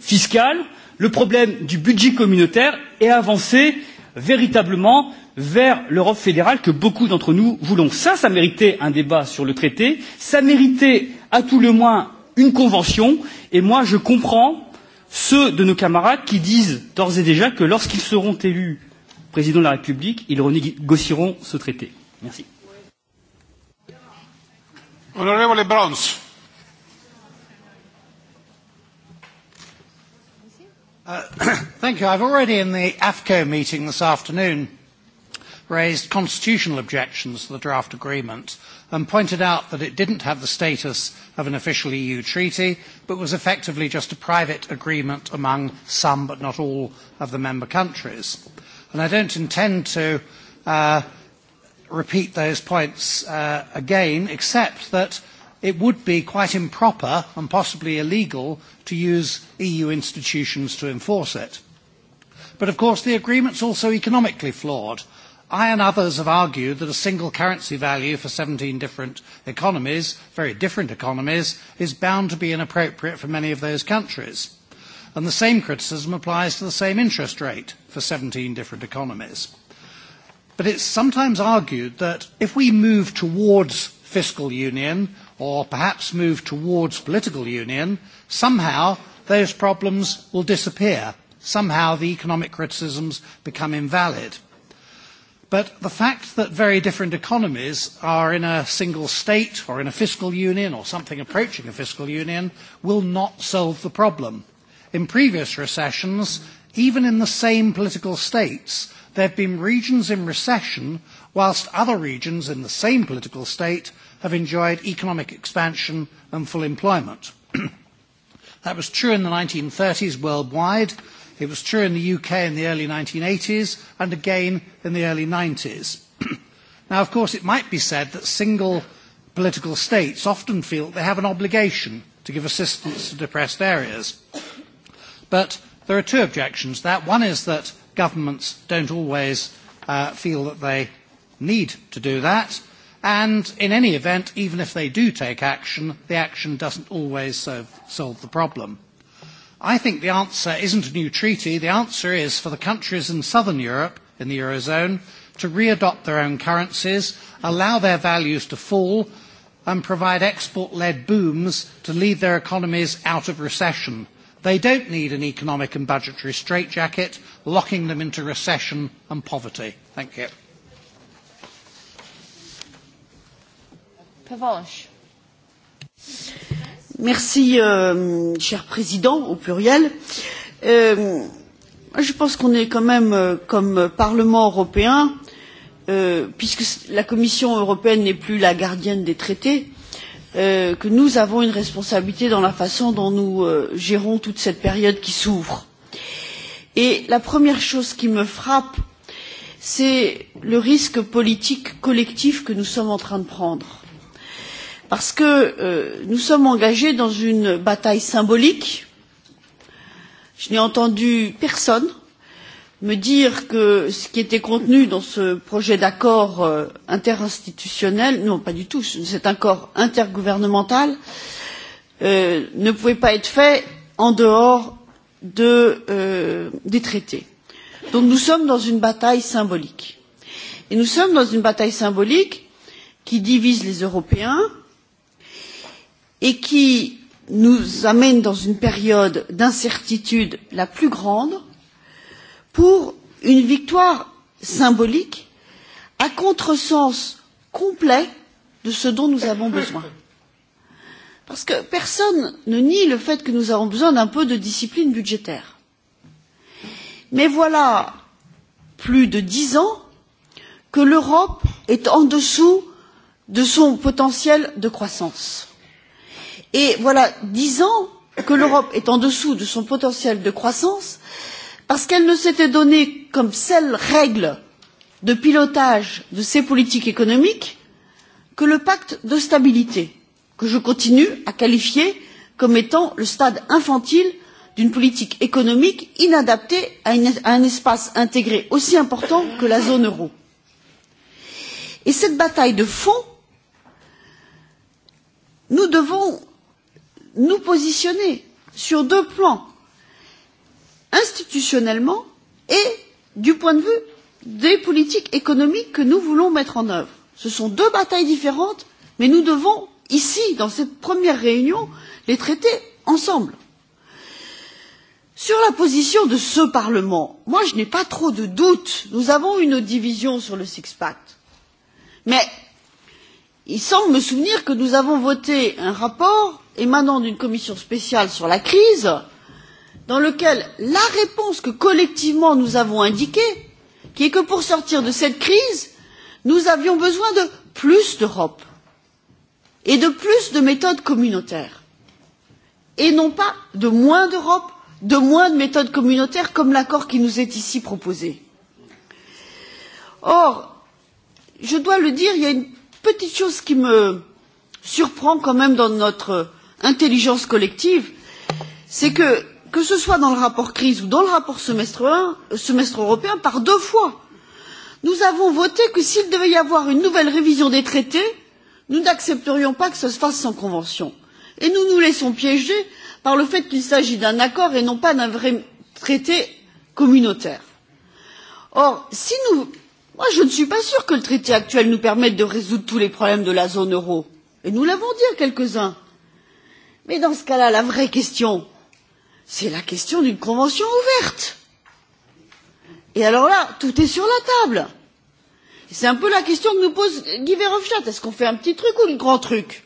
fiscale, le problème du budget communautaire et avancer véritablement vers l'Europe fédérale que beaucoup d'entre nous voulons. Ça, ça méritait un débat sur le traité, ça méritait à tout le moins une convention, et moi je comprends ceux de nos camarades qui disent d'ores et déjà que lorsqu'ils seront élus président de la République, ils renégocieront ce traité. Merci. Honorable Uh, thank you. I've already in the AFCO meeting this afternoon raised constitutional objections to the draft agreement and pointed out that it didn't have the status of an official EU treaty but was effectively just a private agreement among some but not all of the member countries. And I don't intend to uh, repeat those points uh, again, except that it would be quite improper and possibly illegal to use EU institutions to enforce it. But of course, the agreement's also economically flawed. I and others have argued that a single currency value for 17 different economies, very different economies, is bound to be inappropriate for many of those countries. And the same criticism applies to the same interest rate for 17 different economies. But it's sometimes argued that if we move towards fiscal union or perhaps move towards political union, somehow those problems will disappear. Somehow the economic criticisms become invalid. But the fact that very different economies are in a single state or in a fiscal union or something approaching a fiscal union will not solve the problem in previous recessions, even in the same political states, there have been regions in recession whilst other regions in the same political state have enjoyed economic expansion and full employment. that was true in the 1930s worldwide. It was true in the UK in the early 1980s and again in the early 90s. now, of course, it might be said that single political states often feel they have an obligation to give assistance to depressed areas. But there are two objections. That one is that governments don't always uh, feel that they need to do that. And in any event, even if they do take action, the action doesn't always solve, solve the problem. I think the answer isn't a new treaty. The answer is for the countries in southern Europe, in the Eurozone, to readopt their own currencies, allow their values to fall, and provide export-led booms to lead their economies out of recession They don't need an economic and budgetary straitjacket, locking them into recession and poverty. Thank you. Merci, euh, cher président, au pluriel. Euh, je pense qu'on est quand même, comme Parlement européen, puisque la Commission européenne n'est plus la gardienne des traités, que nous avons une responsabilité dans la façon dont nous gérons toute cette période qui s'ouvre. Et la première chose qui me frappe, c'est le risque politique collectif que nous sommes en train de prendre. Parce que nous sommes engagés dans une bataille symbolique. Je n'ai entendu personne me dire que ce qui était contenu dans ce projet d'accord interinstitutionnel non pas du tout cet accord intergouvernemental ne pouvait pas être fait en dehors des traités. donc nous sommes dans une bataille symbolique et nous sommes dans une bataille symbolique qui divise les européens et qui nous amène dans une période d'incertitude la plus grande pour une victoire symbolique à contresens complet de ce dont nous avons besoin. Parce que personne ne nie le fait que nous avons besoin d'un peu de discipline budgétaire. Mais voilà plus de dix ans que l'Europe est en dessous de son potentiel de croissance. Et voilà dix ans que l'Europe est en dessous de son potentiel de croissance parce qu'elle ne s'était donnée comme seule règle de pilotage de ses politiques économiques que le pacte de stabilité que je continue à qualifier comme étant le stade infantile d'une politique économique inadaptée à un espace intégré aussi important que la zone euro. et cette bataille de fond nous devons nous positionner sur deux plans institutionnellement et du point de vue des politiques économiques que nous voulons mettre en œuvre. Ce sont deux batailles différentes, mais nous devons, ici, dans cette première réunion, les traiter ensemble. Sur la position de ce Parlement, moi je n'ai pas trop de doutes. Nous avons une division sur le six pack. Mais il semble me souvenir que nous avons voté un rapport émanant d'une commission spéciale sur la crise dans lequel la réponse que collectivement nous avons indiquée qui est que pour sortir de cette crise nous avions besoin de plus d'europe et de plus de méthodes communautaires et non pas de moins d'europe de moins de méthodes communautaires comme l'accord qui nous est ici proposé. or je dois le dire il y a une petite chose qui me surprend quand même dans notre intelligence collective c'est que que ce soit dans le rapport crise ou dans le rapport semestre, européen, par deux fois. Nous avons voté que s'il devait y avoir une nouvelle révision des traités, nous n'accepterions pas que ça se fasse sans convention. Et nous nous laissons piéger par le fait qu'il s'agit d'un accord et non pas d'un vrai traité communautaire. Or, si nous. Moi, je ne suis pas sûre que le traité actuel nous permette de résoudre tous les problèmes de la zone euro. Et nous l'avons dit à quelques-uns. Mais dans ce cas-là, la vraie question, c'est la question d'une convention ouverte. Et alors là, tout est sur la table. C'est un peu la question que nous pose Guy Verhofstadt. Est-ce qu'on fait un petit truc ou un grand truc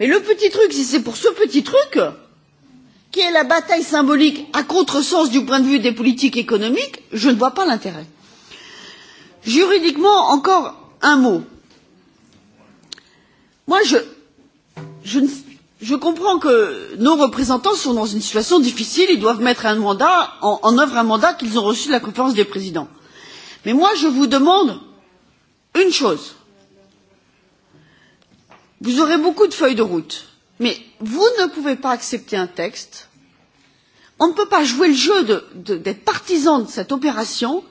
Mais le petit truc, si c'est pour ce petit truc, qui est la bataille symbolique à contresens du point de vue des politiques économiques, je ne vois pas l'intérêt. Juridiquement, encore un mot. Moi, je, je ne je comprends que nos représentants sont dans une situation difficile ils doivent mettre en œuvre un mandat qu'ils ont reçu de la conférence des présidents mais moi je vous demande une chose vous aurez beaucoup de feuilles de route mais vous ne pouvez pas accepter un texte on ne peut pas jouer le jeu d'être partisan de cette opération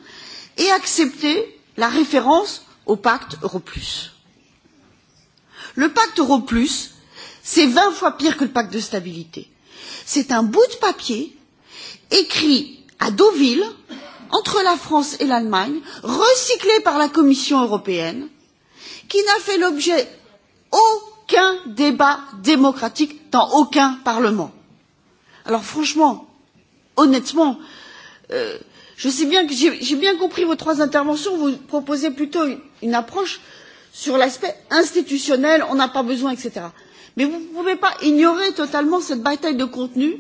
et accepter la référence au pacte euro plus. le pacte euro plus C'est 20 fois pire que le pacte de stabilité. C'est un bout de papier écrit à Deauville, entre la France et l'Allemagne, recyclé par la Commission européenne, qui n'a fait l'objet aucun débat démocratique dans aucun Parlement. Alors franchement, honnêtement, euh, je sais bien que j'ai bien compris vos trois interventions, vous proposez plutôt une, une approche sur l'aspect institutionnel, on n'a pas besoin, etc. Mais vous ne pouvez pas ignorer totalement cette bataille de contenu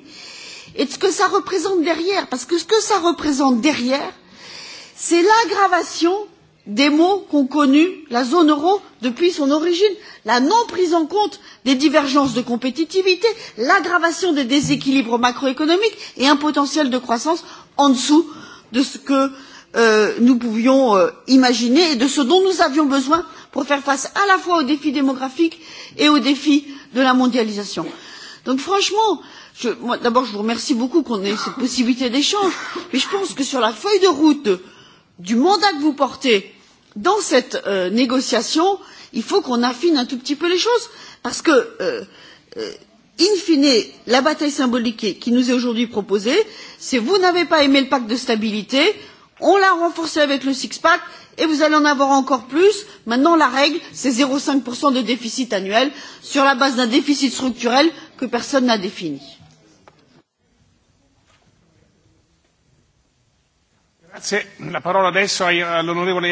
et de ce que ça représente derrière. Parce que ce que ça représente derrière, c'est l'aggravation des maux qu'ont connus la zone euro depuis son origine, la non prise en compte des divergences de compétitivité, l'aggravation des déséquilibres macroéconomiques et un potentiel de croissance en dessous de ce que nous pouvions imaginer et de ce dont nous avions besoin pour faire face à la fois aux défis démographiques et aux défis de la mondialisation. donc franchement d'abord je vous remercie beaucoup qu'on ait cette possibilité d'échange mais je pense que sur la feuille de route du mandat que vous portez dans cette négociation il faut qu'on affine un tout petit peu les choses parce que in fine la bataille symbolique qui nous est aujourd'hui proposée c'est vous n'avez pas aimé le pacte de stabilité on l'a renforcé avec le six pack et vous allez en avoir encore plus. maintenant la règle c'est zéro cinq de déficit annuel sur la base d'un déficit structurel que personne n'a défini. La parola adesso all'onorevole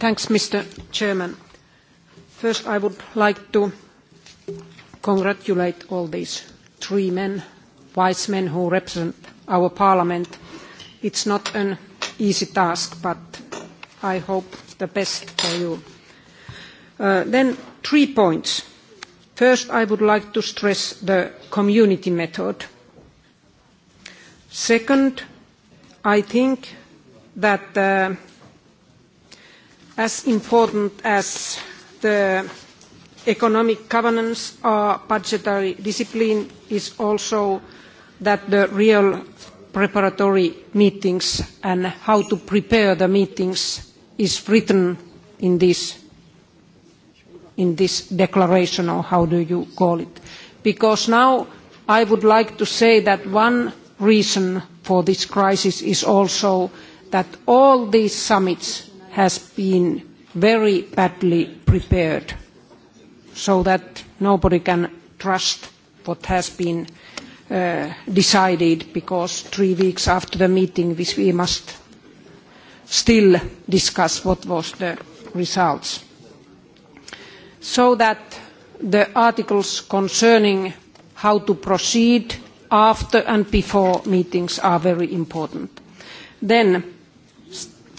Thanks, Mr. Chairman First, I would like to congratulate all these three men, wise men who represent our parliament. It's not an easy task, but I hope the best for you. Then three points. First, I would like to stress the community method. Second, I think that as important as the economic governance or budgetary discipline is also that the real preparatory meetings and how to prepare the meetings is written in this in this declaration or how do you call it because now i would like to say that one reason for this crisis is also that all these summits have been very badly prepared so that nobody can trust what has been decided because three weeks after the meeting we must still discuss what was the results. So that the articles concerning how to proceed after and before meetings are very important. Then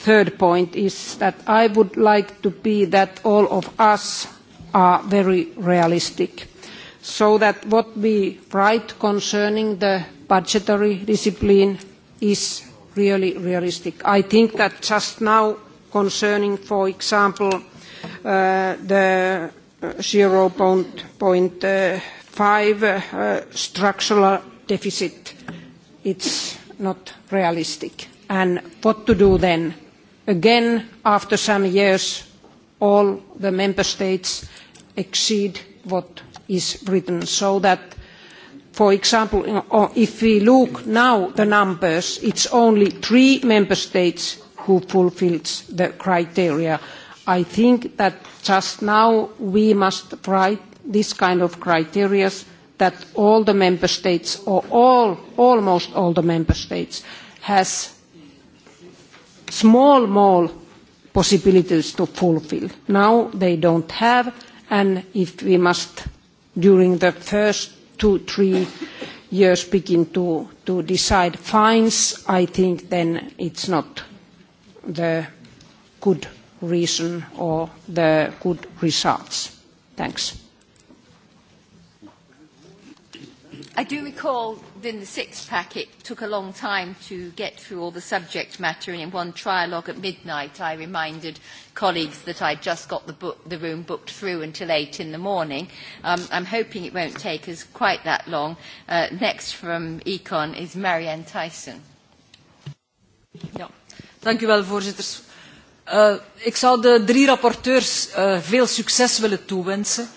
third point is that I would like to be that all of us are very realistic, so that what we write concerning the budgetary discipline is really realistic. I think that just now concerning, for example, the 0.5 structural deficit, it's not realistic. And What to do then? Again, after some years, all the member states exceed what is written, so that, for example, if we look now at the numbers, it's only three member states who fulfilled the criteria. I think that just now we must write this kind of criteria that all the member states, or all, almost all the member states, has small, small possibilities to fulfill. Now they don't have, and if we must, during the first two, three years begin to, to decide fines, I think then it's not the good reason or the good results. Thanks. I do recall in the sixth pack it took a long time to get through all the subject matter and in one trialogue at midnight I reminded colleagues that I'd just got the, book, the room booked through until eight in the morning. Um, I'm hoping it won't take us quite that long. Uh, next from Econ is Marianne Tyson. Ja, dank u wel voorzitters. Uh, ik zou de drie rapporteurs uh, veel succes willen toewensen.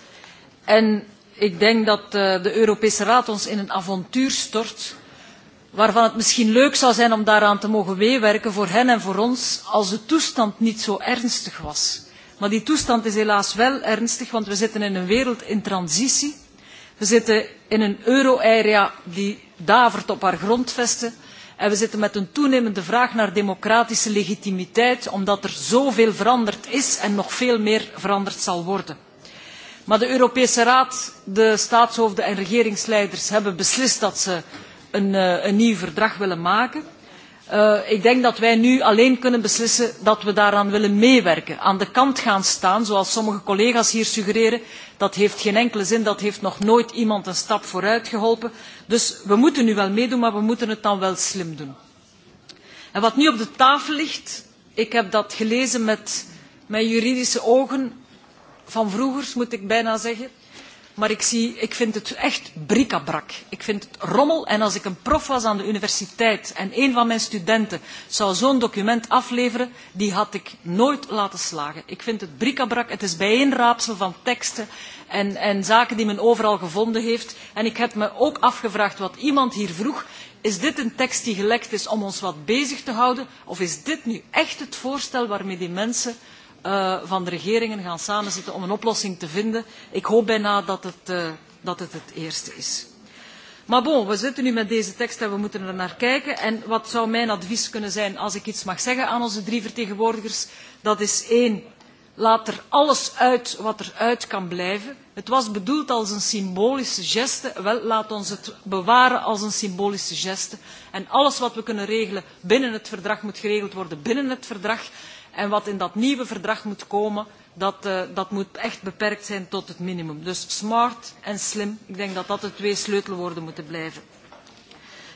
En Ik denk dat de Europese Raad ons in een avontuur stort waarvan het misschien leuk zou zijn om daaraan te mogen meewerken voor hen en voor ons als de toestand niet zo ernstig was. Maar die toestand is helaas wel ernstig, want we zitten in een wereld in transitie. We zitten in een euro-area die davert op haar grondvesten. En we zitten met een toenemende vraag naar democratische legitimiteit, omdat er zoveel veranderd is en nog veel meer veranderd zal worden. Maar de Europese Raad, de staatshoofden en regeringsleiders hebben beslist dat ze een, nieuw verdrag willen maken. ik denk dat wij nu alleen kunnen beslissen dat we daaraan willen meewerken. Aan de kant gaan staan, zoals sommige collega's hier suggereren, dat heeft geen enkele zin, dat heeft nog nooit iemand een stap vooruit geholpen. Dus we moeten nu wel meedoen, maar we moeten het dan wel slim doen. En wat nu op de tafel ligt, ik heb dat gelezen met mijn juridische ogen, van vroeger, moet ik bijna zeggen. Maar ik, zie, ik vind het echt brikabrak. Ik vind het rommel. En als ik een prof was aan de universiteit en een van mijn studenten zou zo'n document afleveren, die had ik nooit laten slagen. Ik vind het brikabrak. Het is bijeenraapsel van teksten en, en zaken die men overal gevonden heeft. En ik heb me ook afgevraagd wat iemand hier vroeg. Is dit een tekst die gelekt is om ons wat bezig te houden? Of is dit nu echt het voorstel waarmee die mensen van de regeringen gaan samenzitten om een oplossing te vinden. Ik hoop bijna dat het, dat het, het eerste is. Maar bon, we zitten nu met deze tekst en we moeten er naar kijken. En wat zou mijn advies kunnen zijn als ik iets mag zeggen aan onze drie vertegenwoordigers? Dat is één, laat er alles uit wat er uit kan blijven. Het was bedoeld als een symbolische geste. Wel, laat ons het bewaren als een symbolische geste. En alles wat we kunnen regelen binnen het verdrag moet geregeld worden binnen het verdrag. En wat in dat nieuwe verdrag moet komen, dat, moet echt beperkt zijn tot het minimum. Dus smart en slim, ik denk dat dat de twee sleutelwoorden moeten blijven.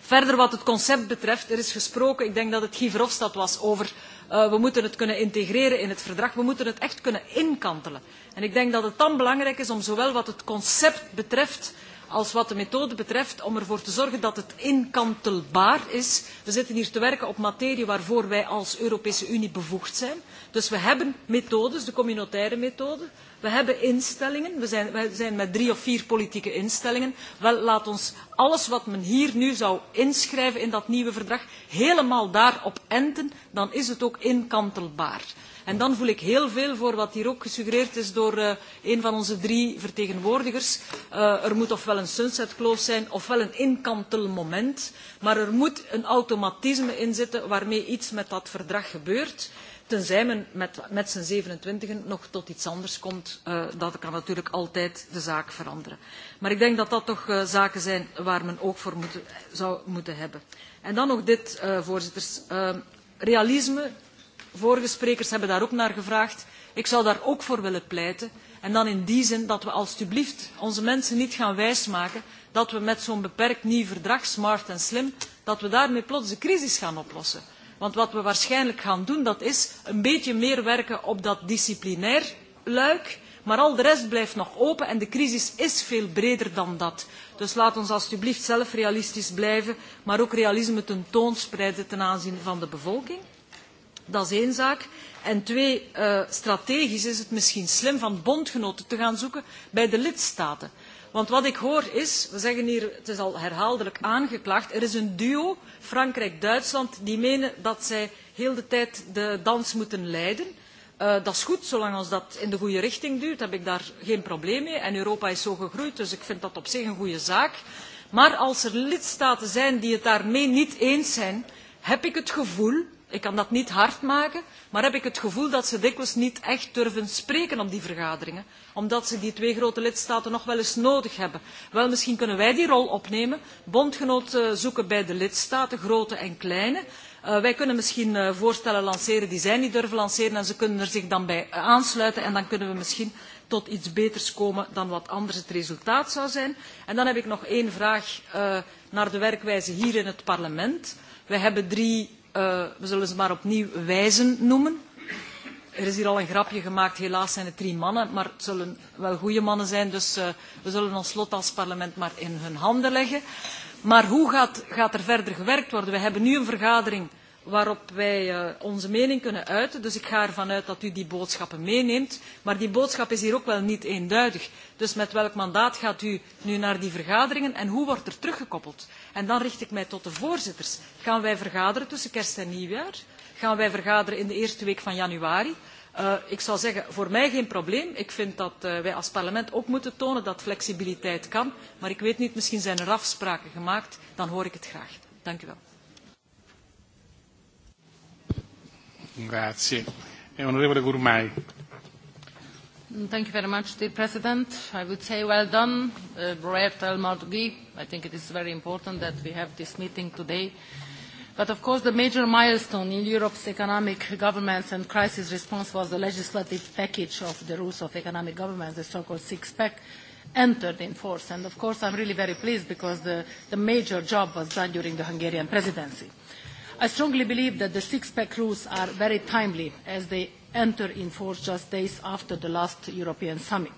Verder wat het concept betreft, er is gesproken, ik denk dat het Guy Verhofstadt was, over we moeten het kunnen integreren in het verdrag, we moeten het echt kunnen inkantelen. En ik denk dat het dan belangrijk is om zowel wat het concept betreft als wat de methode betreft om ervoor te zorgen dat het inkantelbaar is. We zitten hier te werken op materie waarvoor wij als Europese Unie bevoegd zijn. Dus we hebben methodes, de communautaire methode. We hebben instellingen. We zijn, we zijn met drie of vier politieke instellingen. Wel, laat ons alles wat men hier nu zou inschrijven in dat nieuwe verdrag helemaal daarop enten. Dan is het ook inkantelbaar. En dan voel ik heel veel voor wat hier ook gesuggereerd is door een van onze drie vertegenwoordigers. er moet ofwel een sunset clause zijn, ofwel een inkantelmoment. Maar er moet een automatisme in zitten waarmee iets met dat verdrag gebeurt. Tenzij men met, met zijn 27 nog tot iets anders komt. dat kan natuurlijk altijd de zaak veranderen. Maar ik denk dat dat toch zaken zijn waar men ook voor zou moeten hebben. En dan nog dit, voorzitters. realisme Vorige sprekers hebben daar ook naar gevraagd. Ik zou daar ook voor willen pleiten. En dan in die zin dat we alstublieft onze mensen niet gaan wijsmaken dat we met zo'n beperkt nieuw verdrag, smart en slim, dat we daarmee plots de crisis gaan oplossen. Want wat we waarschijnlijk gaan doen, dat is een beetje meer werken op dat disciplinair luik. Maar al de rest blijft nog open en de crisis is veel breder dan dat. Dus laat ons alstublieft zelf realistisch blijven, maar ook realisme tentoonspreiden ten aanzien van de bevolking. Dat is één zaak. En twee, strategisch is het misschien slim van bondgenoten te gaan zoeken bij de lidstaten. Want wat ik hoor is, we zeggen hier, het is al herhaaldelijk aangeklaagd, er is een duo, Frankrijk-Duitsland, die menen dat zij heel de tijd de dans moeten leiden. dat is goed, zolang als dat in de goede richting duurt, heb ik daar geen probleem mee. En Europa is zo gegroeid, dus ik vind dat op zich een goede zaak. Maar als er lidstaten zijn die het daarmee niet eens zijn, heb ik het gevoel Ik kan dat niet hard maken, maar heb ik het gevoel dat ze dikwijls niet echt durven spreken op die vergaderingen, omdat ze die twee grote lidstaten nog wel eens nodig hebben. Wel, misschien kunnen wij die rol opnemen, bondgenoot zoeken bij de lidstaten, grote en kleine. wij kunnen misschien voorstellen lanceren die zij niet durven lanceren en ze kunnen er zich dan bij aansluiten en dan kunnen we misschien tot iets beters komen dan wat anders het resultaat zou zijn. En dan heb ik nog één vraag naar de werkwijze hier in het parlement. We hebben drie we zullen ze maar opnieuw wijzen noemen. Er is hier al een grapje gemaakt, helaas zijn het drie mannen, maar het zullen wel goede mannen zijn, dus we zullen ons lot als parlement maar in hun handen leggen. Maar hoe gaat, er verder gewerkt worden? We hebben nu een vergadering waarop wij onze mening kunnen uiten. Dus ik ga ervan uit dat u die boodschappen meeneemt. Maar die boodschap is hier ook wel niet eenduidig. Dus met welk mandaat gaat u nu naar die vergaderingen en hoe wordt er teruggekoppeld? En dan richt ik mij tot de voorzitters. Gaan wij vergaderen tussen kerst en nieuwjaar? Gaan wij vergaderen in de eerste week van januari? ik zou zeggen, voor mij geen probleem. Ik vind dat wij als parlement ook moeten tonen dat flexibiliteit kan. Maar ik weet niet, misschien zijn er afspraken gemaakt. Dan hoor ik het graag. Dank u wel. Grazie. Onorevole Gurmai. Thank you very much, dear President. I would say well done, uh, Roberta Almargui. I think it is very important that we have this meeting today. But of course, the major milestone in Europe's economic governance and crisis response was the legislative package of the rules of economic governance, the so-called six-pack, entered in force. And of course, I'm really very pleased because the, the major job was done during the Hungarian presidency. I strongly believe that the six-pack rules are very timely as they enter in force just days after the last European summit.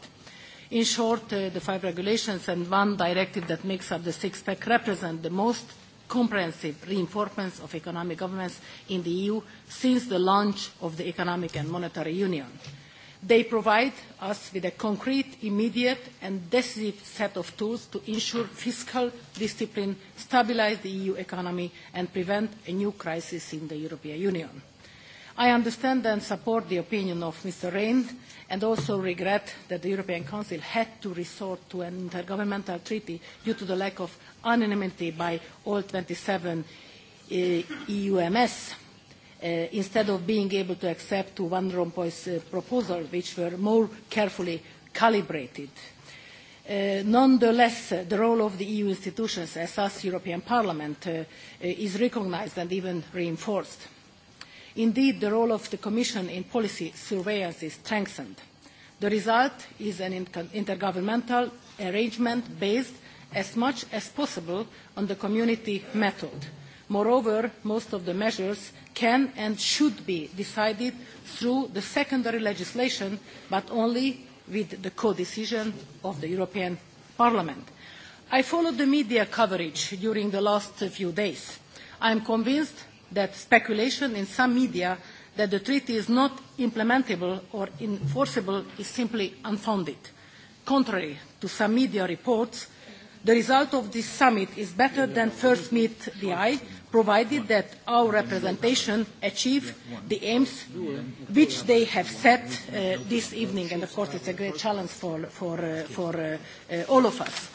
In short, the five regulations and one directive that makes up the six-pack represent the most comprehensive reinforcements of economic governance in the EU since the launch of the Economic and Monetary Union. They provide us with a concrete, immediate and decisive set of tools to ensure fiscal discipline, stabilize the EU economy and prevent a new crisis in the European Union. I understand and support the opinion of Mr. Rehn and also regret that the European Council had to resort to an intergovernmental treaty due to the lack of unanimity by all 27 EUMS uh, instead of being able to accept to Van Rompuy's uh, proposal, which were more carefully calibrated. Uh, nonetheless, uh, the role of the EU institutions, as us European Parliament, uh, is recognized and even reinforced. Indeed, the role of the Commission in policy surveillance is strengthened. The result is an intergovernmental arrangement based as much as possible on the community method – Moreover, most of the measures can and should be decided through the secondary legislation, but only with the co-decision of the European Parliament. I followed the media coverage during the last few days. I am convinced that speculation in some media that the treaty is not implementable or enforceable is simply unfounded. Contrary to some media reports, the result of this summit is better than first meet the eye, provided that our representation achieve the aims which they have set uh, this evening. And of course, it's a great challenge for, for, uh, for uh, uh, all of us.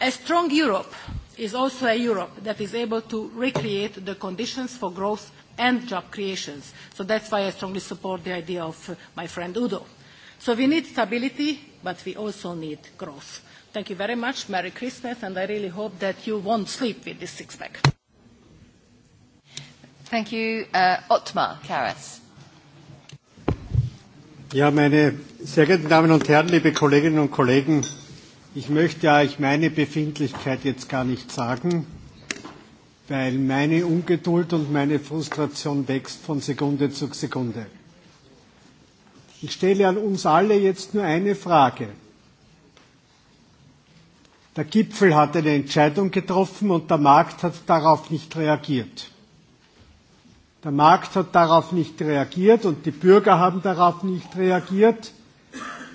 A strong Europe is also a Europe that is able to recreate the conditions for growth and job creations. So that's why I strongly support the idea of uh, my friend Udo. So we need stability, but we also need growth. Thank you very much. Merry Christmas, and I really hope that you won't sleep with this six-pack. Thank you. Uh, Karas. Ja, meine sehr geehrten Damen und Herren, liebe Kolleginnen und Kollegen, ich möchte euch meine Befindlichkeit jetzt gar nicht sagen, weil meine Ungeduld und meine Frustration wächst von Sekunde zu Sekunde. Ich stelle an uns alle jetzt nur eine Frage. Der Gipfel hat eine Entscheidung getroffen und der Markt hat darauf nicht reagiert. Der Markt hat darauf nicht reagiert und die Bürger haben darauf nicht reagiert,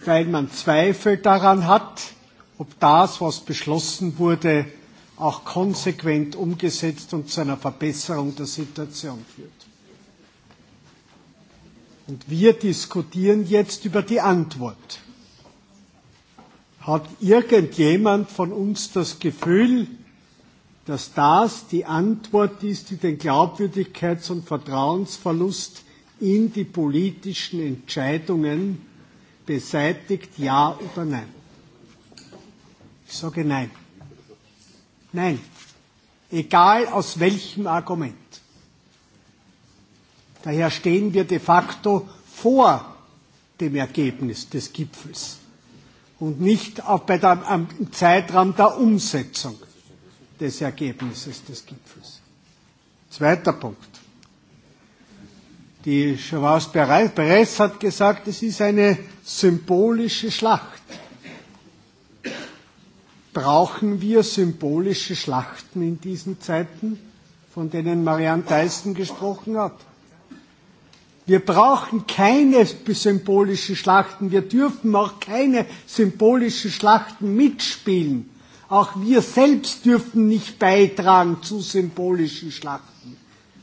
weil man Zweifel daran hat, ob das, was beschlossen wurde, auch konsequent umgesetzt und zu einer Verbesserung der Situation führt. Und wir diskutieren jetzt über die Antwort. Hat irgendjemand von uns das Gefühl, dass das die Antwort ist, die den Glaubwürdigkeits- und Vertrauensverlust in die politischen Entscheidungen beseitigt, ja oder nein? Ich sage nein. Nein. Egal aus welchem Argument. Daher stehen wir de facto vor dem Ergebnis des Gipfels und nicht auch bei der, am Zeitraum der Umsetzung des Ergebnisses des Gipfels. Zweiter Punkt. Die Chavas Perez hat gesagt, es ist eine symbolische Schlacht. Brauchen wir symbolische Schlachten in diesen Zeiten, von denen Marianne Theissen gesprochen hat? Wir brauchen keine symbolischen Schlachten. Wir dürfen auch keine symbolischen Schlachten mitspielen. Auch wir selbst dürfen nicht beitragen zu symbolischen Schlachten,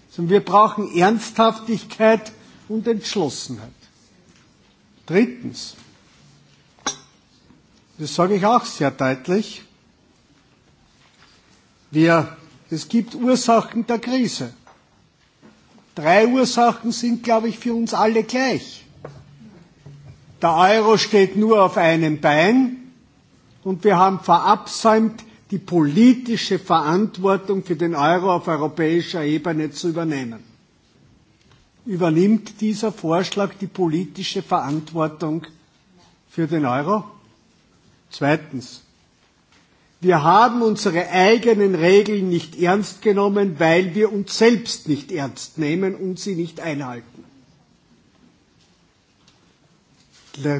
sondern wir brauchen Ernsthaftigkeit und Entschlossenheit. Drittens, das sage ich auch sehr deutlich, wir, es gibt Ursachen der Krise. Drei Ursachen sind, glaube ich, für uns alle gleich. Der Euro steht nur auf einem Bein, und wir haben verabsäumt, die politische Verantwortung für den Euro auf europäischer Ebene zu übernehmen. Übernimmt dieser Vorschlag die politische Verantwortung für den Euro? Zweitens. Wir haben unsere eigenen Regeln nicht ernst genommen, weil wir uns selbst nicht ernst nehmen und sie nicht einhalten.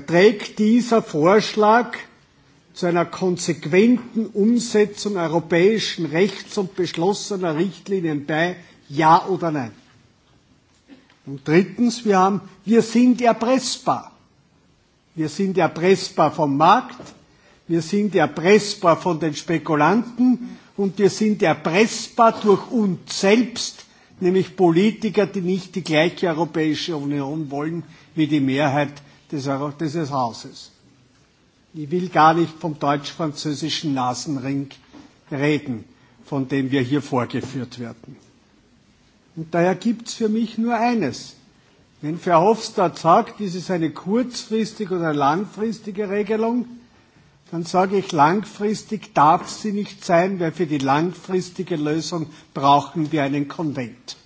Trägt dieser Vorschlag zu einer konsequenten Umsetzung europäischen Rechts und beschlossener Richtlinien bei, ja oder nein? Und drittens, wir, haben, wir sind erpressbar. Wir sind erpressbar vom Markt, wir sind erpressbar von den Spekulanten und wir sind erpressbar durch uns selbst, nämlich Politiker, die nicht die gleiche Europäische Union wollen wie die Mehrheit dieses Hauses. Ich will gar nicht vom deutsch-französischen Nasenring reden, von dem wir hier vorgeführt werden. Und daher gibt es für mich nur eines. Wenn Verhofstadt sagt, dies ist eine kurzfristige oder langfristige Regelung, dann sage ich, langfristig darf sie nicht sein, weil für die langfristige Lösung brauchen wir einen Konvent.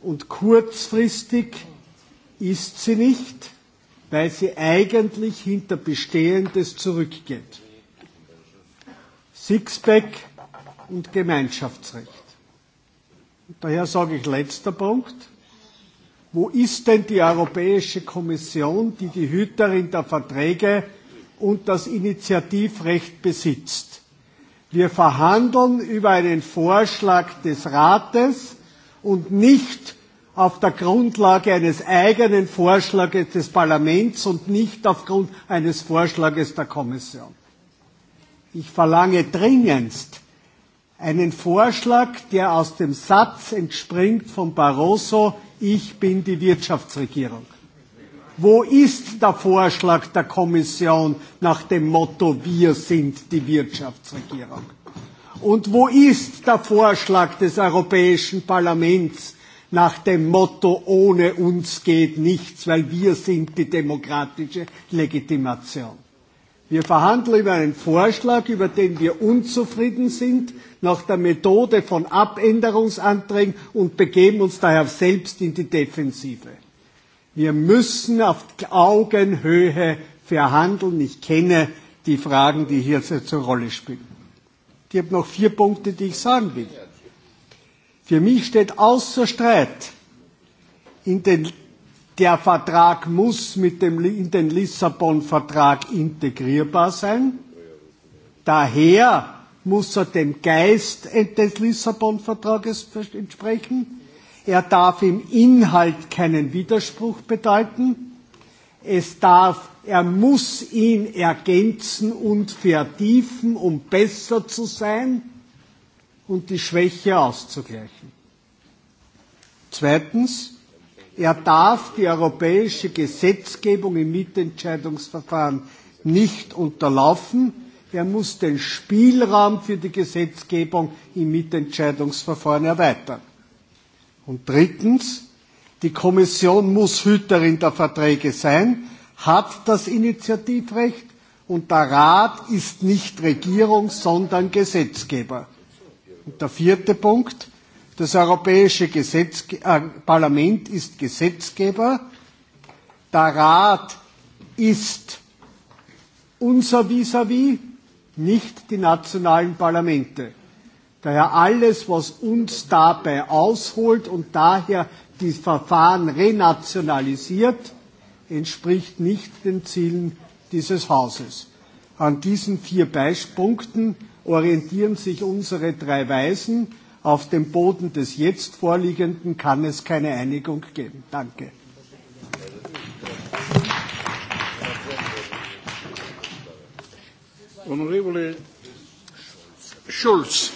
Und kurzfristig ist sie nicht, weil sie eigentlich hinter Bestehendes zurückgeht. Sixpack und Gemeinschaftsrecht. Und daher sage ich letzter Punkt. Wo ist denn die Europäische Kommission, die die Hüterin der Verträge und das Initiativrecht besitzt? Wir verhandeln über einen Vorschlag des Rates und nicht auf der Grundlage eines eigenen Vorschlags des Parlaments und nicht aufgrund eines Vorschlags der Kommission. Ich verlange dringendst einen Vorschlag, der aus dem Satz entspringt von Barroso, ich bin die Wirtschaftsregierung. Wo ist der Vorschlag der Kommission nach dem Motto Wir sind die Wirtschaftsregierung? Und wo ist der Vorschlag des Europäischen Parlaments nach dem Motto ohne uns geht nichts, weil wir sind die demokratische Legitimation. Wir verhandeln über einen Vorschlag, über den wir unzufrieden sind, nach der Methode von Abänderungsanträgen und begeben uns daher selbst in die Defensive. Wir müssen auf Augenhöhe verhandeln. Ich kenne die Fragen, die hier zur Rolle spielen. Ich habe noch vier Punkte, die ich sagen will. Für mich steht außer Streit, in den, der Vertrag muss mit dem, in den Lissabon-Vertrag integrierbar sein. Daher muss er dem Geist des Lissabon-Vertrages entsprechen. Er darf im Inhalt keinen Widerspruch bedeuten. Es darf, er muss ihn ergänzen und vertiefen, um besser zu sein und die Schwäche auszugleichen. Zweitens, er darf die europäische Gesetzgebung im Mitentscheidungsverfahren nicht unterlaufen. Er muss den Spielraum für die Gesetzgebung im Mitentscheidungsverfahren erweitern. Und drittens, die Kommission muss Hüterin der Verträge sein, hat das Initiativrecht und der Rat ist nicht Regierung, sondern Gesetzgeber. Und der vierte Punkt, das Europäische Gesetz, äh, Parlament ist Gesetzgeber, der Rat ist unser vis-à-vis, nicht die nationalen Parlamente. Daher alles, was uns dabei ausholt und daher die Verfahren renationalisiert, entspricht nicht den Zielen dieses Hauses. An diesen vier Punkten orientieren sich unsere drei Weisen. Auf dem Boden des jetzt vorliegenden kann es keine Einigung geben. Danke. Honorable Schulz.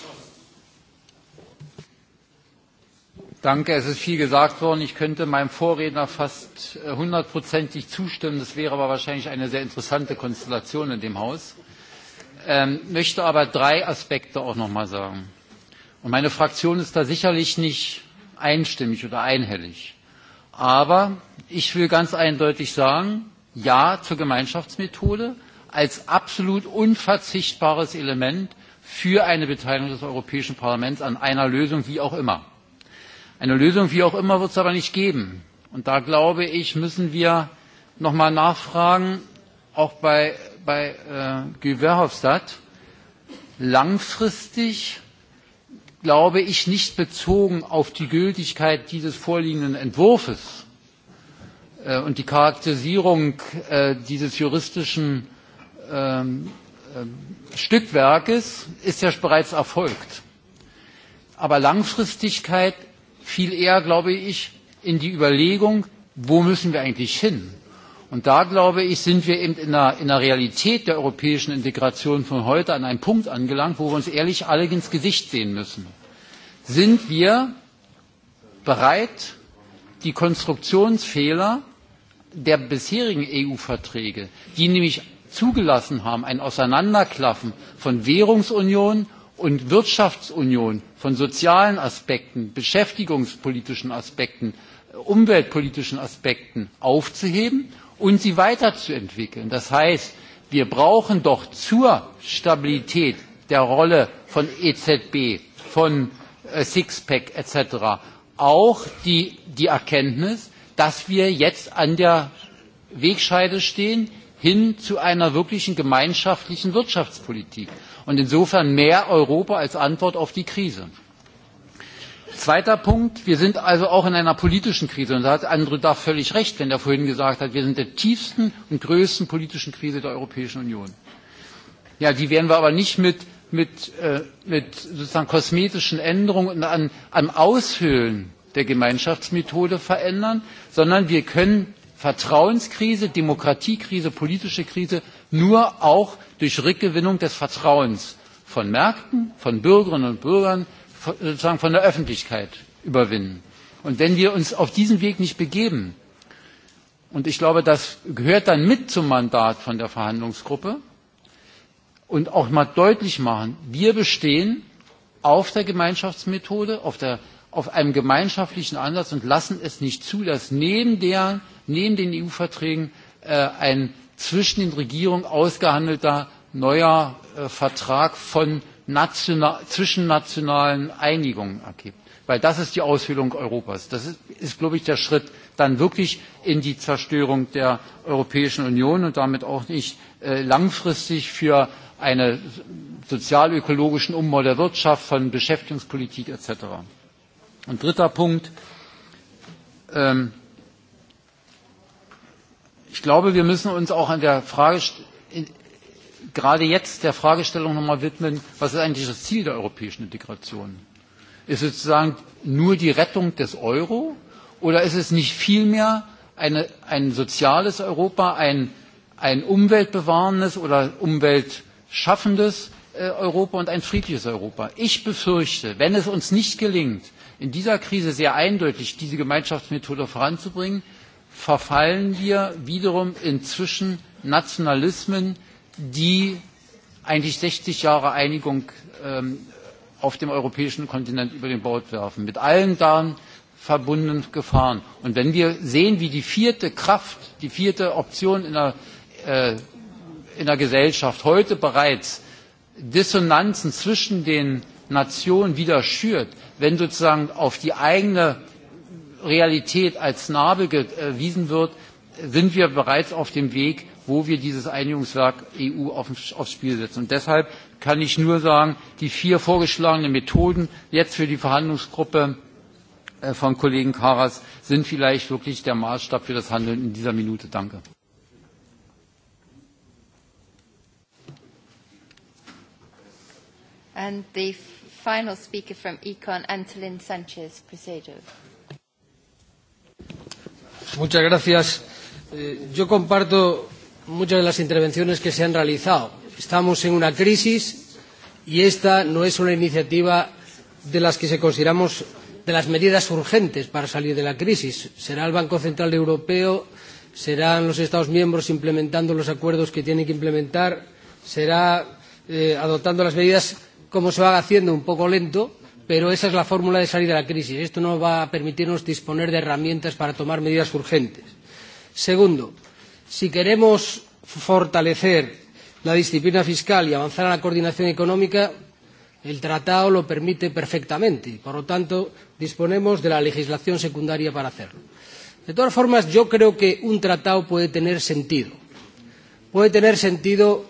Danke, es ist viel gesagt worden. Ich könnte meinem Vorredner fast hundertprozentig zustimmen. Das wäre aber wahrscheinlich eine sehr interessante Konstellation in dem Haus ähm, möchte aber drei Aspekte auch noch mal sagen. Und meine Fraktion ist da sicherlich nicht einstimmig oder einhellig. Aber ich will ganz eindeutig sagen, ja zur Gemeinschaftsmethode als absolut unverzichtbares Element für eine Beteiligung des Europäischen Parlaments an einer Lösung, wie auch immer. Eine Lösung, wie auch immer, wird es aber nicht geben. Und da glaube ich, müssen wir noch mal nachfragen, auch bei bei äh, Guy Verhofstadt langfristig glaube ich nicht bezogen auf die Gültigkeit dieses vorliegenden Entwurfs und die Charakterisierung dieses juristischen Stückwerkes ist ja bereits erfolgt. Aber Langfristigkeit fiel eher, glaube ich, in die Überlegung, wo müssen wir eigentlich hin? Und da, glaube ich, sind wir eben in der, Realität der europäischen Integration von heute an einem Punkt angelangt, wo wir uns ehrlich alle ins Gesicht sehen müssen. Sind wir bereit, die Konstruktionsfehler der bisherigen EU-Verträge, die nämlich zugelassen haben, ein Auseinanderklaffen von Währungsunion und Wirtschaftsunion, von sozialen Aspekten, beschäftigungspolitischen Aspekten, umweltpolitischen Aspekten aufzuheben und sie weiterzuentwickeln. Das heißt, wir brauchen doch zur Stabilität der Rolle von EZB, von Sixpack etc. auch die, die Erkenntnis, dass wir jetzt an der Wegscheide stehen hin zu einer wirklichen gemeinschaftlichen Wirtschaftspolitik und insofern mehr Europa als Antwort auf die Krise. Zweiter Punkt. Wir sind also auch in einer politischen Krise. Und da hat Andrew Duff völlig recht, wenn er vorhin gesagt hat, wir sind in der tiefsten und größten politischen Krise der Europäischen Union. Ja, die werden wir aber nicht mit, mit, äh, mit sozusagen kosmetischen Änderungen und an, am Aushöhlen der Gemeinschaftsmethode verändern, sondern wir können Vertrauenskrise, Demokratiekrise, politische Krise nur auch durch Rückgewinnung des Vertrauens von Märkten, von Bürgerinnen und Bürgern sozusagen von der Öffentlichkeit überwinden. Und wenn wir uns auf diesen Weg nicht begeben, und ich glaube, das gehört dann mit zum Mandat von der Verhandlungsgruppe, und auch mal deutlich machen, wir bestehen auf der Gemeinschaftsmethode, auf, der, auf einem gemeinschaftlichen Ansatz und lassen es nicht zu, dass neben, der, neben den EU-Verträgen äh, ein zwischen den Regierungen ausgehandelter neuer äh, Vertrag von zwischen nationalen einigungen ergibt denn das ist die aushöhlung europas. das ist glaube ich der schritt dann wirklich in die zerstörung der europäischen union und damit auch nicht langfristig für einen sozial ökologischen umbau der wirtschaft von beschäftigungspolitik etc. und dritter punkt ich glaube wir müssen uns auch an der frage gerade jetzt der Fragestellung noch einmal widmen, was ist eigentlich das Ziel der europäischen Integration? Ist es sozusagen nur die Rettung des Euro oder ist es nicht vielmehr eine, ein soziales Europa, ein, ein umweltbewahrendes oder umweltschaffendes Europa und ein friedliches Europa? Ich befürchte, wenn es uns nicht gelingt, in dieser Krise sehr eindeutig diese Gemeinschaftsmethode voranzubringen, verfallen wir wiederum in Nationalismen die eigentlich 60 Jahre Einigung auf dem europäischen Kontinent über den Bord werfen, mit allen daran verbundenen Gefahren. Und wenn wir sehen, wie die vierte Kraft, die vierte Option in der, äh, in der Gesellschaft heute bereits Dissonanzen zwischen den Nationen wieder schürt, wenn sozusagen auf die eigene Realität als Narbe gewiesen wird, sind wir bereits auf dem Weg, wo wir dieses Einigungswerk EU aufs Spiel setzen. deshalb kann ich nur sagen, die vier vorgeschlagenen Methoden jetzt für die Verhandlungsgruppe von Kollegen Karas sind vielleicht wirklich der Maßstab für das Handeln in dieser Minute. Danke. And the final speaker from Econ, Antolin Sanchez Presedo. Muchas gracias. Yo comparto muchas de las intervenciones que se han realizado. Estamos en una crisis y esta no es una iniciativa de las que se consideramos de las medidas urgentes para salir de la crisis. Será el Banco Central Europeo, serán los Estados miembros implementando los acuerdos que tienen que implementar, será eh, adoptando las medidas como se va haciendo, un poco lento, pero esa es la fórmula de salir de la crisis. Esto no va a permitirnos disponer de herramientas para tomar medidas urgentes. Segundo, Si queremos fortalecer la disciplina fiscal y avanzar a la coordinación económica, el tratado lo permite perfectamente. Por lo tanto, disponemos de la legislación secundaria para hacerlo. De todas formas, yo creo que un tratado puede tener sentido. Puede tener sentido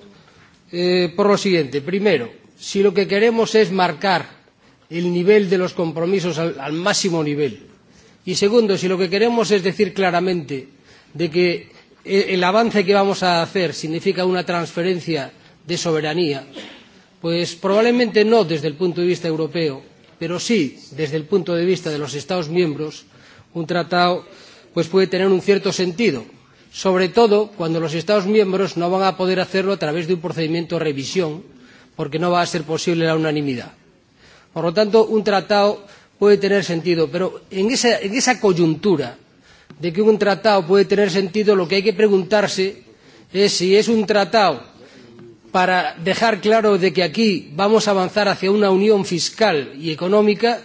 eh, por lo siguiente. Primero, si lo que queremos es marcar el nivel de los compromisos al, al máximo nivel. Y segundo, si lo que queremos es decir claramente de que el avance que vamos a hacer significa una transferencia de soberanía, pues probablemente no desde el punto de vista europeo, pero sí desde el punto de vista de los Estados miembros, un tratado pues puede tener un cierto sentido, sobre todo cuando los Estados miembros no van a poder hacerlo a través de un procedimiento de revisión, porque no va a ser posible la unanimidad. Por lo tanto, un tratado puede tener sentido, pero en esa, en esa coyuntura de que un tratado puede tener sentido, lo que hay que preguntarse es si es un tratado para dejar claro de que aquí vamos a avanzar hacia una unión fiscal y económica,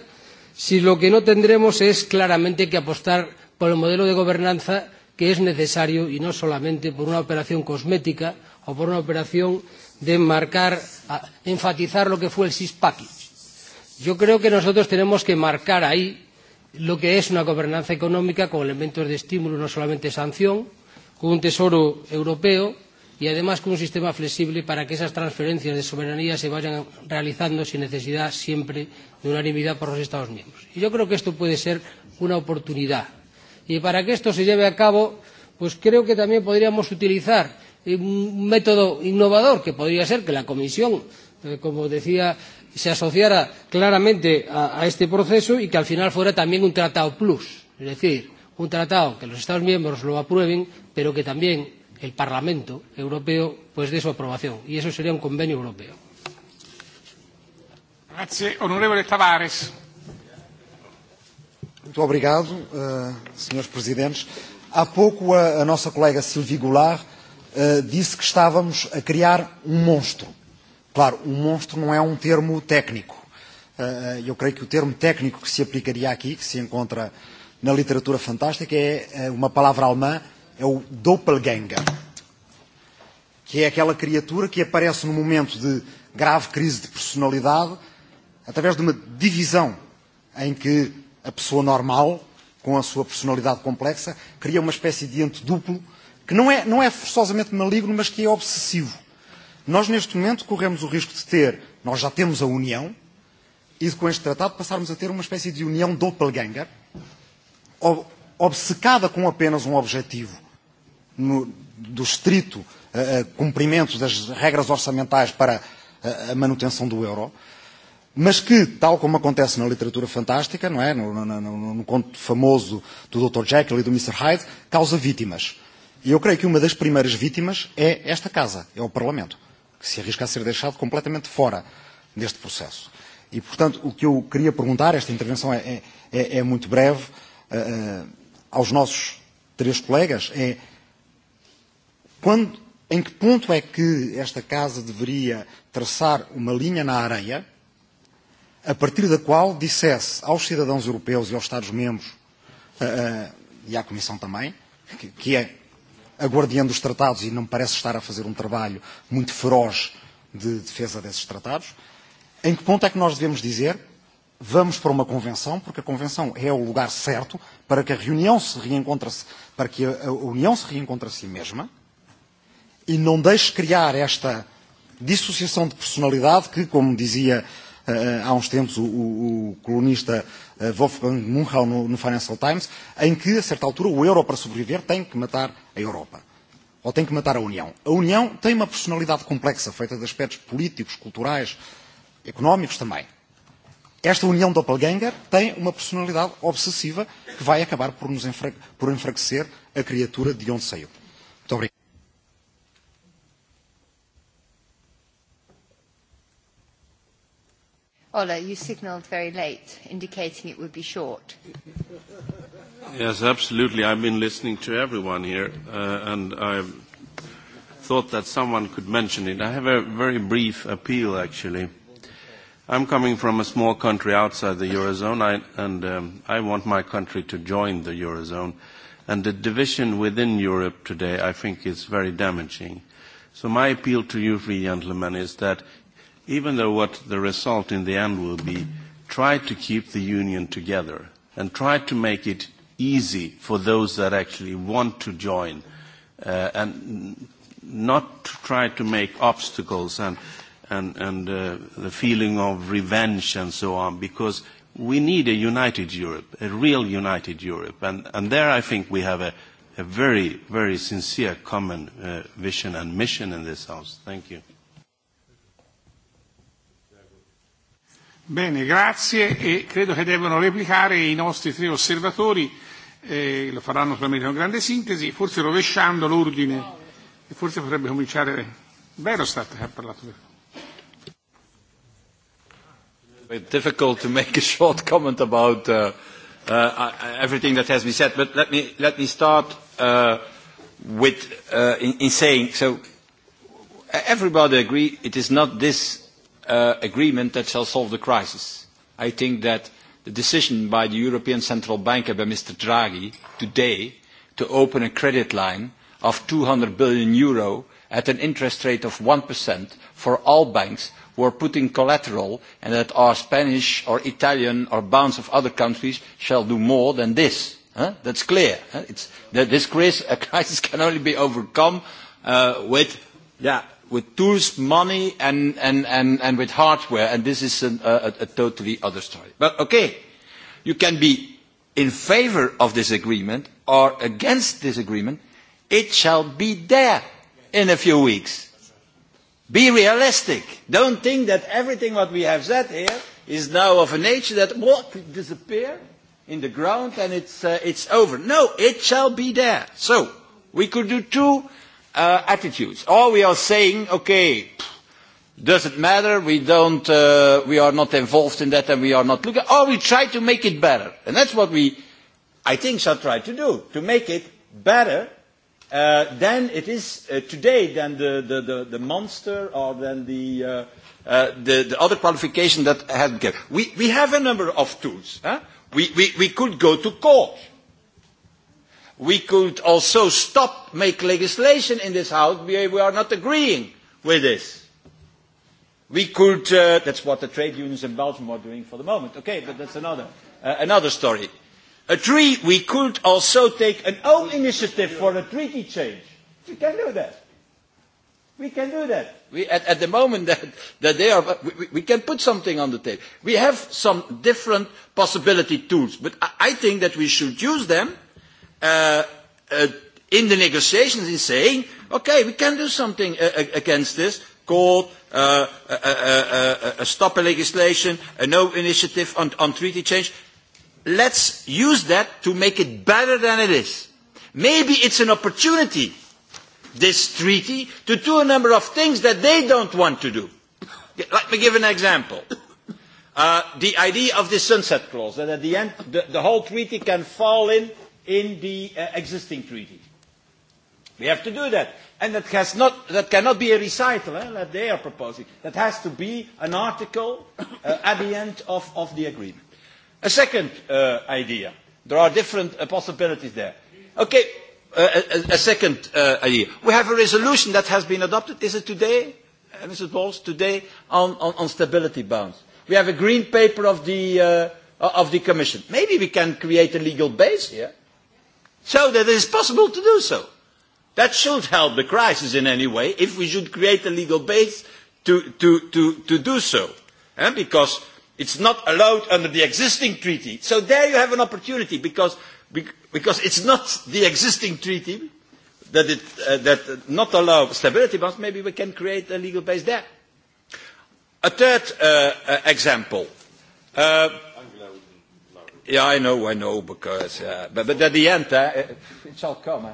si lo que no tendremos es claramente que apostar por el modelo de gobernanza que es necesario y no solamente por una operación cosmética o por una operación de marcar, enfatizar lo que fue el SISPACI. Yo creo que nosotros tenemos que marcar ahí lo que es una gobernanza económica con elementos de estímulo, no solamente sanción, con un tesoro europeo y además con un sistema flexible para que esas transferencias de soberanía se vayan realizando sin necesidad siempre de unanimidad por los Estados miembros. Y yo creo que esto puede ser una oportunidad. Y para que esto se lleve a cabo, pues creo que también podríamos utilizar un método innovador que podría ser que la Comisión, como decía se asociara claramente a, a este proceso y que al final fuera también un tratado plus, es decir, un tratado que los Estados miembros lo aprueben, pero que también el Parlamento europeo pues dé su aprobación. Y eso sería un convenio europeo. Grazie, onorevole Tavares. Muito obrigado, uh, senhores presidentes. Há pouco a, a nossa colega Sylvie Goulart uh, disse que estávamos a criar um monstro. Claro, um monstro não é um termo técnico. Eu creio que o termo técnico que se aplicaria aqui, que se encontra na literatura fantástica, é uma palavra alemã, é o Doppelganger, que é aquela criatura que aparece num momento de grave crise de personalidade através de uma divisão em que a pessoa normal, com a sua personalidade complexa, cria uma espécie de ente duplo que não é, não é forçosamente maligno, mas que é obsessivo Nós, neste momento, corremos o risco de ter, nós já temos a União, e com este tratado passarmos a ter uma espécie de União doppelganger, obcecada com apenas um objetivo no, do estrito uh, uh, cumprimento das regras orçamentais para uh, a manutenção do euro, mas que, tal como acontece na literatura fantástica, não é? no, no, no, no conto famoso do Dr. Jekyll e do Mr. Hyde, causa vítimas. E eu creio que uma das primeiras vítimas é esta casa, é o Parlamento que se arrisca a ser deixado completamente fora deste processo. E, portanto, o que eu queria perguntar, esta intervenção é, é, é muito breve, uh, aos nossos três colegas, é quando, em que ponto é que esta Casa deveria traçar uma linha na areia a partir da qual dissesse aos cidadãos europeus e aos Estados-membros, uh, uh, e à Comissão também, que, que é a guardiã dos tratados e não parece estar a fazer um trabalho muito feroz de defesa desses tratados. Em que ponto é que nós devemos dizer vamos para uma convenção, porque a convenção é o lugar certo para que a reunião se reencontre, para que a União se reencontre a si mesma e não deixe criar esta dissociação de personalidade que, como dizia uh, há uns tempos o, o, o colunista Wolfgang Munchau no, no Financial Times, em que, a certa altura, o euro para sobreviver tem que matar a Europa. Ou tem que matar a União. A União tem uma personalidade complexa, feita de aspectos políticos, culturais, económicos também. Esta União Doppelganger tem uma personalidade obsessiva que vai acabar por, nos enfra por enfraquecer a criatura de onde saiu. Ole, you signaled very late, indicating it would be short. Yes, absolutely. I've been listening to everyone here, uh, and I thought that someone could mention it. I have a very brief appeal, actually. I'm coming from a small country outside the Eurozone, I, and um, I want my country to join the Eurozone. And the division within Europe today, I think, is very damaging. So my appeal to you three gentlemen is that even though what the result in the end will be, try to keep the union together and try to make it easy for those that actually want to join uh, and not to try to make obstacles and, and, and uh, the feeling of revenge and so on because we need a united Europe, a real united Europe. And, and there I think we have a, a very, very sincere common uh, vision and mission in this House. Thank you. Bene, grazie e credo che debbano replicare i nostri tre osservatori, eh, lo faranno solamente con grande sintesi, forse rovesciando l'ordine, e forse potrebbe cominciare Verostat che ha parlato. It's difficult to make a short comment about uh, uh, everything that has been said, but let me, let me start uh, with, uh, in, in saying, so everybody agree it is not this agreement that shall solve the crisis. I think that the decision by the European Central Bank and by Mr. Draghi today to open a credit line of EUR two hundred billion at an interest rate of 1% for all banks who are putting collateral and that our Spanish or Italian or bonds of other countries shall do more than this. That's clear. It's, that this crisis, crisis can only be overcome with yeah, with tools, money, and, and, and, and with hardware, and this is an, a, a totally other story. But okay, you can be in favor of this agreement or against this agreement. It shall be there in a few weeks. Be realistic. Don't think that everything what we have said here is now of a nature that will disappear in the ground and it's, uh, it's over. No, it shall be there. So, we could do two uh, attitudes. Or we are saying, okay, doesn't matter, we, don't, uh, we are not involved in that and we are not looking, or we try to make it better. And that's what we, I think, shall try to do, to make it better uh, than it is uh, today, than the, the, the, the monster or than the, uh, uh, the, the other qualification that has been given. We, we have a number of tools. Huh? We, we, we could go to court We could also stop, make legislation in this House, we, we are not agreeing with this. We could, uh, that's what the trade unions in Belgium are doing for the moment. Okay, but that's another, uh, another story. A tree, we could also take an own initiative for a treaty change. We can do that. We can do that. We, at, at the moment that, that they are, we, we can put something on the table. We have some different possibility tools, but I, I think that we should use them uh, uh, in the negotiations in saying, okay, we can do something uh, against this called uh, a, a, a, a stopper legislation, a no initiative on, on treaty change. Let's use that to make it better than it is. Maybe it's an opportunity, this treaty, to do a number of things that they don't want to do. Let me give an example. Uh, the idea of the sunset clause, that at the end the, the whole treaty can fall in in the uh, existing treaty. We have to do that. And that, has not, that cannot be a recital eh, that they are proposing. That has to be an article uh, at the end of, of the agreement. A second uh, idea. There are different uh, possibilities there. Okay, uh, a, a second uh, idea. We have a resolution that has been adopted. Is it today, uh, Mrs. Walsh, today on, on, on stability bonds? We have a green paper of the, uh, of the Commission. Maybe we can create a legal base here. Yeah? so that it is possible to do so. That should help the crisis in any way if we should create a legal base to, to, to, to do so. And because it's not allowed under the existing treaty. So there you have an opportunity because, because it's not the existing treaty that, it, uh, that not allow stability bonds. Maybe we can create a legal base there. A third uh, uh, example. Uh, Yeah, I know, I know, because uh, but, but at the end, uh, it shall come. Uh,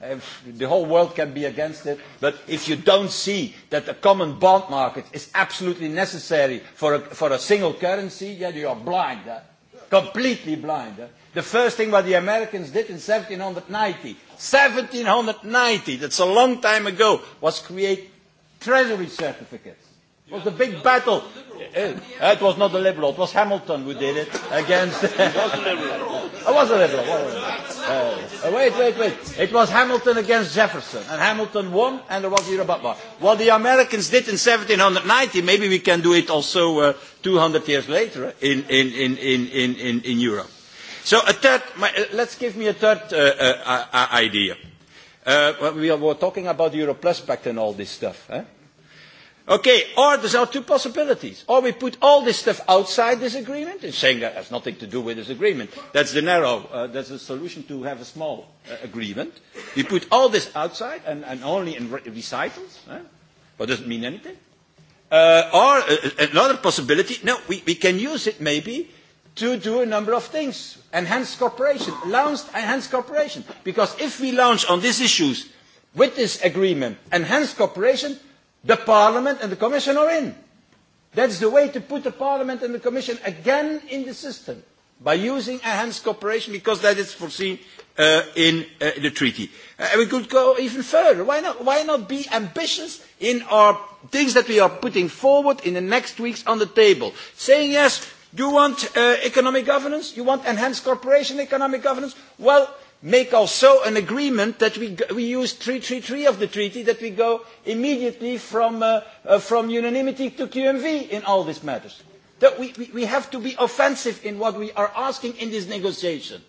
if the whole world can be against it, but if you don't see that a common bond market is absolutely necessary for a, for a single currency, yeah, you are blind, uh, completely blind. Uh. The first thing what the Americans did in 1790, 1790, that's a long time ago, was create treasury certificates It was a big battle. It was not a liberal. It was Hamilton who did it against. it was a liberal. I was a liberal. Uh, wait, wait, wait. It was Hamilton against Jefferson, and Hamilton won, and there was Irababa. What the Americans did in 1790, maybe we can do it also uh, 200 years later in, in, in, in, in, in, in Europe. So a third, my, let's give me a third uh, uh, uh, idea. Uh, we were talking about the Euro Plus Pact and all this stuff. Eh? Okay, or there are two possibilities. Or we put all this stuff outside this agreement, and saying that has nothing to do with this agreement. That's the narrow, uh, that's a solution to have a small uh, agreement. We put all this outside and, and only in re- recitals, eh? but doesn't mean anything. Uh, or uh, another possibility, no, we, we can use it maybe to do a number of things. Enhance cooperation, launch enhanced cooperation. Because if we launch on these issues with this agreement enhanced cooperation, The Parliament and the Commission are in. That's the way to put the Parliament and the Commission again in the system by using enhanced cooperation because that is foreseen uh, in uh, the treaty. Uh, we could go even further. Why not, why not be ambitious in our things that we are putting forward in the next weeks on the table? Saying yes, you want uh, economic governance? You want enhanced corporation economic governance? Well, make also an agreement that we, we use 333 of the treaty, that we go immediately from, uh, uh, from unanimity to QMV in all these matters. That we, we, we have to be offensive in what we are asking in this negotiation.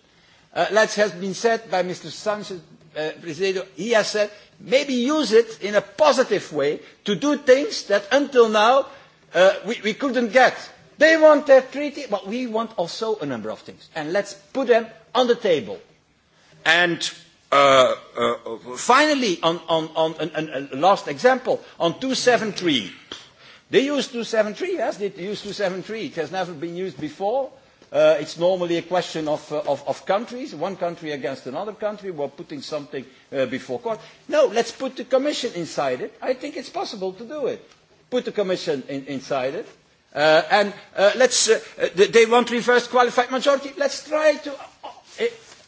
Uh, that has been said by Mr. Sanchez uh, Presedo. He has said, maybe use it in a positive way to do things that until now uh, we, we couldn't get. They want their treaty, but we want also a number of things. And let's put them on the table And uh, uh, finally, on, on, on, an on a last example, on 273. They use 273, yes, they use 273. It has never been used before. Uh, it's normally a question of, uh, of, of countries, one country against another country. We're putting something uh, before court. No, let's put the Commission inside it. I think it's possible to do it. Put the Commission in, inside it. Uh, and uh, let's, uh, they want reverse qualified majority. Let's try to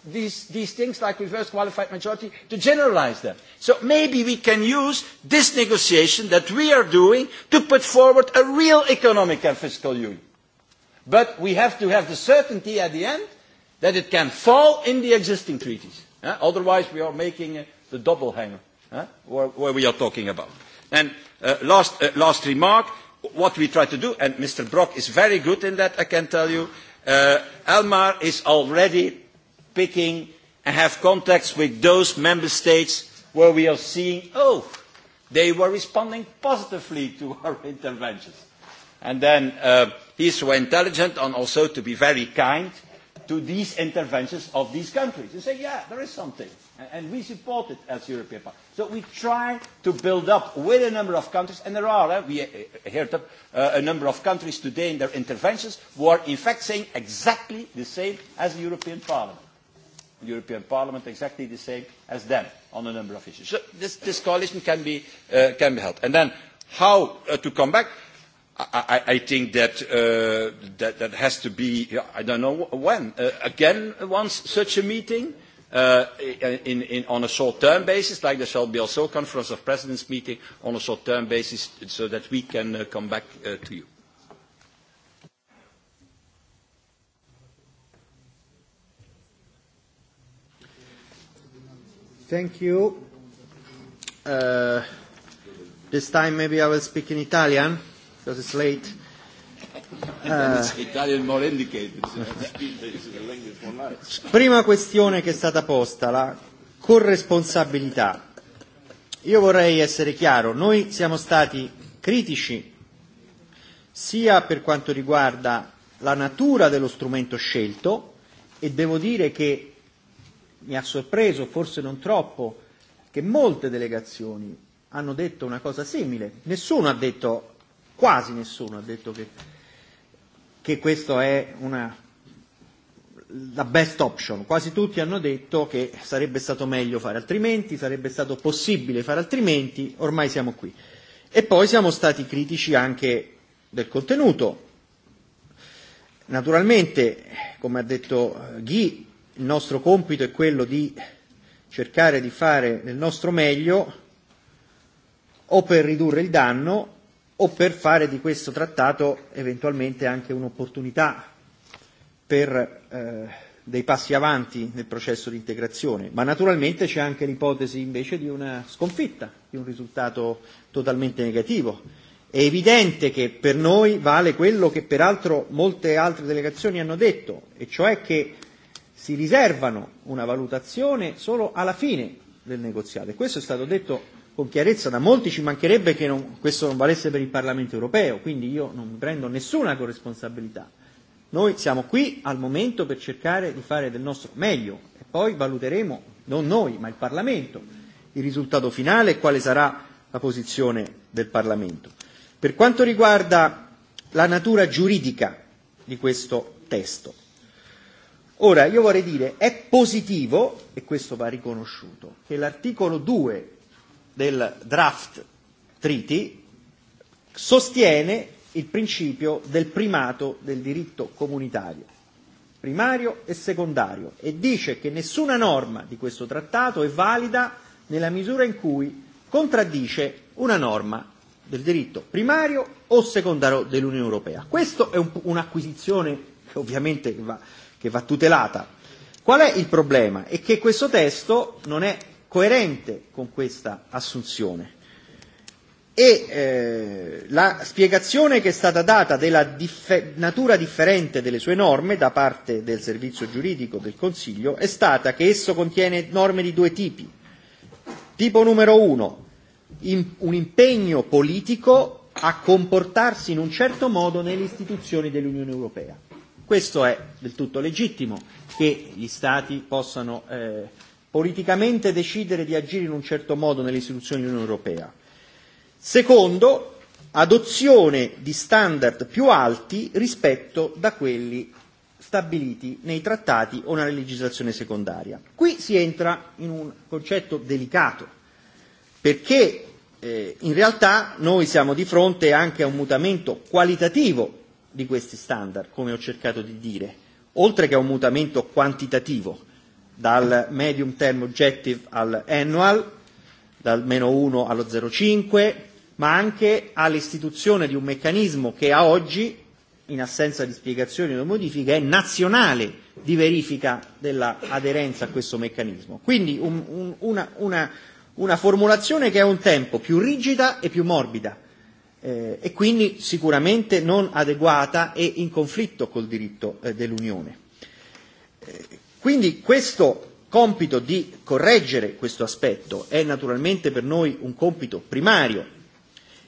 these, these things like reverse qualified majority to generalize them. So maybe we can use this negotiation that we are doing to put forward a real economic and fiscal union. But we have to have the certainty at the end that it can fall in the existing treaties. otherwise we are making uh, the double hanger where, where we are talking about. And uh, last, uh, last remark, what we try to do, and Mr. Brock is very good in that, I can tell you, uh, Elmar is already picking and have contacts with those member states where we are seeing, oh, they were responding positively to our interventions. And then uh, he's so intelligent and also to be very kind to these interventions of these countries and say, yeah, there is something. And we support it as European Parliament. So we try to build up with a number of countries, and there are, eh, we heard up, uh, a number of countries today in their interventions who are in fact saying exactly the same as the European Parliament. European Parliament exactly the same as them on a number of issues. So this, this coalition can be, uh, can be held. And then how uh, to come back? I, I think that, uh, that that has to be, I don't know when, uh, again once such a meeting uh, in, in, on a short-term basis, like there shall be also a conference of presidents meeting on a short-term basis so that we can uh, come back uh, to you. Thank you. Uh, this time maybe I will speak in Italian because it's late. Prima questione che è stata posta, la corresponsabilità. Io vorrei essere chiaro, noi siamo stati critici sia per quanto riguarda la natura dello strumento scelto e devo dire che mi ha sorpreso, forse non troppo, che molte delegazioni hanno detto una cosa simile. Nessuno ha detto, quasi nessuno ha detto che, che questa è una, la best option. Quasi tutti hanno detto che sarebbe stato meglio fare altrimenti, sarebbe stato possibile fare altrimenti, ormai siamo qui. E poi siamo stati critici anche del contenuto. Naturalmente, come ha detto Guy, il nostro compito è quello di cercare di fare del nostro meglio o per ridurre il danno o per fare di questo trattato eventualmente anche un'opportunità per eh, dei passi avanti nel processo di integrazione, ma naturalmente c'è anche l'ipotesi invece di una sconfitta, di un risultato totalmente negativo. È evidente che per noi vale quello che peraltro molte altre delegazioni hanno detto, e cioè che si riservano una valutazione solo alla fine del negoziato e questo è stato detto con chiarezza da molti ci mancherebbe che non, questo non valesse per il Parlamento europeo, quindi io non mi prendo nessuna corresponsabilità. Noi siamo qui al momento per cercare di fare del nostro meglio e poi valuteremo, non noi, ma il Parlamento, il risultato finale e quale sarà la posizione del Parlamento. Per quanto riguarda la natura giuridica di questo testo, Ora io vorrei dire è positivo, e questo va riconosciuto, che l'articolo 2 del draft Treaty sostiene il principio del primato del diritto comunitario, primario e secondario, e dice che nessuna norma di questo trattato è valida nella misura in cui contraddice una norma del diritto primario o secondario dell'Unione Europea. Questo è un, un'acquisizione che ovviamente va, che va tutelata. Qual è il problema? È che questo testo non è coerente con questa assunzione. E eh, la spiegazione che è stata data della differ- natura differente delle sue norme da parte del servizio giuridico del Consiglio è stata che esso contiene norme di due tipi. Tipo numero uno, in- un impegno politico a comportarsi in un certo modo nelle istituzioni dell'Unione Europea Questo è del tutto legittimo che gli Stati possano eh, politicamente decidere di agire in un certo modo nelle istituzioni dell'Unione Europea. Secondo, adozione di standard più alti rispetto da quelli stabiliti nei trattati o nella legislazione secondaria. Qui si entra in un concetto delicato, perché eh, in realtà noi siamo di fronte anche a un mutamento qualitativo di questi standard, come ho cercato di dire, oltre che a un mutamento quantitativo dal medium term objective al annual, dal meno 1 allo 0,5, ma anche all'istituzione di un meccanismo che a oggi, in assenza di spiegazioni o modifiche, è nazionale di verifica dell'aderenza a questo meccanismo. Quindi un, un, una, una, una formulazione che è un tempo più rigida e più morbida, eh, e quindi sicuramente non adeguata e in conflitto col diritto eh, dell'Unione. Quindi questo compito di correggere questo aspetto è naturalmente per noi un compito primario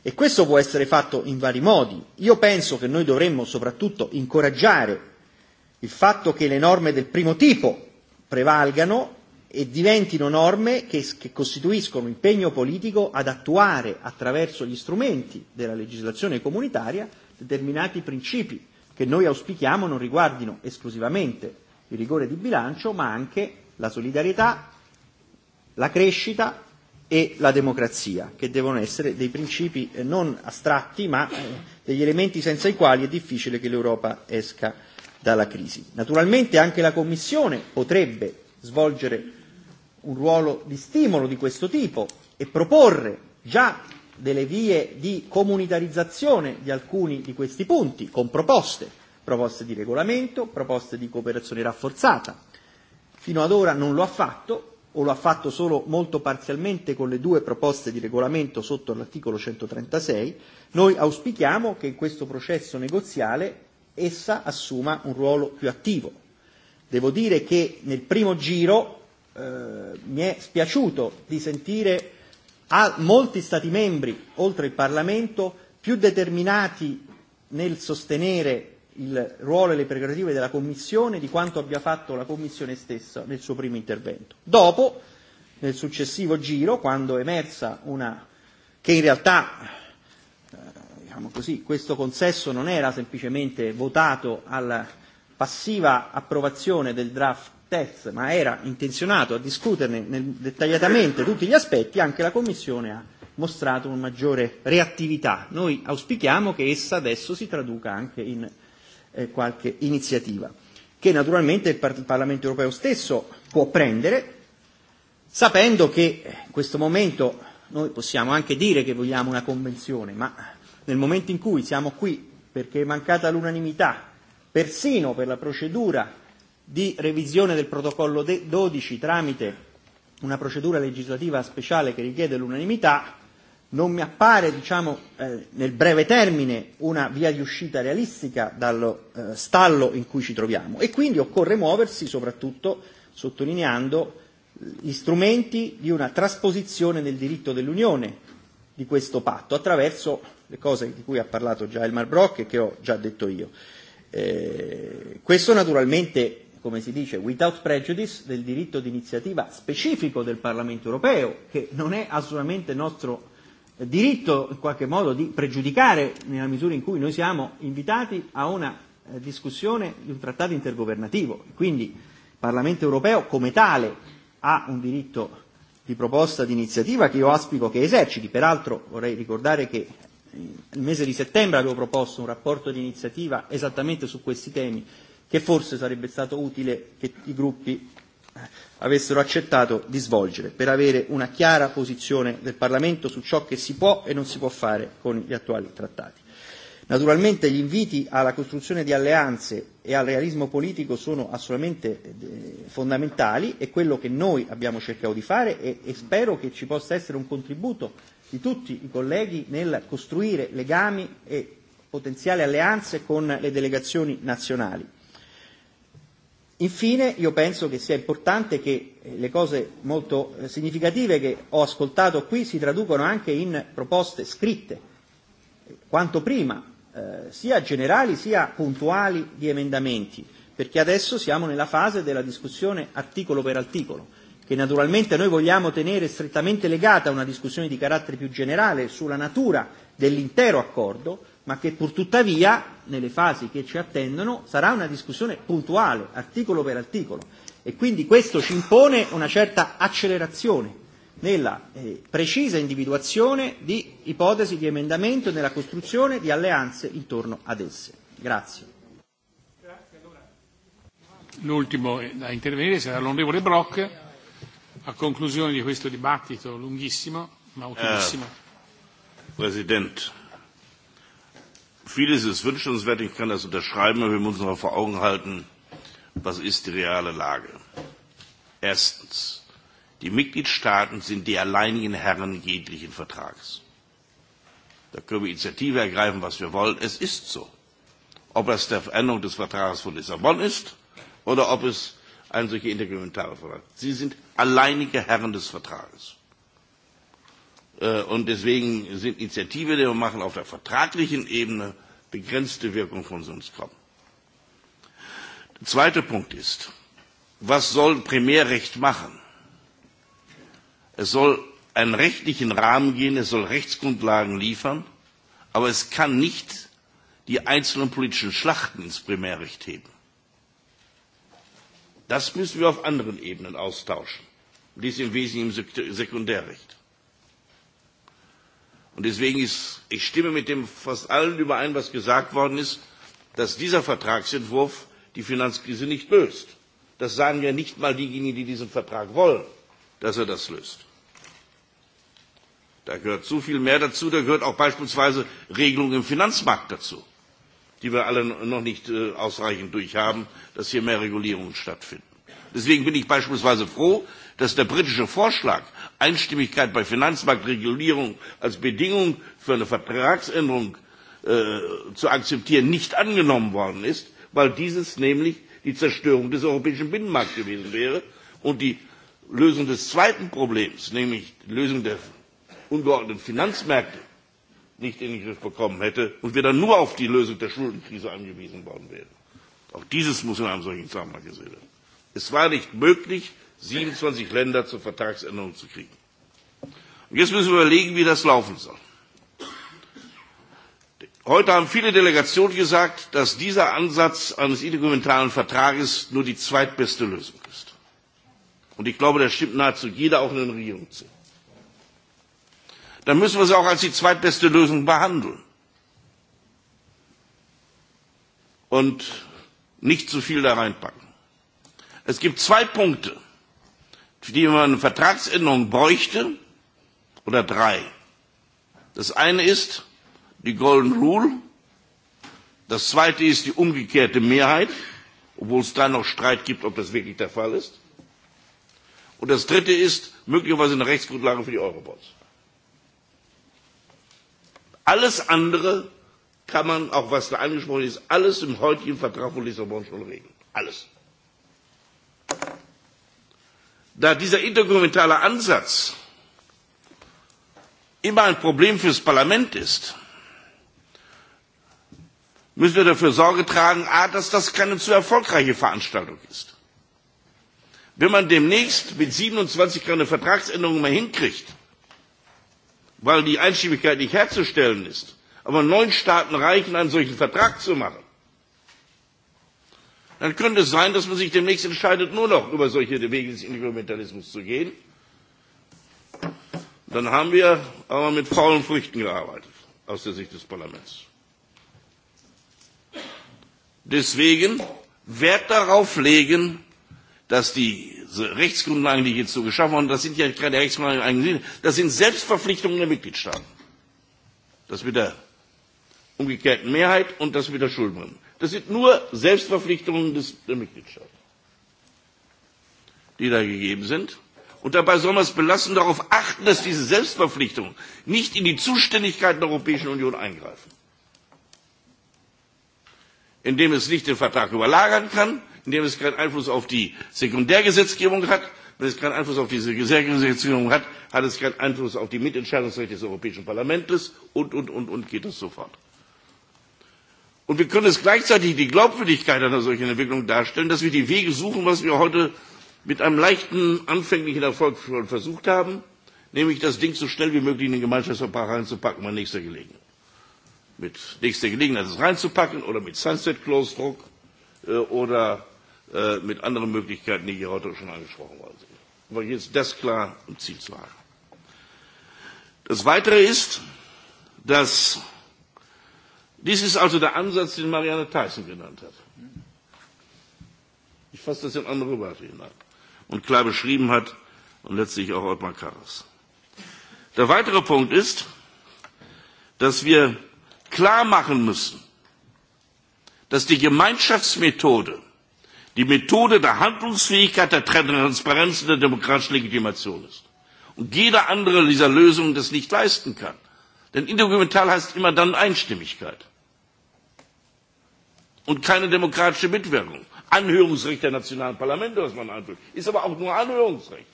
e questo può essere fatto in vari modi. Io penso che noi dovremmo soprattutto incoraggiare il fatto che le norme del primo tipo prevalgano e diventino norme che, che costituiscono impegno politico ad attuare attraverso gli strumenti della legislazione comunitaria determinati principi che noi auspichiamo non riguardino esclusivamente il rigore di bilancio ma anche la solidarietà, la crescita e la democrazia, che devono essere dei principi non astratti ma degli elementi senza i quali è difficile che l'Europa esca dalla crisi. Naturalmente anche la Commissione potrebbe svolgere un ruolo di stimolo di questo tipo e proporre già delle vie di comunitarizzazione di alcuni di questi punti con proposte, proposte di regolamento, proposte di cooperazione rafforzata. Fino ad ora non lo ha fatto o lo ha fatto solo molto parzialmente con le due proposte di regolamento sotto l'articolo 136, noi auspichiamo che in questo processo negoziale essa assuma un ruolo più attivo. Devo dire che nel primo giro mi è spiaciuto di sentire a molti Stati membri, oltre il Parlamento, più determinati nel sostenere il ruolo e le prerogative della Commissione di quanto abbia fatto la Commissione stessa nel suo primo intervento. Dopo, nel successivo giro, quando è emersa una che in realtà diciamo così, questo consesso non era semplicemente votato alla passiva approvazione del draft TEF, ma era intenzionato a discuterne nel, dettagliatamente tutti gli aspetti, anche la Commissione ha mostrato una maggiore reattività. Noi auspichiamo che essa adesso si traduca anche in eh, qualche iniziativa, che naturalmente il Parlamento europeo stesso può prendere, sapendo che in questo momento noi possiamo anche dire che vogliamo una convenzione, ma nel momento in cui siamo qui perché è mancata l'unanimità, persino per la procedura di revisione del protocollo 12 tramite una procedura legislativa speciale che richiede l'unanimità, non mi appare diciamo, eh, nel breve termine una via di uscita realistica dallo eh, stallo in cui ci troviamo e quindi occorre muoversi soprattutto sottolineando gli strumenti di una trasposizione nel diritto dell'Unione di questo patto attraverso le cose di cui ha parlato già Elmar Brock e che ho già detto io. Eh, questo naturalmente come si dice, without prejudice del diritto di iniziativa specifico del Parlamento europeo, che non è assolutamente nostro diritto in qualche modo di pregiudicare nella misura in cui noi siamo invitati a una discussione di un trattato intergovernativo. Quindi il Parlamento europeo come tale ha un diritto di proposta di iniziativa che io aspico che eserciti. Peraltro vorrei ricordare che nel mese di settembre avevo proposto un rapporto di iniziativa esattamente su questi temi che forse sarebbe stato utile che i gruppi avessero accettato di svolgere per avere una chiara posizione del Parlamento su ciò che si può e non si può fare con gli attuali trattati. Naturalmente gli inviti alla costruzione di alleanze e al realismo politico sono assolutamente fondamentali, è quello che noi abbiamo cercato di fare e, e spero che ci possa essere un contributo di tutti i colleghi nel costruire legami e potenziali alleanze con le delegazioni nazionali Infine, io penso che sia importante che le cose molto significative che ho ascoltato qui si traducono anche in proposte scritte, quanto prima, eh, sia generali sia puntuali di emendamenti, perché adesso siamo nella fase della discussione articolo per articolo, che naturalmente noi vogliamo tenere strettamente legata a una discussione di carattere più generale sulla natura dell'intero accordo, ma che purtuttavia nelle fasi che ci attendono sarà una discussione puntuale, articolo per articolo. E quindi questo ci impone una certa accelerazione nella eh, precisa individuazione di ipotesi di emendamento e nella costruzione di alleanze intorno ad esse. Grazie. L'ultimo da intervenire sarà l'onorevole Brock a conclusione di questo dibattito lunghissimo ma utilissimo. Uh, Presidente, Vieles ist wünschenswert, ich kann das unterschreiben, aber wir müssen noch vor Augen halten, was ist die reale Lage. Erstens. Die Mitgliedstaaten sind die alleinigen Herren jeglichen Vertrags. Da können wir Initiative ergreifen, was wir wollen. Es ist so. Ob es der Veränderung des Vertrags von Lissabon ist oder ob es ein solcher intergouvernementaler Vertrag ist. Sie sind alleinige Herren des Vertrages. Und deswegen sind Initiative wir machen auf der vertraglichen Ebene begrenzte Wirkung von sonst kommen. Der zweite Punkt ist, was soll Primärrecht machen? Es soll einen rechtlichen Rahmen geben, es soll Rechtsgrundlagen liefern, aber es kann nicht die einzelnen politischen Schlachten ins Primärrecht heben. Das müssen wir auf anderen Ebenen austauschen. Dies im Wesentlichen im Sekundärrecht. Und deswegen ist, ich stimme mit dem fast allen überein, was gesagt worden ist, dass dieser Vertragsentwurf die Finanzkrise nicht löst. Das sagen ja nicht mal diejenigen, die diesen Vertrag wollen, dass er das löst. Da gehört so viel mehr dazu, da gehört auch beispielsweise Regelungen im Finanzmarkt dazu, die wir alle noch nicht ausreichend durchhaben, dass hier mehr Regulierungen stattfinden. Deswegen bin ich beispielsweise froh, dass der britische Vorschlag Einstimmigkeit bei Finanzmarktregulierung als Bedingung für eine Vertragsänderung zu akzeptieren, nicht angenommen worden ist, weil dieses nämlich die Zerstörung des europäischen Binnenmarkts gewesen wäre und die Lösung des zweiten Problems, nämlich die Lösung der ungeordneten Finanzmärkte, nicht in den Griff bekommen hätte und wir dann nur auf die Lösung der Schuldenkrise angewiesen worden wären. Auch dieses muss in einem solchen Zusammenhang gesehen werden. Es war nicht möglich, 27 Länder zur Vertragsänderung zu kriegen. Und jetzt müssen wir überlegen, wie das laufen soll. Heute haben viele Delegationen gesagt, dass dieser Ansatz eines intergouvernementalen Vertrages nur die zweitbeste Lösung ist. Und ich glaube, das stimmt nahezu jeder auch in den Regierungen zu. Dann müssen wir es auch als die zweitbeste Lösung behandeln. Und nicht zu viel da reinpacken. Es gibt zwei Punkte, für die man eine Vertragsänderung bräuchte, oder drei. Das eine ist die Golden Rule, das zweite ist die umgekehrte Mehrheit, obwohl es da noch Streit gibt, ob das wirklich der Fall ist. Und das dritte ist möglicherweise eine Rechtsgrundlage für die Eurobonds. Alles andere kann man, auch was da angesprochen ist, alles im heutigen Vertrag von Lissabon schon regeln. Alles da dieser intergouvernementale Ansatz immer ein Problem für das Parlament ist, müssen wir dafür Sorge tragen, a, dass das keine zu erfolgreiche Veranstaltung ist. Wenn man demnächst mit 27 keine Vertragsänderung mehr hinkriegt, weil die Einstimmigkeit nicht herzustellen ist, aber neun Staaten reichen, einen solchen Vertrag zu machen, dann könnte es sein, dass man sich demnächst entscheidet, nur noch über solche Wege des Instrumentalismus zu gehen. Dann haben wir aber mit faulen Früchten gearbeitet, aus der Sicht des Parlaments. Deswegen Wert darauf legen, dass die Rechtsgrundlagen, die hierzu geschaffen wurden, das sind ja keine Rechtsgrundlagen im eigenen Sinne, das sind Selbstverpflichtungen der Mitgliedstaaten. Das mit der umgekehrten Mehrheit und das mit der Schuldenbremse. Das sind nur Selbstverpflichtungen des, der Mitgliedstaaten, die da gegeben sind. Und dabei soll man es belassen, darauf achten, dass diese Selbstverpflichtungen nicht in die Zuständigkeit der Europäischen Union eingreifen. Indem es nicht den Vertrag überlagern kann, indem es keinen Einfluss auf die Sekundärgesetzgebung hat. Wenn es keinen Einfluss auf die Sekundärgesetzgebung hat, hat es keinen Einfluss auf die Mitentscheidungsrechte des Europäischen Parlaments und, und, und, und geht das sofort. Und wir können es gleichzeitig die Glaubwürdigkeit einer solchen Entwicklung darstellen, dass wir die Wege suchen, was wir heute mit einem leichten anfänglichen Erfolg schon versucht haben, nämlich das Ding so schnell wie möglich in den Gemeinschaftsvertrag reinzupacken bei nächster Gelegenheit. Mit nächster Gelegenheit es reinzupacken oder mit Sunset Clause Druck oder mit anderen Möglichkeiten, die hier heute schon angesprochen worden sind. Aber jetzt das klar im Ziel zu haben. Das Weitere ist, dass Dies ist also der Ansatz, den Marianne Tyson genannt hat. Ich fasse das in andere Worte hinein und klar beschrieben hat und letztlich auch Ottmar Karas. Der weitere Punkt ist, dass wir klar machen müssen, dass die Gemeinschaftsmethode, die Methode der Handlungsfähigkeit, der Transparenz und der demokratischen Legitimation ist. Und jeder andere dieser Lösungen das nicht leisten kann. Denn Indokumental heißt immer dann Einstimmigkeit und keine demokratische Mitwirkung. Anhörungsrecht der nationalen Parlamente, was man anführt, ist aber auch nur Anhörungsrecht.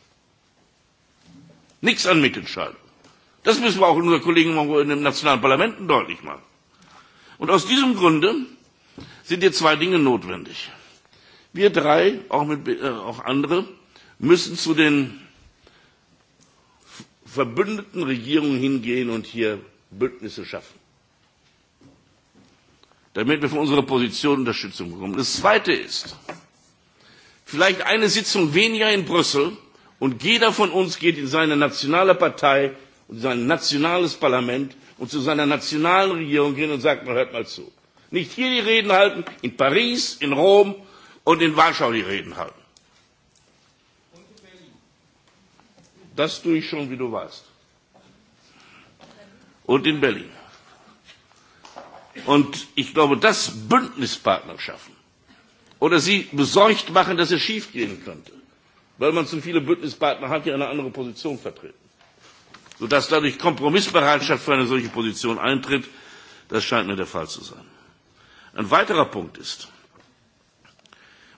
Nichts an Mitentscheidung. Das müssen wir auch unseren Kollegen in den nationalen Parlamenten deutlich machen. Und aus diesem Grunde sind hier zwei Dinge notwendig. Wir drei, auch, mit, äh, auch andere, müssen zu den verbündeten Regierungen hingehen und hier Bündnisse schaffen damit wir von unserer Position Unterstützung bekommen. Das Zweite ist, vielleicht eine Sitzung weniger in Brüssel und jeder von uns geht in seine nationale Partei und sein nationales Parlament und zu seiner nationalen Regierung hin und sagt, man hört mal zu. Nicht hier die Reden halten, in Paris, in Rom und in Warschau die Reden halten. Das tue ich schon, wie du weißt. Und in Berlin. Und ich glaube, das Bündnispartner schaffen oder sie besorgt machen, dass es schiefgehen könnte, weil man zu viele Bündnispartner hat, die eine andere Position vertreten, sodass dadurch Kompromissbereitschaft für eine solche Position eintritt, das scheint mir der Fall zu sein. Ein weiterer Punkt ist,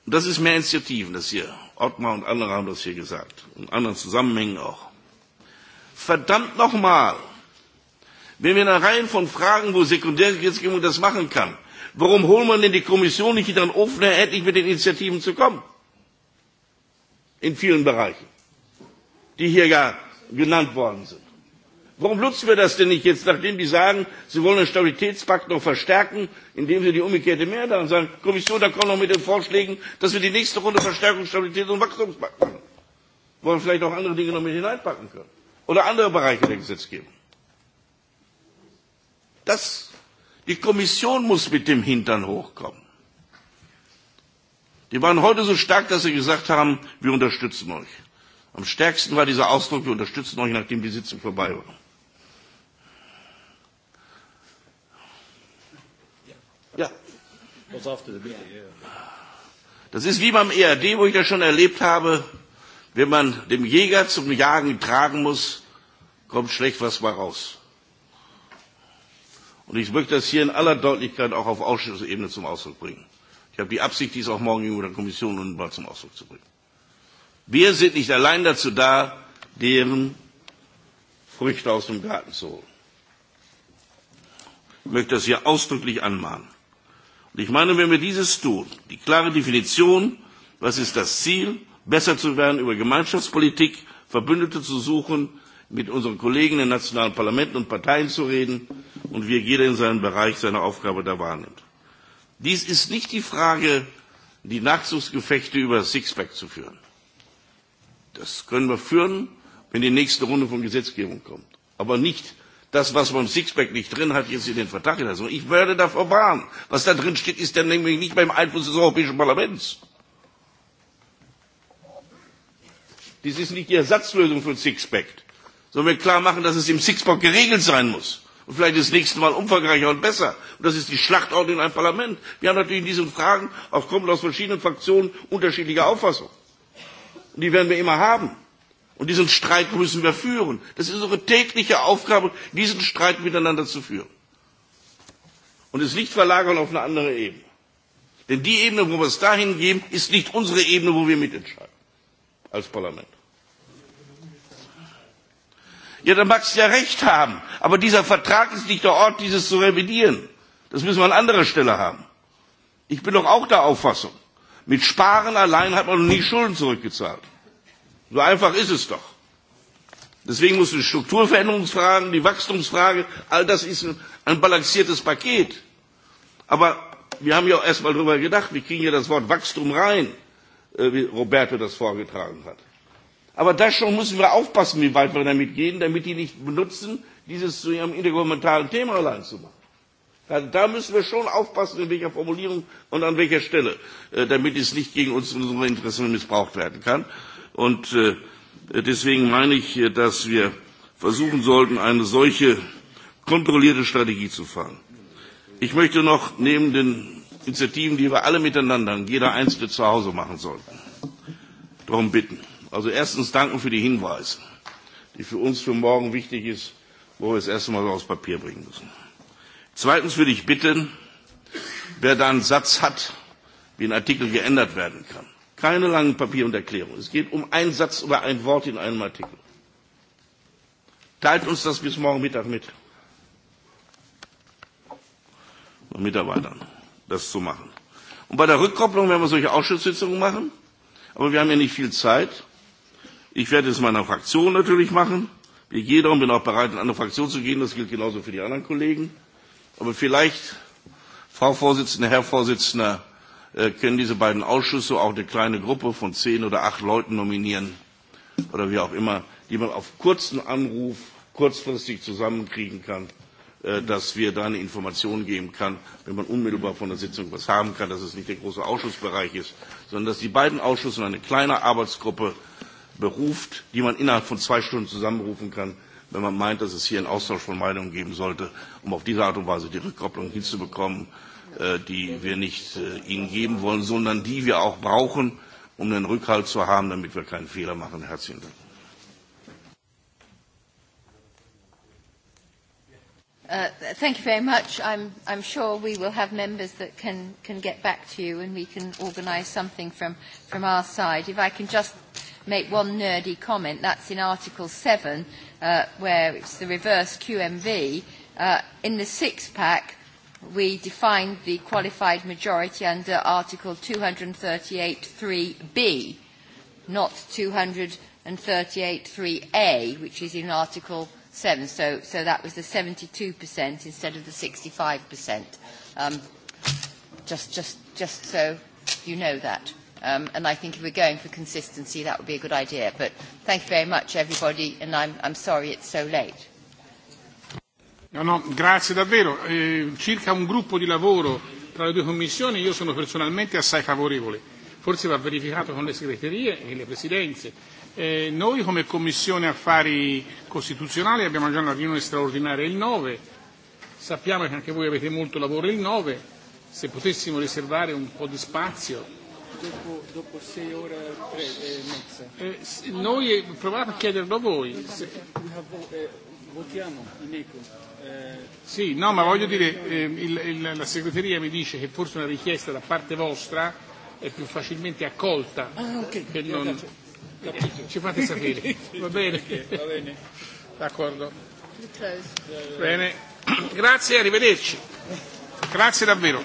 und das ist mehr Initiativen, das hier, Ottmar und andere haben das hier gesagt, in anderen Zusammenhängen auch, verdammt nochmal, Wenn wir in einer Reihe von Fragen, wo Sekundärgesetzgebung das machen kann, warum holt man denn die Kommission nicht dann offen, endlich mit den Initiativen zu kommen? In vielen Bereichen, die hier ja genannt worden sind. Warum nutzen wir das denn nicht jetzt, nachdem die sagen, sie wollen den Stabilitätspakt noch verstärken, indem sie die umgekehrte Mehrheit haben und sagen, Kommission, da kommen noch mit den Vorschlägen, dass wir die nächste Runde Verstärkung, Stabilität und Wachstumspakt machen. Wollen vielleicht auch andere Dinge noch mit hineinpacken können. Oder andere Bereiche der Gesetzgebung. Das, die Kommission muss mit dem Hintern hochkommen. Die waren heute so stark, dass sie gesagt haben, wir unterstützen euch. Am stärksten war dieser Ausdruck, wir unterstützen euch, nachdem die Sitzung vorbei war. Ja. Das ist wie beim ERD, wo ich das schon erlebt habe. Wenn man dem Jäger zum Jagen tragen muss, kommt schlecht was mal raus. Und ich möchte das hier in aller Deutlichkeit auch auf Ausschussebene zum Ausdruck bringen. Ich habe die Absicht, dies auch morgen gegenüber der Kommission unmittelbar zum Ausdruck zu bringen. Wir sind nicht allein dazu da, deren Früchte aus dem Garten zu holen. Ich möchte das hier ausdrücklich anmahnen. Und ich meine, wenn wir dieses tun, die klare Definition, was ist das Ziel, besser zu werden über Gemeinschaftspolitik, Verbündete zu suchen, mit unseren Kollegen in den nationalen Parlamenten und Parteien zu reden, und wie jeder in seinem Bereich seine Aufgabe da wahrnimmt. Dies ist nicht die Frage, die Nachzugsgefechte über Sixpack zu führen. Das können wir führen, wenn die nächste Runde von Gesetzgebung kommt. Aber nicht das, was man im Sixpack nicht drin hat, jetzt in den Vertrag hineinzumachen. Also ich werde davor warnen. Was da drin steht, ist dann nämlich nicht beim Einfluss des Europäischen Parlaments. Dies ist nicht die Ersatzlösung für Sixpack. Sollen wir klar machen, dass es im Sixpack geregelt sein muss und vielleicht das nächste Mal umfangreicher und besser. Und das ist die Schlachtordnung in einem Parlament. Wir haben natürlich in diesen Fragen aufgrund aus verschiedenen Fraktionen unterschiedliche Auffassungen. Und die werden wir immer haben. Und diesen Streit müssen wir führen. Das ist unsere tägliche Aufgabe, diesen Streit miteinander zu führen. Und es nicht verlagern auf eine andere Ebene. Denn die Ebene, wo wir es dahin geben, ist nicht unsere Ebene, wo wir mitentscheiden. Als Parlament. Ja, dann mag es ja recht haben. Aber dieser Vertrag ist nicht der Ort, dieses zu revidieren. Das müssen wir an anderer Stelle haben. Ich bin doch auch der Auffassung. Mit Sparen allein hat man noch nie Schulden zurückgezahlt. So einfach ist es doch. Deswegen muss die Strukturveränderungsfragen, die Wachstumsfrage, all das ist ein balanciertes Paket. Aber wir haben ja auch erst einmal darüber gedacht, wir kriegen ja das Wort Wachstum rein, wie Roberto das vorgetragen hat. Aber da schon müssen wir aufpassen, wie weit wir damit gehen, damit die nicht benutzen, dieses zu ihrem intergouvernementalen Thema allein zu machen. Da, da müssen wir schon aufpassen, in welcher Formulierung und an welcher Stelle, äh, damit es nicht gegen uns und unsere Interessen missbraucht werden kann. Und äh, deswegen meine ich, dass wir versuchen sollten, eine solche kontrollierte Strategie zu fahren. Ich möchte noch neben den Initiativen, die wir alle miteinander, jeder Einzelne zu Hause machen sollten, darum bitten Also erstens danken für die Hinweise, die für uns für morgen wichtig ist, wo wir es erst einmal aufs Papier bringen müssen. Zweitens würde ich bitten, wer da einen Satz hat, wie ein Artikel geändert werden kann. Keine langen Papier und Erklärungen. Es geht um einen Satz oder ein Wort in einem Artikel. Teilt uns das bis morgen Mittag mit. Und Mitarbeitern, das zu machen. Und bei der Rückkopplung werden wir solche Ausschusssitzungen machen. Aber wir haben ja nicht viel Zeit. Ich werde es meiner Fraktion natürlich machen. Wie jeder und bin auch bereit, in eine andere Fraktion zu gehen. Das gilt genauso für die anderen Kollegen. Aber vielleicht, Frau Vorsitzende, Herr Vorsitzender, können diese beiden Ausschüsse auch eine kleine Gruppe von zehn oder acht Leuten nominieren oder wie auch immer, die man auf kurzen Anruf kurzfristig zusammenkriegen kann, dass wir da eine Information geben kann, wenn man unmittelbar von der Sitzung etwas haben kann, dass es nicht der große Ausschussbereich ist, sondern dass die beiden Ausschüsse und eine kleine Arbeitsgruppe beruft, die man innerhalb von zwei Stunden zusammenrufen kann, wenn man meint, dass es hier einen Austausch von Meinungen geben sollte, um auf diese Art und Weise die Rückkopplung hinzubekommen, die wir nicht Ihnen geben wollen, sondern die wir auch brauchen, um den Rückhalt zu haben, damit wir keinen Fehler machen. Herzlichen Dank. thank you very much. I'm, I'm sure we will have members that can, can get back to you and we can organise something from, from our side. If I can just make one nerdy comment. That's in Article 7, uh, where it's the reverse QMV. Uh, in the six-pack, we defined the qualified majority under Article 238.3b, not 238.3a, which is in Article 7. So, so that was the 72% instead of the 65%. Um, just, just, just so you know that. Um, and I think if we're going for consistency, that would be a good idea. But thank you very much, everybody, and I'm, I'm sorry it's so late. No, no, grazie davvero. Eh, circa un gruppo di lavoro tra le due commissioni, io sono personalmente assai favorevole. Forse va verificato con le segreterie e le presidenze. Eh, noi come Commissione Affari Costituzionali abbiamo già una riunione straordinaria il 9, sappiamo che anche voi avete molto lavoro il 9, se potessimo riservare un po' di spazio dopo, dopo sei ore tre e mezza. Eh, noi provate a chiederlo a voi. Se... Votiamo in eco. Eh... Sì, no, ma voglio dire, eh, il, il, la segreteria mi dice che forse una richiesta da parte vostra è più facilmente accolta. Ah, ok. Che non... Ci fate sapere. Va bene. Va bene. D'accordo. Bene. Grazie, arrivederci. Grazie davvero.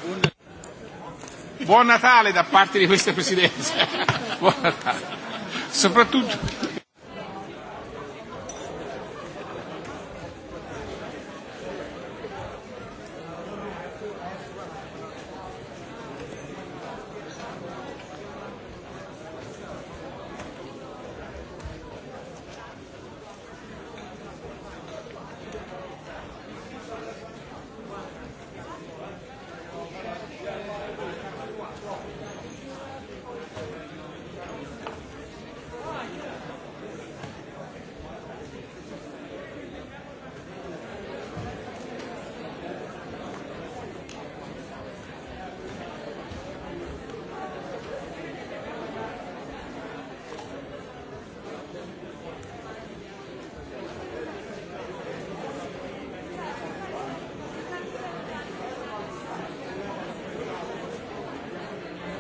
Buon Natale da parte di questa Presidenza. Buon Natale. Soprattutto